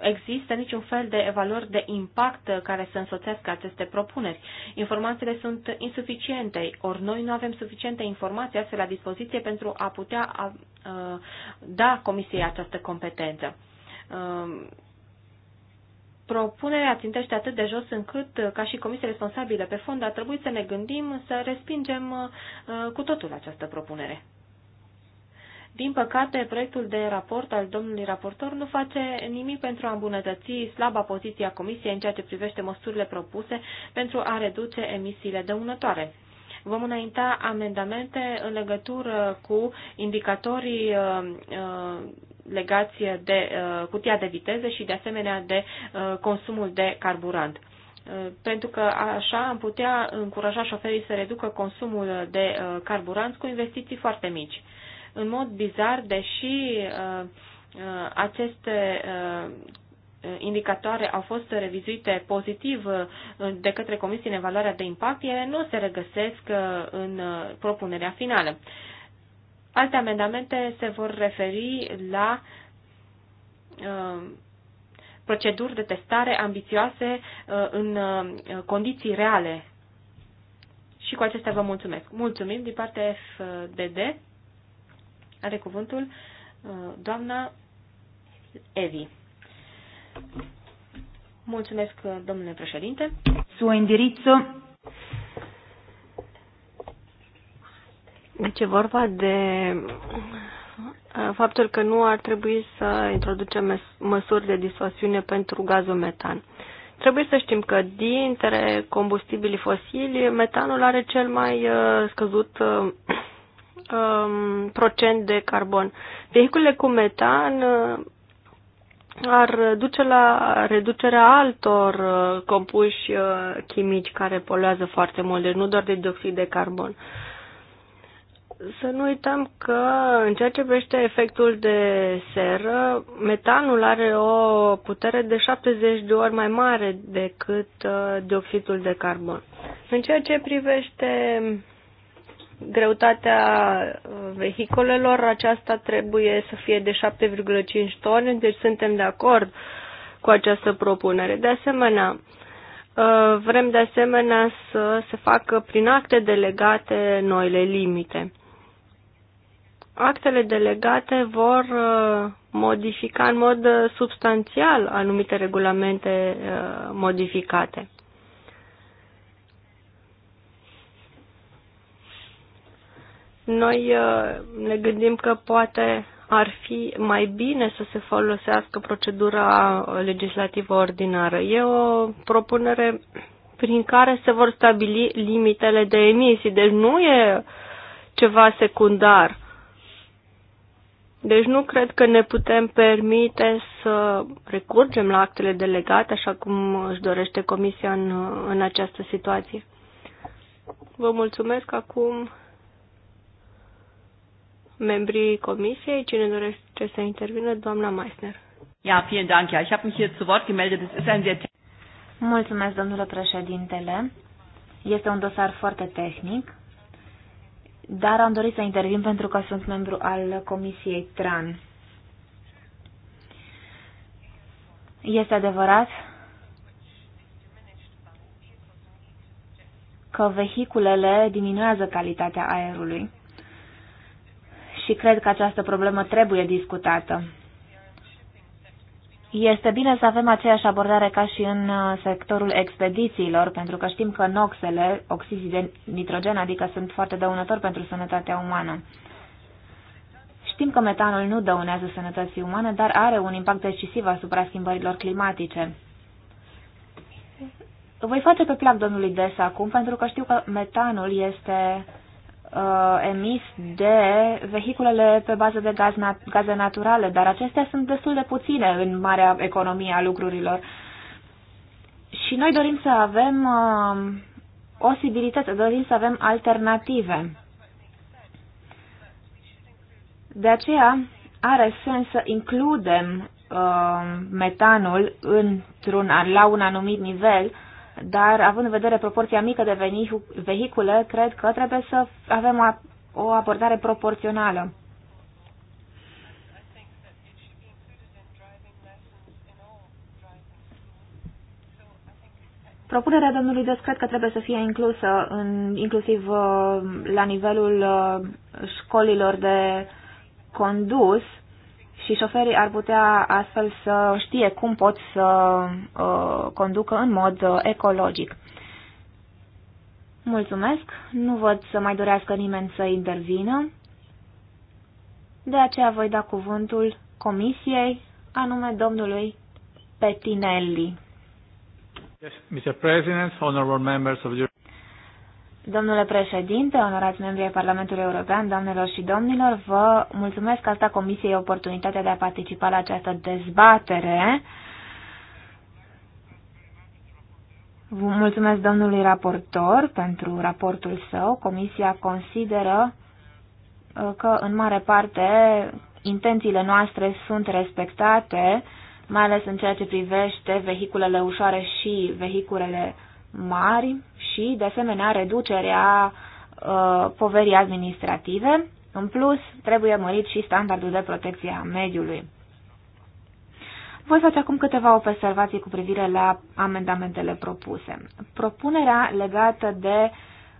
există niciun fel de evaluări de impact care să însoțească aceste propuneri. Informațiile sunt insuficiente, ori noi nu avem suficiente informații astfel la dispoziție pentru a putea uh, da Comisiei această competență propunerea țintește atât de jos încât, uh, ca și comisie responsabilă pe fond, ar trebui să ne gândim să respingem uh, uh, cu totul această propunere. Din păcate, proiectul de raport al domnului raportor nu face nimic pentru a îmbunătăți slaba poziție a Comisiei în ceea ce privește măsurile propuse pentru a reduce emisiile dăunătoare. Vom înainta amendamente în legătură cu indicatorii legați de uh, cutia de viteză și de asemenea de uh, consumul de carburant uh, pentru că așa am putea încuraja șoferii să reducă consumul de carburanți cu investiții foarte mici. În mod bizar, deși aceste indicatoare au fost revizuite pozitiv de către Comisie în evaluarea de impact, ele nu se regăsesc în propunerea finală. Alte amendamente se vor referi la uh, proceduri de testare ambițioase uh, în uh, condiții reale. Și cu acestea vă mulțumesc. Mulțumim din partea FDD. Are cuvântul uh, doamna Evi. Mulțumesc, domnule președinte. Suo indirizzo Deci e vorba de uh, faptul că nu ar trebui să introducem măsuri de disuasiune pentru gazul metan. Trebuie să știm că dintre combustibilii fosili, metanul are cel mai uh, scăzut uh, um, procent de carbon. Vehiculele cu metan ar duce la reducerea altor compuși chimici care poluează foarte mult, deci nu doar de dioxid de carbon. Să nu uităm că în ceea ce privește efectul de seră, metanul are o putere de 70 de ori mai mare decât uh, dioxidul de carbon. În ceea ce privește greutatea uh, vehicolelor, aceasta trebuie să fie de 7,5 tone, deci suntem de acord cu această propunere. De asemenea, uh, Vrem de asemenea să se facă prin acte delegate noile limite actele delegate vor uh, modifica în mod uh, substanțial anumite regulamente uh, modificate. Noi ne gândim că poate ar fi mai bine să se folosească procedura legislativă ordinară. E o propunere prin care se vor stabili limitele de emisii, deci nu e ceva secundar. Deci nu cred că ne putem permite să recurgem la actele delegate, așa cum își dorește Comisia în, în această situație. Vă mulțumesc acum membrii Comisiei. Cine dorește să intervină? Doamna Meissner. Ja, vielen Dank. Ja, ich habe mich hier zu Wort gemeldet. Es ist ein sehr Mulțumesc, domnule președintele. Este un dosar foarte tehnic dar am dorit să intervin pentru că sunt membru al Comisiei TRAN. Este adevărat că vehiculele diminuează calitatea aerului și cred că această problemă trebuie discutată. Este bine să avem aceeași abordare ca și în uh, sectorul expedițiilor, pentru că știm că noxele, oxizii de nitrogen, adică sunt foarte dăunători pentru sănătatea umană. Știm că metanul nu dăunează sănătății umane, dar are un impact decisiv asupra schimbărilor climatice. Voi face pe plac domnului Des acum, pentru că știu că metanul este uh, emis de vehiculele pe bază de gaz nat- gaze naturale, dar acestea sunt destul de puține în marea economie a lucrurilor. Și noi dorim să avem uh, posibilități, dorim să avem alternative. De aceea are sens să includem uh, metanul într-un, la un anumit nivel uh, dar având în vedere proporția mică de vehicule, cred că trebuie să avem o abordare proporțională. Propunerea domnului Des cred că trebuie să fie inclusă în, inclusiv uh, la nivelul uh, școlilor de condus și șoferii ar putea astfel să știe cum pot să uh, conducă în mod uh, ecologic. Mulțumesc, nu văd să mai dorească nimeni să intervină. De aceea voi da cuvântul comisiei, anume domnului Petinelli. Yes, Mr. President, honorable members of the Domnule președinte, onorați membri ai Parlamentului European, doamnelor și domnilor, vă mulțumesc că asta Comisiei oportunitatea de a participa la această dezbatere. Vă mulțumesc domnului raportor pentru raportul său. Comisia consideră uh, că, în mare parte, intențiile noastre sunt respectate, mai ales în ceea ce privește vehiculele ușoare și vehiculele mari, și, de asemenea, reducerea uh, poverii administrative. În plus, trebuie mărit și standardul de protecție a mediului. Voi face acum câteva observații cu privire la amendamentele propuse. Propunerea legată de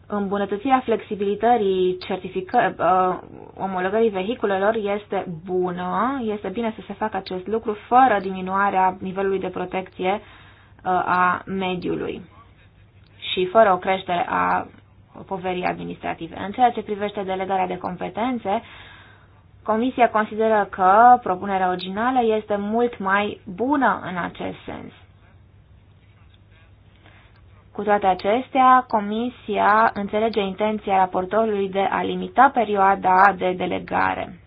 îmbunătățirea flexibilității certifică, uh, omologării vehiculelor este bună, este bine să se facă acest lucru fără diminuarea nivelului de protecție uh, a mediului și fără o creștere a poverii administrative. În ceea ce privește delegarea de competențe, Comisia consideră că propunerea originală este mult mai bună în acest sens. Cu toate acestea, Comisia înțelege intenția raportorului de a limita perioada de delegare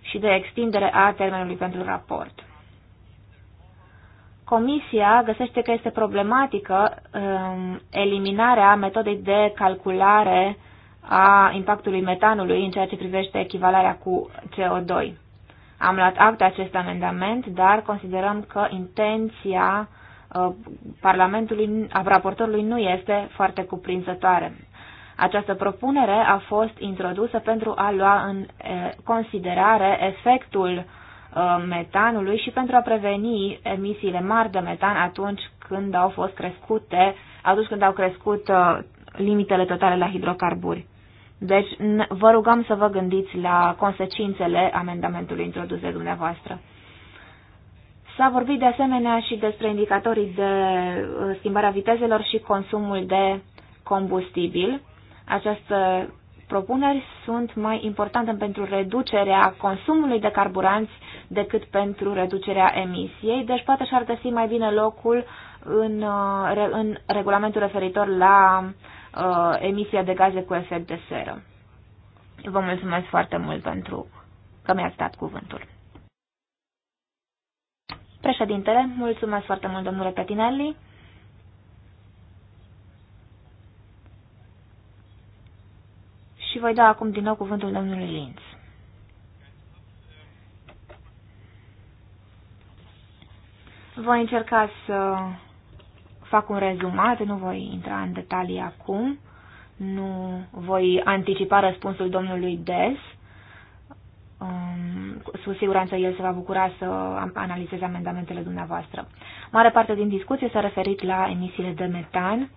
și de extindere a termenului pentru raport. Comisia găsește că este problematică um, eliminarea metodei de calculare a impactului metanului în ceea ce privește echivalarea cu CO2. Am luat act de acest amendament, dar considerăm că intenția uh, Parlamentului, a raportorului nu este foarte cuprinzătoare. Această propunere a fost introdusă pentru a lua în uh, considerare efectul uh, Uh, metanului și pentru a preveni emisiile mari de metan atunci când au fost crescute, atunci când au crescut uh, limitele totale la hidrocarburi. Deci vă rugăm să vă gândiți la consecințele amendamentului introdus de dumneavoastră. S-a vorbit de asemenea și despre indicatorii de uh, schimbarea vitezelor și consumul de combustibil. Această propuneri sunt mai importante pentru reducerea consumului de carburanți decât pentru reducerea emisiei, deci poate și-ar găsi mai bine locul în, uh, în regulamentul referitor la uh, emisia de gaze cu efect de seră. Vă mulțumesc foarte mult pentru că mi-ați dat cuvântul. Președintele, mulțumesc foarte mult, domnule Petinelli. și voi da acum din nou cuvântul domnului Linz. Voi încerca să fac un rezumat, nu voi intra în detalii acum, nu voi anticipa răspunsul domnului Des. Um, cu siguranță el se va bucura să analizeze amendamentele dumneavoastră. Mare parte din discuție s-a referit la emisiile de metan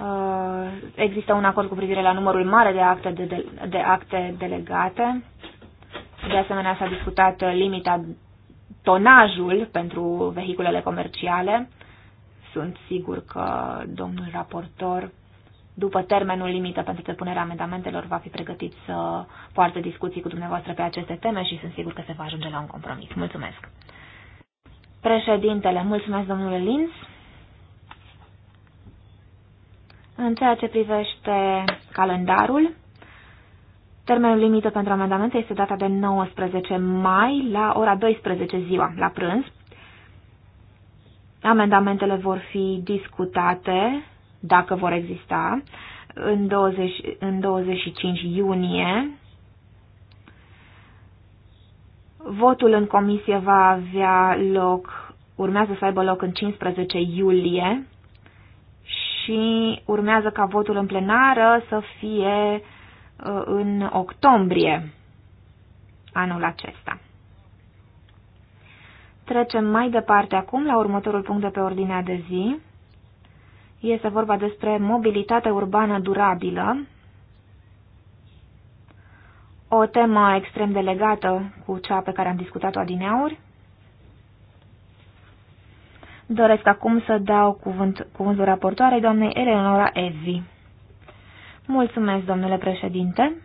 Uh, există un acord cu privire la numărul mare de acte, de, de, de acte delegate. De asemenea, s-a discutat limita, tonajul pentru vehiculele comerciale. Sunt sigur că domnul raportor, după termenul limită pentru depunerea amendamentelor, va fi pregătit să poartă discuții cu dumneavoastră pe aceste teme și sunt sigur că se va ajunge la un compromis. Mulțumesc! Președintele, mulțumesc domnule Linz. În ceea ce privește calendarul, termenul limită pentru amendamente este data de 19 mai la ora 12 ziua, la prânz. Amendamentele vor fi discutate, dacă vor exista, în, 20, în 25 iunie. Votul în comisie va avea loc, urmează să aibă loc în 15 iulie și urmează ca votul în plenară să fie uh, în octombrie anul acesta. Trecem mai departe acum la următorul punct de pe ordinea de zi. Este vorba despre mobilitate urbană durabilă, o temă extrem de legată cu cea pe care am discutat-o adineauri. Doresc acum să dau cuvânt, cuvântul raportoarei doamnei Eleonora Evi. Mulțumesc, domnule președinte.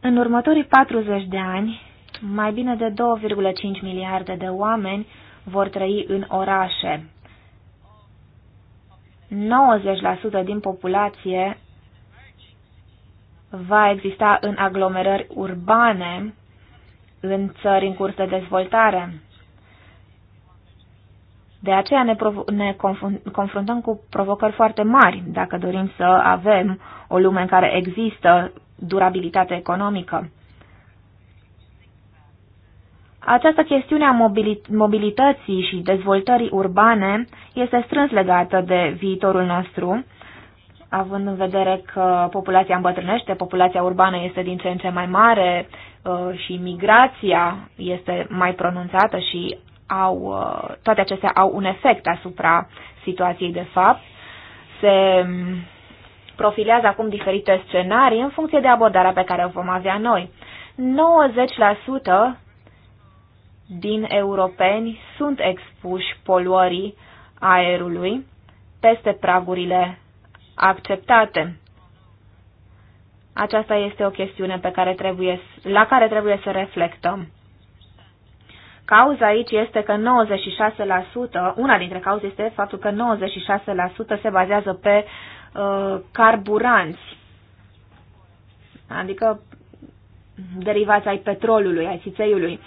În următorii 40 de ani, mai bine de 2,5 miliarde de oameni vor trăi în orașe. 90% din populație va exista în aglomerări urbane în țări în curs de dezvoltare. De aceea ne, ne confruntăm cu provocări foarte mari dacă dorim să avem o lume în care există durabilitate economică. Această chestiune a mobilității și dezvoltării urbane este strâns legată de viitorul nostru, având în vedere că populația îmbătrânește, populația urbană este din ce în ce mai mare, Uh, și migrația este mai pronunțată și au, uh, toate acestea au un efect asupra situației de fapt. Se um, profilează acum diferite scenarii în funcție de abordarea pe care o vom avea noi. 90% din europeni sunt expuși poluării aerului peste pragurile acceptate. Aceasta este o chestiune pe care trebuie, la care trebuie să reflectăm. Cauza aici este că 96%, una dintre cauze este faptul că 96% se bazează pe uh, carburanți, adică derivați ai petrolului, ai țițeiului.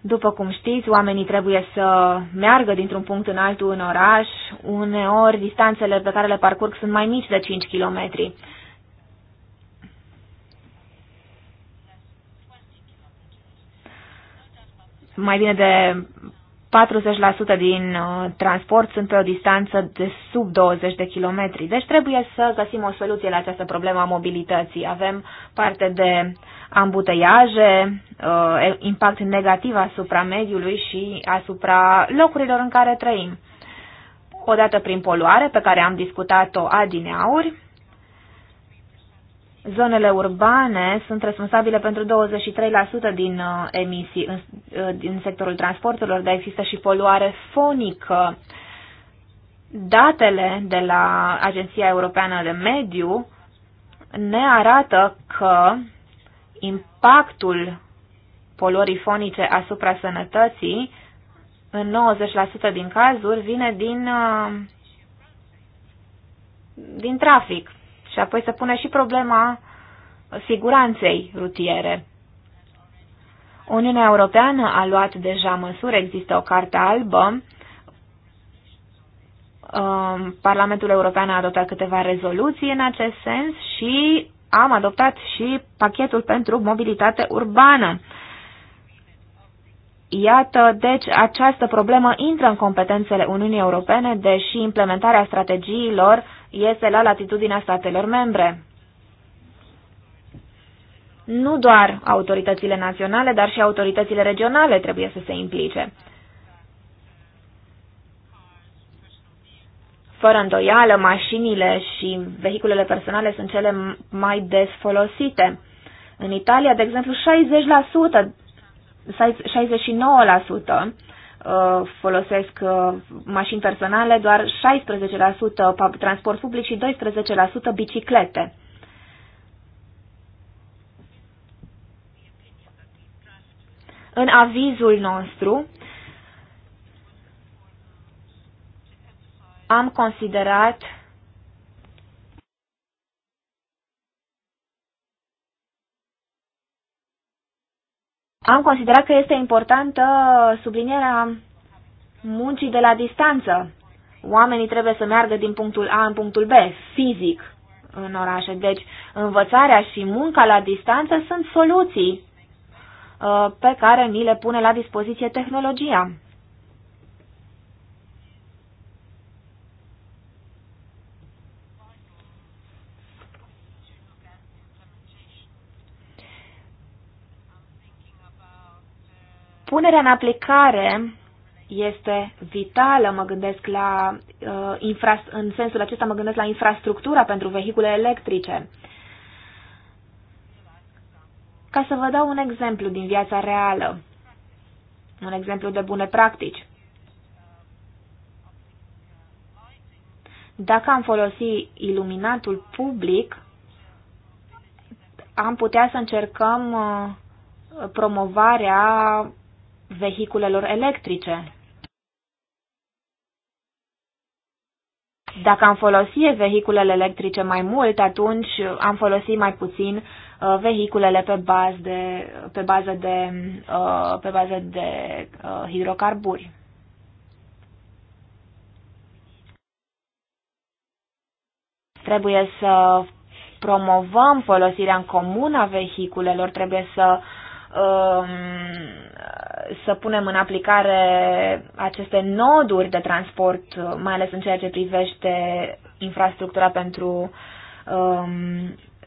După cum știți, oamenii trebuie să meargă dintr-un punct în altul în oraș, uneori distanțele pe care le parcurg sunt mai mici de 5 kilometri. mai bine de 40% din uh, transport sunt pe o distanță de sub 20 de kilometri. Deci trebuie să găsim o soluție la această problemă a mobilității. Avem parte de ambuteiaje, uh, impact negativ asupra mediului și asupra locurilor în care trăim. Odată prin poluare, pe care am discutat-o adineauri, zonele urbane sunt responsabile pentru 23% din uh, emisii în, uh, din sectorul transporturilor, dar există și poluare fonică. Datele de la Agenția Europeană de Mediu ne arată că impactul poluării fonice asupra sănătății în 90% din cazuri vine din, uh, din trafic. Și apoi să pune și problema siguranței rutiere. Uniunea Europeană a luat deja măsuri, există o carte albă. Um, Parlamentul European a adoptat câteva rezoluții în acest sens și am adoptat și pachetul pentru mobilitate urbană. Iată, deci, această problemă intră în competențele Uniunii Europene, deși implementarea strategiilor este la latitudinea statelor membre. Nu doar autoritățile naționale, dar și autoritățile regionale trebuie să se implice. Fără îndoială, mașinile și vehiculele personale sunt cele mai des folosite. În Italia, de exemplu, 60%, 69% Uh, folosesc uh, mașini personale, doar 16% transport public și 12% biciclete. În avizul nostru am considerat am considerat că este importantă sublinierea muncii de la distanță. Oamenii trebuie să meargă din punctul A în punctul B, fizic, în orașe. Deci, învățarea și munca la distanță sunt soluții uh, pe care ni le pune la dispoziție tehnologia. Punerea în aplicare este vitală, mă gândesc la, uh, infra, în sensul acesta mă gândesc la infrastructura pentru vehicule electrice. Ca să vă dau un exemplu din viața reală, un exemplu de bune practici. Dacă am folosi iluminatul public, am putea să încercăm uh, promovarea vehiculelor electrice. Dacă am folosit vehiculele electrice mai mult, atunci am folosit mai puțin uh, vehiculele pe bază de, pe bază de, uh, pe bază de uh, hidrocarburi. Trebuie să promovăm folosirea în comun a vehiculelor, trebuie să uh, Um, să punem în aplicare aceste noduri de transport, mai ales în ceea ce privește infrastructura pentru um,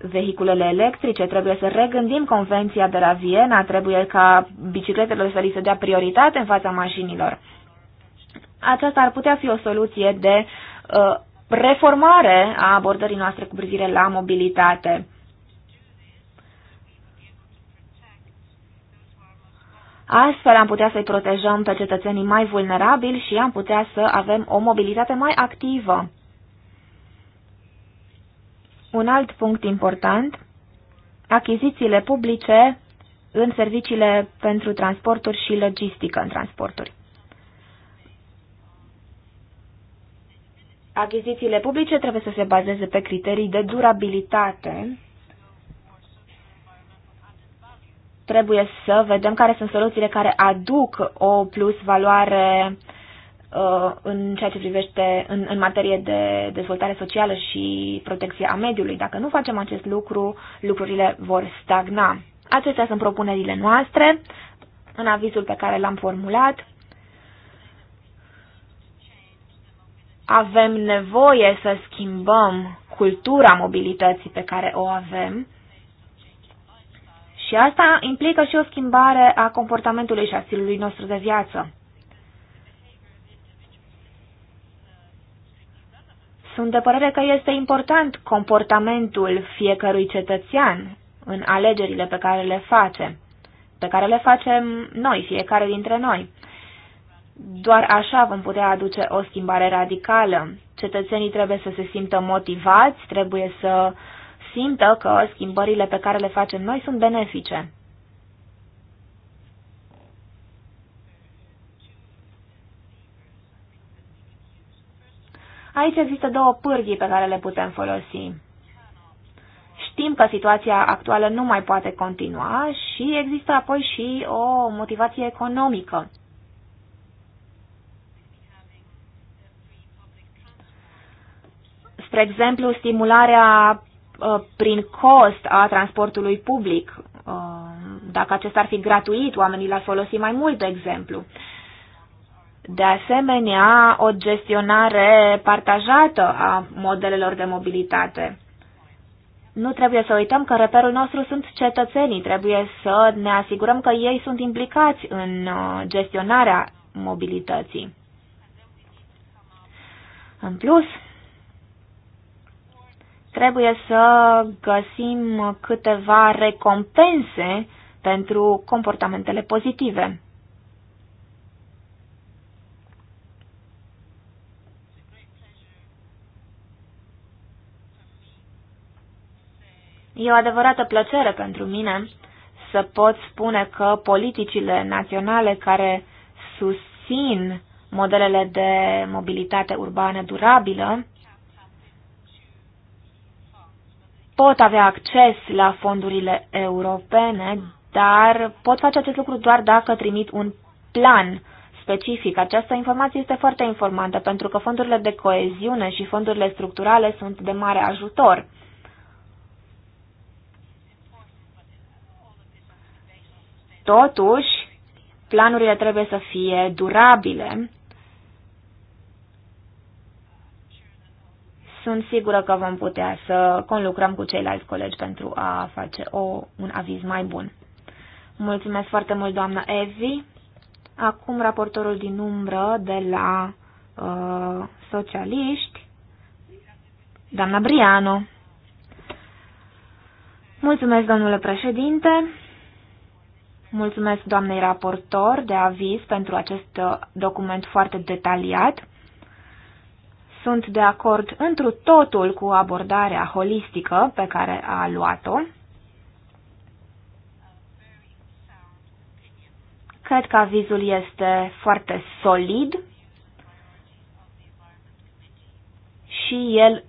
vehiculele electrice, trebuie să regândim convenția de la Viena, trebuie ca bicicletelor să li se dea prioritate în fața mașinilor. Aceasta ar putea fi o soluție de uh, reformare a abordării noastre cu privire la mobilitate. Astfel am putea să-i protejăm pe cetățenii mai vulnerabili și am putea să avem o mobilitate mai activă. Un alt punct important, achizițiile publice în serviciile pentru transporturi și logistică în transporturi. Achizițiile publice trebuie să se bazeze pe criterii de durabilitate trebuie să vedem care sunt soluțiile care aduc o plus valoare uh, în ceea ce privește în, în materie de dezvoltare socială și protecție a mediului. Dacă nu facem acest lucru, lucrurile vor stagna. Acestea sunt propunerile noastre în avizul pe care l-am formulat. Avem nevoie să schimbăm cultura mobilității pe care o avem și asta implică și o schimbare a comportamentului și a stilului nostru de viață. Sunt de părere că este important comportamentul fiecărui cetățean în alegerile pe care le face, pe care le facem noi, fiecare dintre noi. Doar așa vom putea aduce o schimbare radicală. Cetățenii trebuie să se simtă motivați, trebuie să uh, simtă că schimbările pe care le facem noi sunt benefice. Aici există două pârghii pe care le putem folosi. Știm că situația actuală nu mai poate continua și există apoi și o motivație economică. Spre exemplu, stimularea Uh, prin cost a transportului public. Uh, dacă acesta ar fi gratuit, oamenii l-ar folosi mai mult, de exemplu. De asemenea, o gestionare partajată a modelelor de mobilitate. Nu trebuie să uităm că reperul nostru sunt cetățenii. Trebuie să ne asigurăm că ei sunt implicați în uh, gestionarea mobilității. În plus, Trebuie să găsim câteva recompense pentru comportamentele pozitive. E o adevărată plăcere pentru mine să pot spune că politicile naționale care susțin modelele de mobilitate urbană durabilă pot avea acces la fondurile europene, dar pot face acest lucru doar dacă trimit un plan specific. Această informație este foarte informantă pentru că fondurile de coeziune și fondurile structurale sunt de mare ajutor. Totuși, planurile trebuie să fie durabile sunt sigură că vom putea să conlucrăm cu ceilalți colegi pentru a face o, un aviz mai bun. Mulțumesc foarte mult, doamna Evi. Acum raportorul din umbră de la uh, socialiști, doamna Briano. Mulțumesc, domnule președinte. Mulțumesc doamnei raportor de aviz pentru acest uh, document foarte detaliat. Sunt de acord întru totul cu abordarea holistică pe care a luat-o. Cred că avizul este foarte solid și el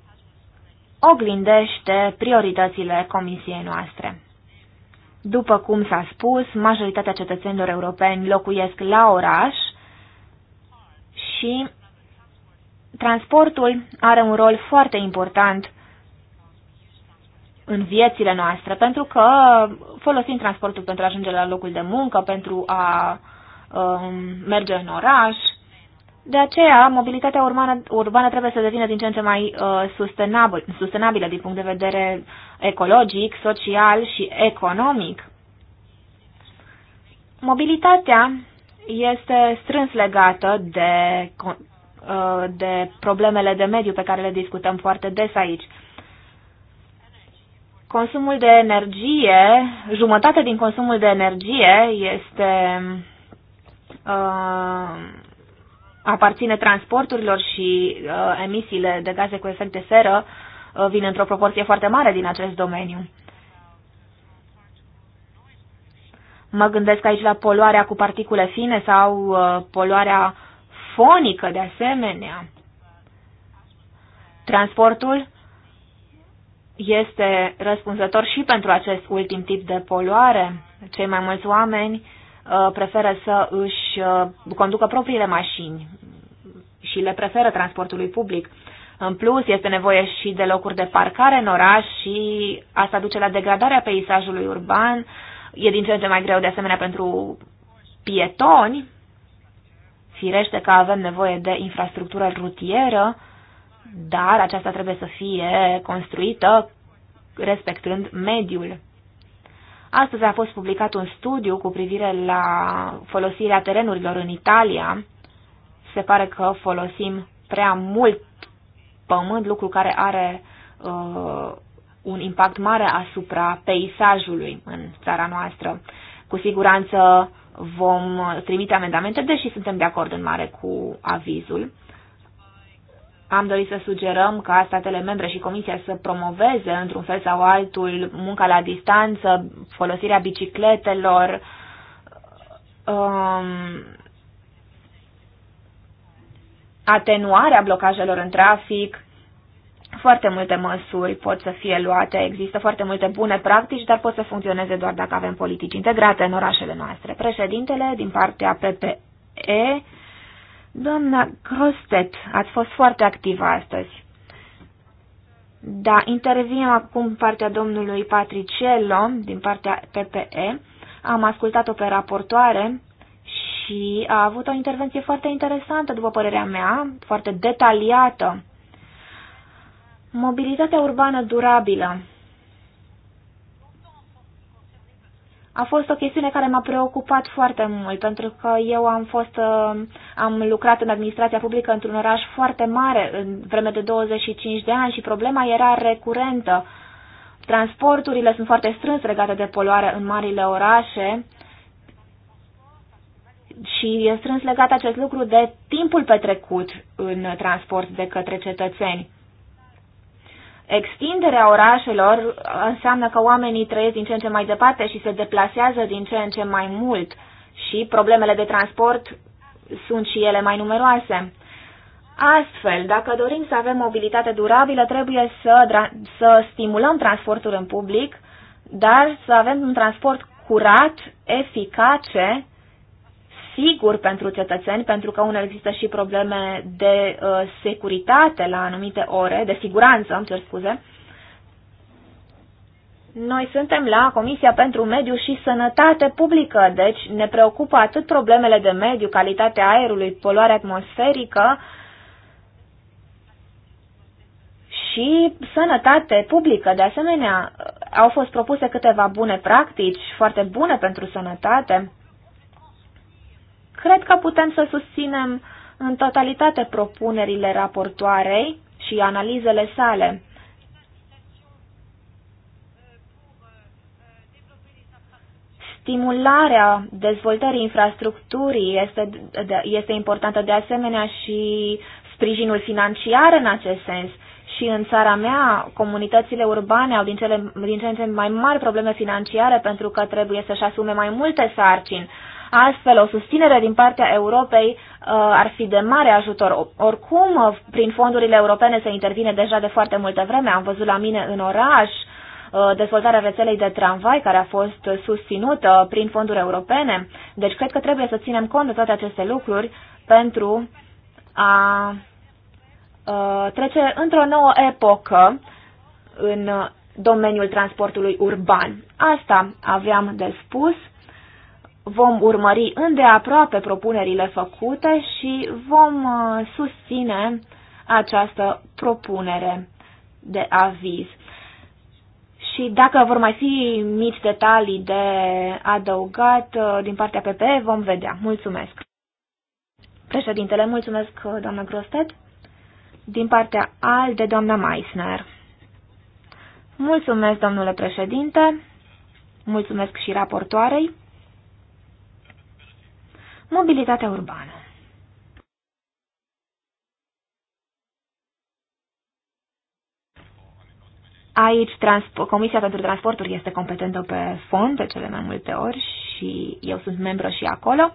oglindește prioritățile comisiei noastre. După cum s-a spus, majoritatea cetățenilor europeni locuiesc la oraș și Transportul are un rol foarte important în viețile noastre, pentru că folosim transportul pentru a ajunge la locul de muncă, pentru a um, merge în oraș. De aceea, mobilitatea urbană, urbană trebuie să devină din ce în ce mai uh, sustenabil, sustenabilă din punct de vedere ecologic, social și economic. Mobilitatea este strâns legată de Uh, de problemele de mediu pe care le discutăm foarte des aici. Consumul de energie, jumătate din consumul de energie este uh, aparține transporturilor și uh, emisiile de gaze cu efect de seră uh, vin într-o proporție foarte mare din acest domeniu. Mă gândesc aici la poluarea cu particule fine sau uh, poluarea telefonică de asemenea. Transportul este răspunzător și pentru acest ultim tip de poluare. Cei mai mulți oameni uh, preferă să își uh, conducă propriile mașini și le preferă transportului public. În plus, este nevoie și de locuri de parcare în oraș și asta duce la degradarea peisajului urban. E din ce în ce mai greu de asemenea pentru pietoni Firește că avem nevoie de infrastructură rutieră, dar aceasta trebuie să fie construită respectând mediul. Astăzi a fost publicat un studiu cu privire la folosirea terenurilor în Italia. Se pare că folosim prea mult pământ, lucru care are uh, un impact mare asupra peisajului în țara noastră. Cu siguranță vom trimite amendamente, deși suntem de acord în mare cu avizul. Am dorit să sugerăm ca statele membre și Comisia să promoveze, într-un fel sau altul, munca la distanță, folosirea bicicletelor, um, atenuarea blocajelor în trafic, foarte multe măsuri pot să fie luate, există foarte multe bune practici, dar pot să funcționeze doar dacă avem politici integrate în orașele noastre. Președintele, din partea PPE, doamna Crostet, ați fost foarte activă astăzi. Da, intervinem acum partea domnului Patriciello din partea PPE. Am ascultat-o pe raportoare și a avut o intervenție foarte interesantă, după părerea mea, foarte detaliată Mobilitatea urbană durabilă a fost o chestiune care m-a preocupat foarte mult, pentru că eu am fost, uh, am lucrat în administrația publică într-un oraș foarte mare în vreme de 25 de ani și problema era recurentă. Transporturile sunt foarte strâns legate de poluare în marile orașe și e strâns legat acest lucru de timpul petrecut în transport de către cetățeni. Extinderea orașelor uh, înseamnă că oamenii trăiesc din ce în ce mai departe și se deplasează din ce în ce mai mult și problemele de transport sunt și ele mai numeroase. Astfel, dacă dorim să avem mobilitate durabilă, trebuie să, să stimulăm transportul în public, dar să avem un transport curat, eficace sigur pentru cetățeni, pentru că unele există și probleme de uh, securitate la anumite ore, de siguranță, îmi cer scuze. Noi suntem la Comisia pentru Mediu și Sănătate Publică, deci ne preocupă atât problemele de mediu, calitatea aerului, poluarea atmosferică și sănătate publică. De asemenea, au fost propuse câteva bune practici, foarte bune pentru sănătate Cred că putem să susținem în totalitate propunerile raportoarei și analizele sale. Stimularea dezvoltării infrastructurii este, este importantă de asemenea și sprijinul financiar în acest sens. Și în țara mea, comunitățile urbane au din, cele, din ce în ce mai mari probleme financiare pentru că trebuie să-și asume mai multe sarcini. Uh, Astfel, o susținere din partea Europei uh, ar fi de mare ajutor. Oricum, uh, prin fondurile europene se intervine deja de foarte multă vreme. Am văzut la mine în oraș uh, dezvoltarea rețelei de tramvai care a fost susținută prin fonduri europene. Deci cred că trebuie să ținem cont de toate aceste lucruri pentru a trece într-o nouă epocă în domeniul transportului urban. Asta aveam de spus vom urmări îndeaproape propunerile făcute și vom uh, susține această propunere de aviz. Și dacă vor mai fi mici detalii de adăugat uh, din partea PP, vom vedea. Mulțumesc. Președintele, mulțumesc, uh, doamna Grostet. Din partea al de doamna Meissner. Mulțumesc, domnule președinte. Mulțumesc și raportoarei mobilitatea urbană. Aici Comisia pentru Transporturi este competentă pe fond de cele mai multe ori și eu sunt membru și acolo.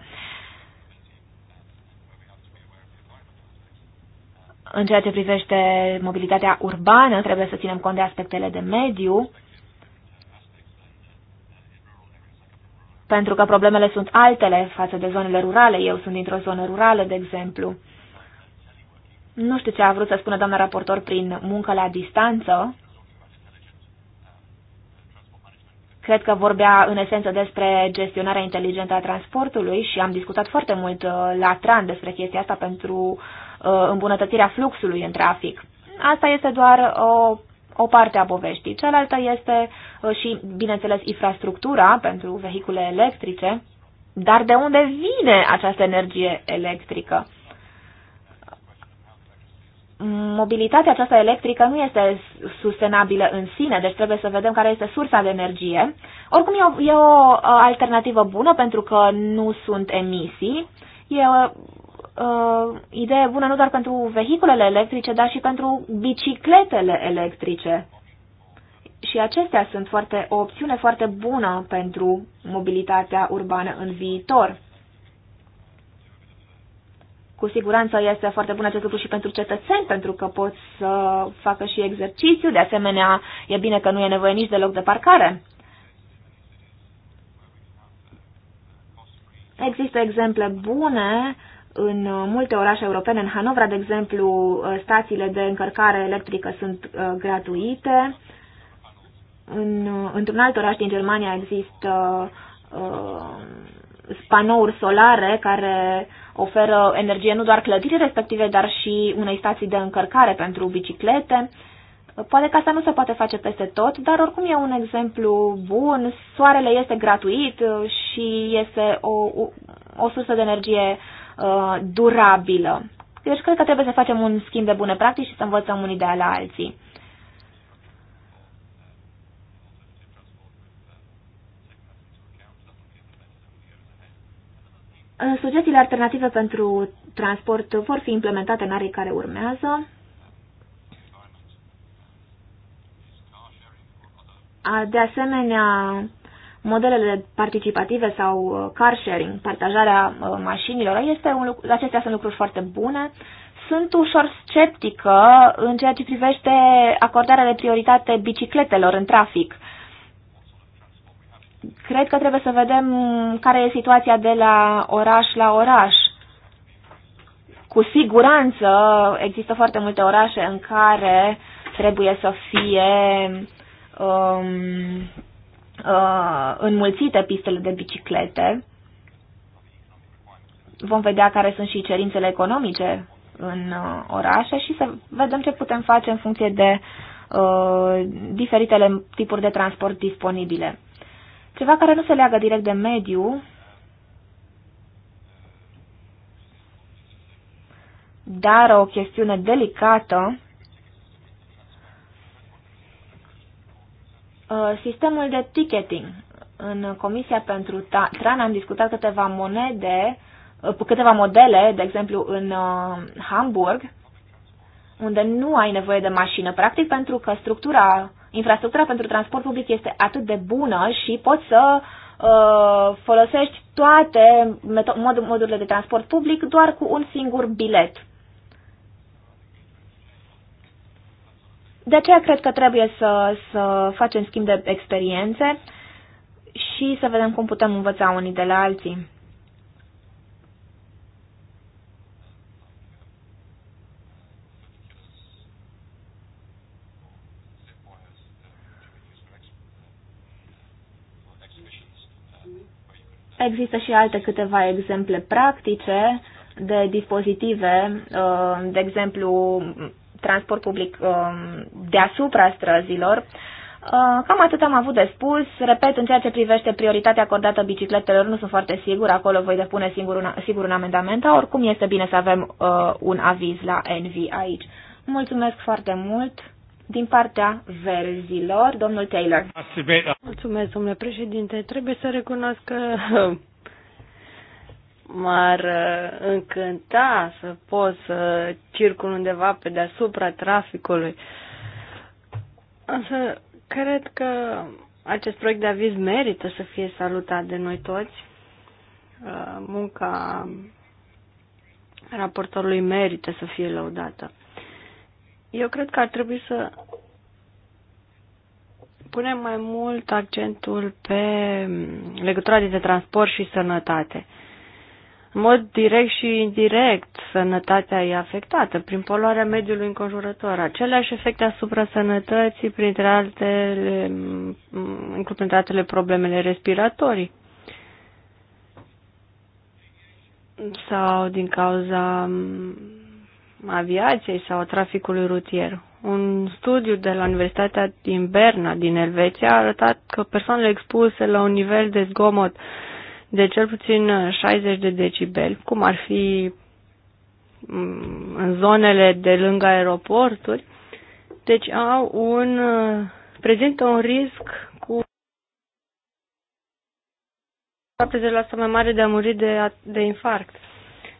În ceea ce privește mobilitatea urbană, trebuie să ținem cont de aspectele de mediu, pentru că problemele sunt altele față de zonele rurale. Eu sunt dintr-o zonă rurală, de exemplu. Nu știu ce a vrut să spună doamna raportor prin muncă la distanță. Cred că vorbea în esență despre gestionarea inteligentă a transportului și am discutat foarte mult uh, la TRAN despre chestia asta pentru uh, îmbunătățirea fluxului în trafic. Asta este doar o o parte a poveștii. Cealaltă este uh, și, bineînțeles, infrastructura pentru vehicule electrice. Dar de unde vine această energie electrică? Mobilitatea aceasta electrică nu este sustenabilă în sine, deci trebuie să vedem care este sursa de energie. Oricum e o, e o uh, alternativă bună pentru că nu sunt emisii. E uh, uh, idee bună nu doar pentru vehiculele electrice, dar și pentru bicicletele electrice. Și acestea sunt foarte, o opțiune foarte bună pentru mobilitatea urbană în viitor. Cu siguranță este foarte bun acest lucru și pentru cetățeni, pentru că pot să facă și exercițiu. De asemenea, e bine că nu e nevoie nici de loc de parcare. Există exemple bune în uh, multe orașe europene, în Hanovra, de exemplu, uh, stațiile de încărcare electrică sunt uh, gratuite. În, într-un alt oraș din Germania există uh, spanouri solare care oferă energie nu doar clădirii respective, dar și unei stații de încărcare pentru biciclete. Poate că asta nu se poate face peste tot, dar oricum e un exemplu bun. Soarele este gratuit și este o, o, o sursă de energie uh, Uh, durabilă. Deci cred că trebuie să facem un schimb de bune practici și să învățăm unii de la alții. Sugestiile alternative pentru transport vor fi implementate în arii care urmează. De asemenea, modelele participative sau uh, car sharing, partajarea uh, mașinilor, este un lucru, acestea sunt lucruri foarte bune. Sunt ușor sceptică în ceea ce privește acordarea de prioritate bicicletelor în trafic. Cred că trebuie să vedem care e situația de la oraș la oraș. Cu siguranță există foarte multe orașe în care trebuie să fie um, uh, înmulțite pistele de biciclete. Vom vedea care sunt și cerințele economice în uh, orașe și să vedem ce putem face în funcție de uh, diferitele tipuri de transport disponibile. Ceva care nu se leagă direct de mediu, dar o chestiune delicată Uh, sistemul de ticketing. În Comisia pentru TRAN am discutat câteva monede, uh, câteva modele, de exemplu în uh, Hamburg, unde nu ai nevoie de mașină, practic pentru că structura, infrastructura pentru transport public este atât de bună și poți să folosești toate modurile de transport public doar cu un singur bilet. De aceea cred că trebuie să, să facem schimb de experiențe și să vedem cum putem învăța unii de la alții. Există și alte câteva exemple practice de dispozitive, uh, de exemplu transport public um, deasupra străzilor. Uh, cam atât am avut de spus. Repet, în ceea ce privește prioritatea acordată bicicletelor, nu sunt foarte sigur, acolo voi depune singur un, sigur un amendament, dar oricum este bine să avem uh, un aviz la NV aici. Mulțumesc foarte mult din partea verzilor, domnul Taylor. Mulțumesc, domnule președinte. Trebuie să recunosc că m-ar uh, încânta să pot să circul undeva pe deasupra traficului. Însă, cred că acest proiect de aviz merită să fie salutat de noi toți. Uh, munca raportorului merită să fie lăudată. Eu cred că ar trebui să punem mai mult accentul pe mm, legătura dintre transport și sănătate. Uh, în mod direct și indirect, sănătatea e afectată prin poluarea mediului înconjurător. Aceleași efecte asupra sănătății, printre altele, inclusiv printre altele problemele respiratorii sau din cauza aviației sau traficului rutier. Un studiu de la Universitatea din Berna, din Elveția, a arătat că persoanele expuse la un nivel de zgomot de cel puțin 60 de decibeli, cum ar fi mm, în zonele de lângă aeroporturi, deci au un, prezintă un risc cu 70% mai mare de a muri de, de infarct.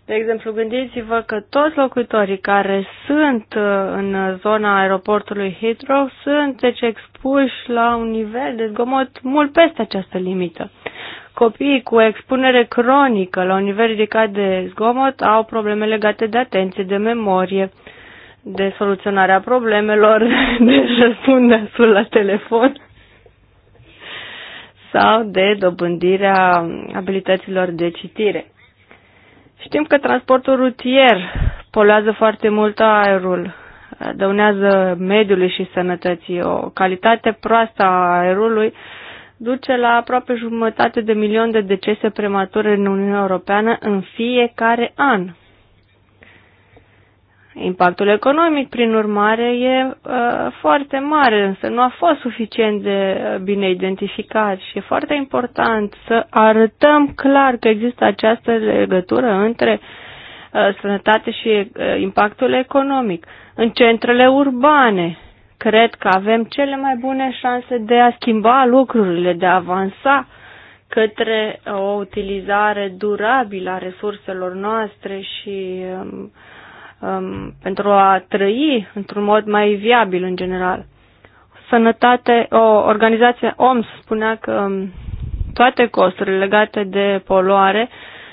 De exemplu, gândiți-vă că toți locuitorii care sunt uh, în zona aeroportului Heathrow sunt deci expuși la un nivel de zgomot mult peste această limită. Copiii cu expunere cronică la un nivel ridicat de zgomot au probleme legate de atenție, de memorie, de soluționarea problemelor, de răspunsul la telefon sau de dobândirea abilităților de citire. Știm că transportul rutier poluează foarte mult aerul, dăunează mediului și sănătății. O calitate proastă a aerului duce la aproape jumătate de milion de decese premature în Uniunea Europeană în fiecare an. Impactul economic, prin urmare, e uh, foarte mare, însă nu a fost suficient de uh, bine identificat și e foarte important să arătăm clar că există această legătură între uh, sănătate și uh, impactul economic. În centrele urbane, cred că avem cele mai bune șanse de a schimba lucrurile, de a avansa către o utilizare durabilă a resurselor noastre și um, um, pentru a trăi într-un mod mai viabil în general. Sănătate, o organizație OMS spunea că um, toate costurile legate de poluare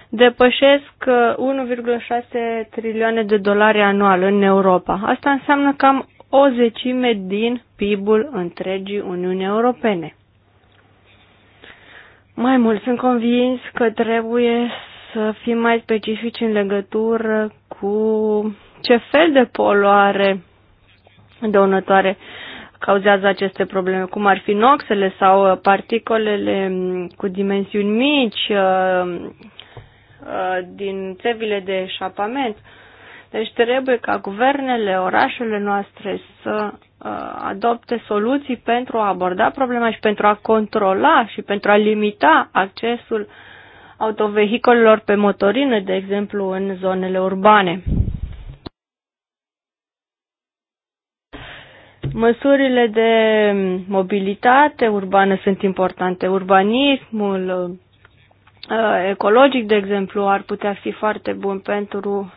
depășesc uh, 1,6 trilioane de dolari anual în Europa. Asta înseamnă cam o zecime din PIB-ul întregii Uniuni Europene. Mai mult, sunt convins că trebuie să fim mai specifici în legătură cu ce fel de poluare dăunătoare cauzează aceste probleme, cum ar fi noxele sau uh, particolele mm, cu dimensiuni mici uh, uh, din țevile de eșapament. Deci trebuie ca guvernele, orașele noastre să uh, adopte soluții pentru a aborda problema și pentru a controla și pentru a limita accesul autovehicolelor pe motorină, de exemplu, în zonele urbane. Măsurile de mobilitate urbană sunt importante. Urbanismul uh, ecologic, de exemplu, ar putea fi foarte bun pentru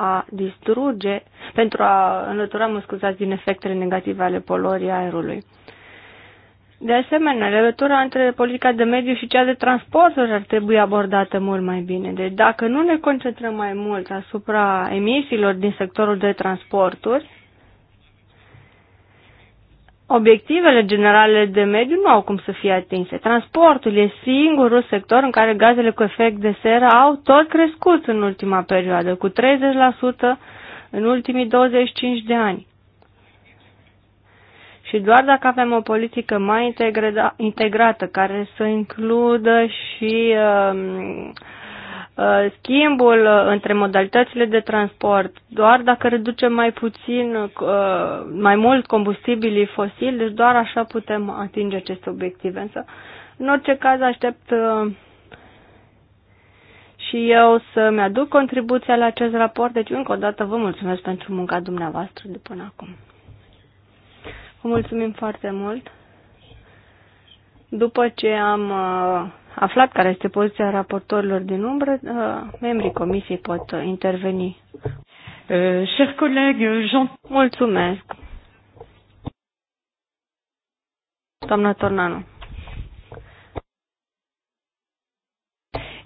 a distruge, pentru a înlătura, mă scuzați, din efectele negative ale polorii aerului. De asemenea, legătura între politica de mediu și cea de transporturi ar trebui abordată mult mai bine. Deci dacă nu ne concentrăm mai mult asupra emisiilor din sectorul de transporturi, obiectivele generale de mediu nu au cum să fie atinse. Transportul e singurul sector în care gazele cu efect de seră au tot crescut în ultima perioadă, cu 30% în ultimii 25 de ani. Și doar dacă avem o politică mai integrată, care să includă și um, Uh, schimbul uh, între modalitățile de transport, doar dacă reducem mai puțin, uh, mai mult combustibilii fosili, deci doar așa putem atinge aceste obiective. Însă, în orice caz, aștept și eu să-mi aduc contribuția la acest raport. Deci, încă o dată, vă mulțumesc pentru munca dumneavoastră de până acum. Vă mulțumim foarte mult. După ce am aflat care este poziția raportorilor din umbră, uh, membrii comisiei pot interveni. Uh, Cher coleg, Jean... Mulțumesc. Doamna Tornanu.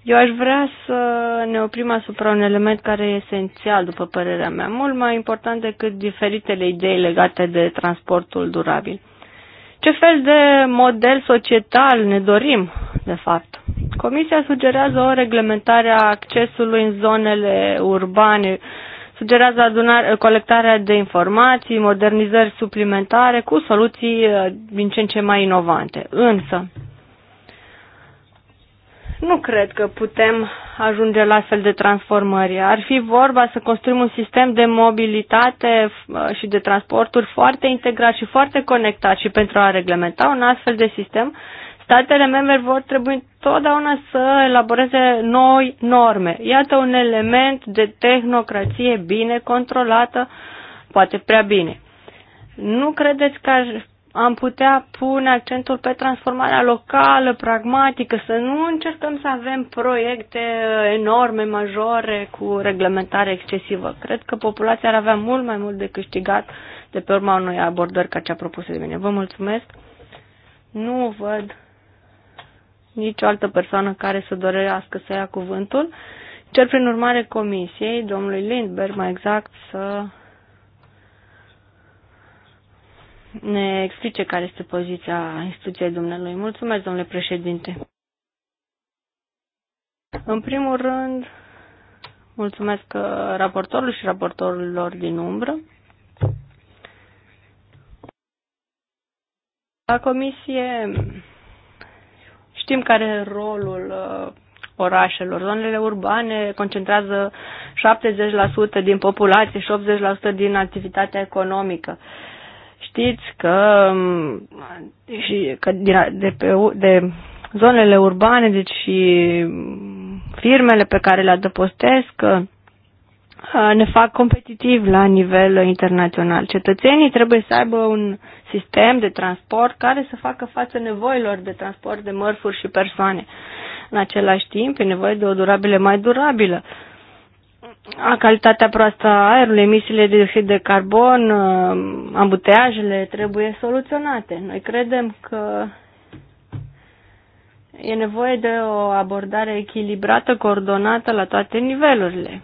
Eu aș vrea să ne oprim asupra un element care e esențial, după părerea mea, mult mai important decât diferitele idei legate de transportul durabil. Ce fel de model societal ne dorim, de fapt? Comisia sugerează o reglementare a accesului în zonele urbane, sugerează adunare, colectarea de informații, modernizări suplimentare cu soluții uh, din ce în ce mai inovante. Însă, nu cred că putem ajunge la astfel de transformări. Ar fi vorba să construim un sistem de mobilitate uh, și de transporturi foarte integrat și foarte conectat și pentru a reglementa un astfel de sistem, statele membre vor trebui totdeauna să elaboreze noi norme. Iată un element de tehnocrație bine controlată, poate prea bine. Nu credeți că ar am putea pune accentul pe transformarea locală, pragmatică, să nu încercăm să avem proiecte enorme, majore, cu reglementare excesivă. Cred că populația ar avea mult mai mult de câștigat de pe urma unui abordări ca cea propusă de mine. Vă mulțumesc. Nu văd nicio altă persoană care să dorească să ia cuvântul. Cer prin urmare comisiei, domnului Lindberg mai exact, să ne explice care este poziția instituției dumnealui. Mulțumesc, domnule președinte. În primul rând, mulțumesc uh, raportorului și raportorilor din umbră. La comisie știm care e rolul uh, orașelor. Zonele urbane concentrează 70% din populație și 80% din activitatea economică. Uh, știți că, um, și, că de, pe, de zonele urbane, deci și um, firmele pe care le adăpostesc, ne fac competitiv la nivel internațional. Cetățenii trebuie să aibă un sistem de transport care să facă față nevoilor de transport de mărfuri și persoane. În același timp, e nevoie de o durabile mai durabilă. Uh, calitatea proastă a aerului, emisiile de dioxid de carbon, ambuteajele trebuie soluționate. Noi credem că e nevoie de o abordare echilibrată, coordonată la toate nivelurile.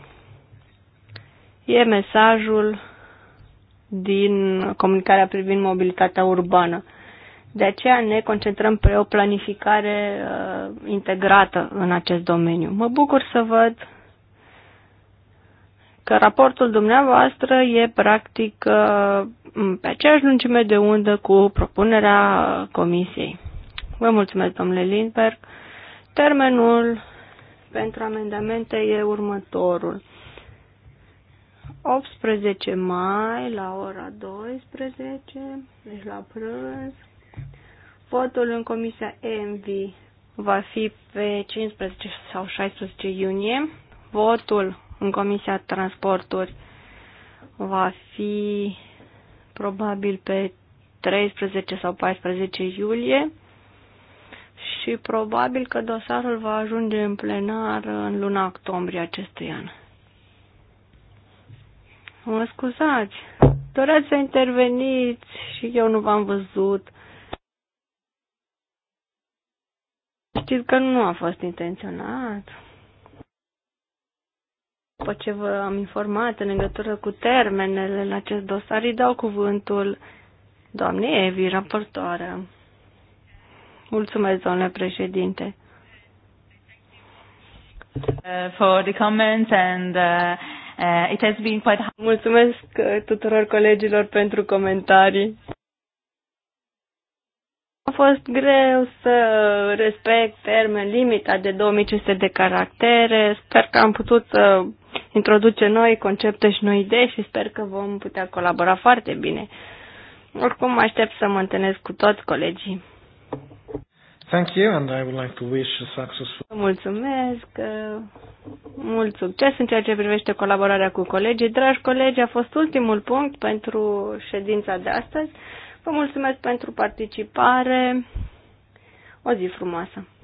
E mesajul din comunicarea privind mobilitatea urbană. De aceea ne concentrăm pe o planificare uh, integrată în acest domeniu. Mă bucur să văd că raportul dumneavoastră e practic uh, pe aceeași lungime de undă cu propunerea comisiei. Vă mulțumesc, domnule Lindberg. Termenul pentru amendamente e următorul. 18 mai la ora 12, deci la prânz. Votul în comisia EMV va fi pe 15 sau 16 iunie. Votul în Comisia Transporturi va fi probabil pe 13 sau 14 iulie și probabil că dosarul va ajunge în plenar în luna octombrie acestui an. Mă scuzați, doreați să interveniți și eu nu v-am văzut. Știți că nu a fost intenționat după ce vă am informat în legătură cu termenele în acest dosar, îi dau cuvântul doamnei Evi, raportoare. Mulțumesc, domnule președinte. Uh, for the comments and uh, uh, it has been quite... Mulțumesc tuturor colegilor pentru comentarii. A fost greu să respect termen limita de 2500 de caractere. Sper că am putut să introduce noi concepte și noi idei și sper că vom putea colabora foarte bine. Oricum, aștept să mă întâlnesc cu toți colegii. Thank you and I would like to wish a successful... Mulțumesc, mult succes în ceea ce privește colaborarea cu colegii. Dragi colegi, a fost ultimul punct pentru ședința de astăzi. Vă mulțumesc pentru participare. O zi frumoasă!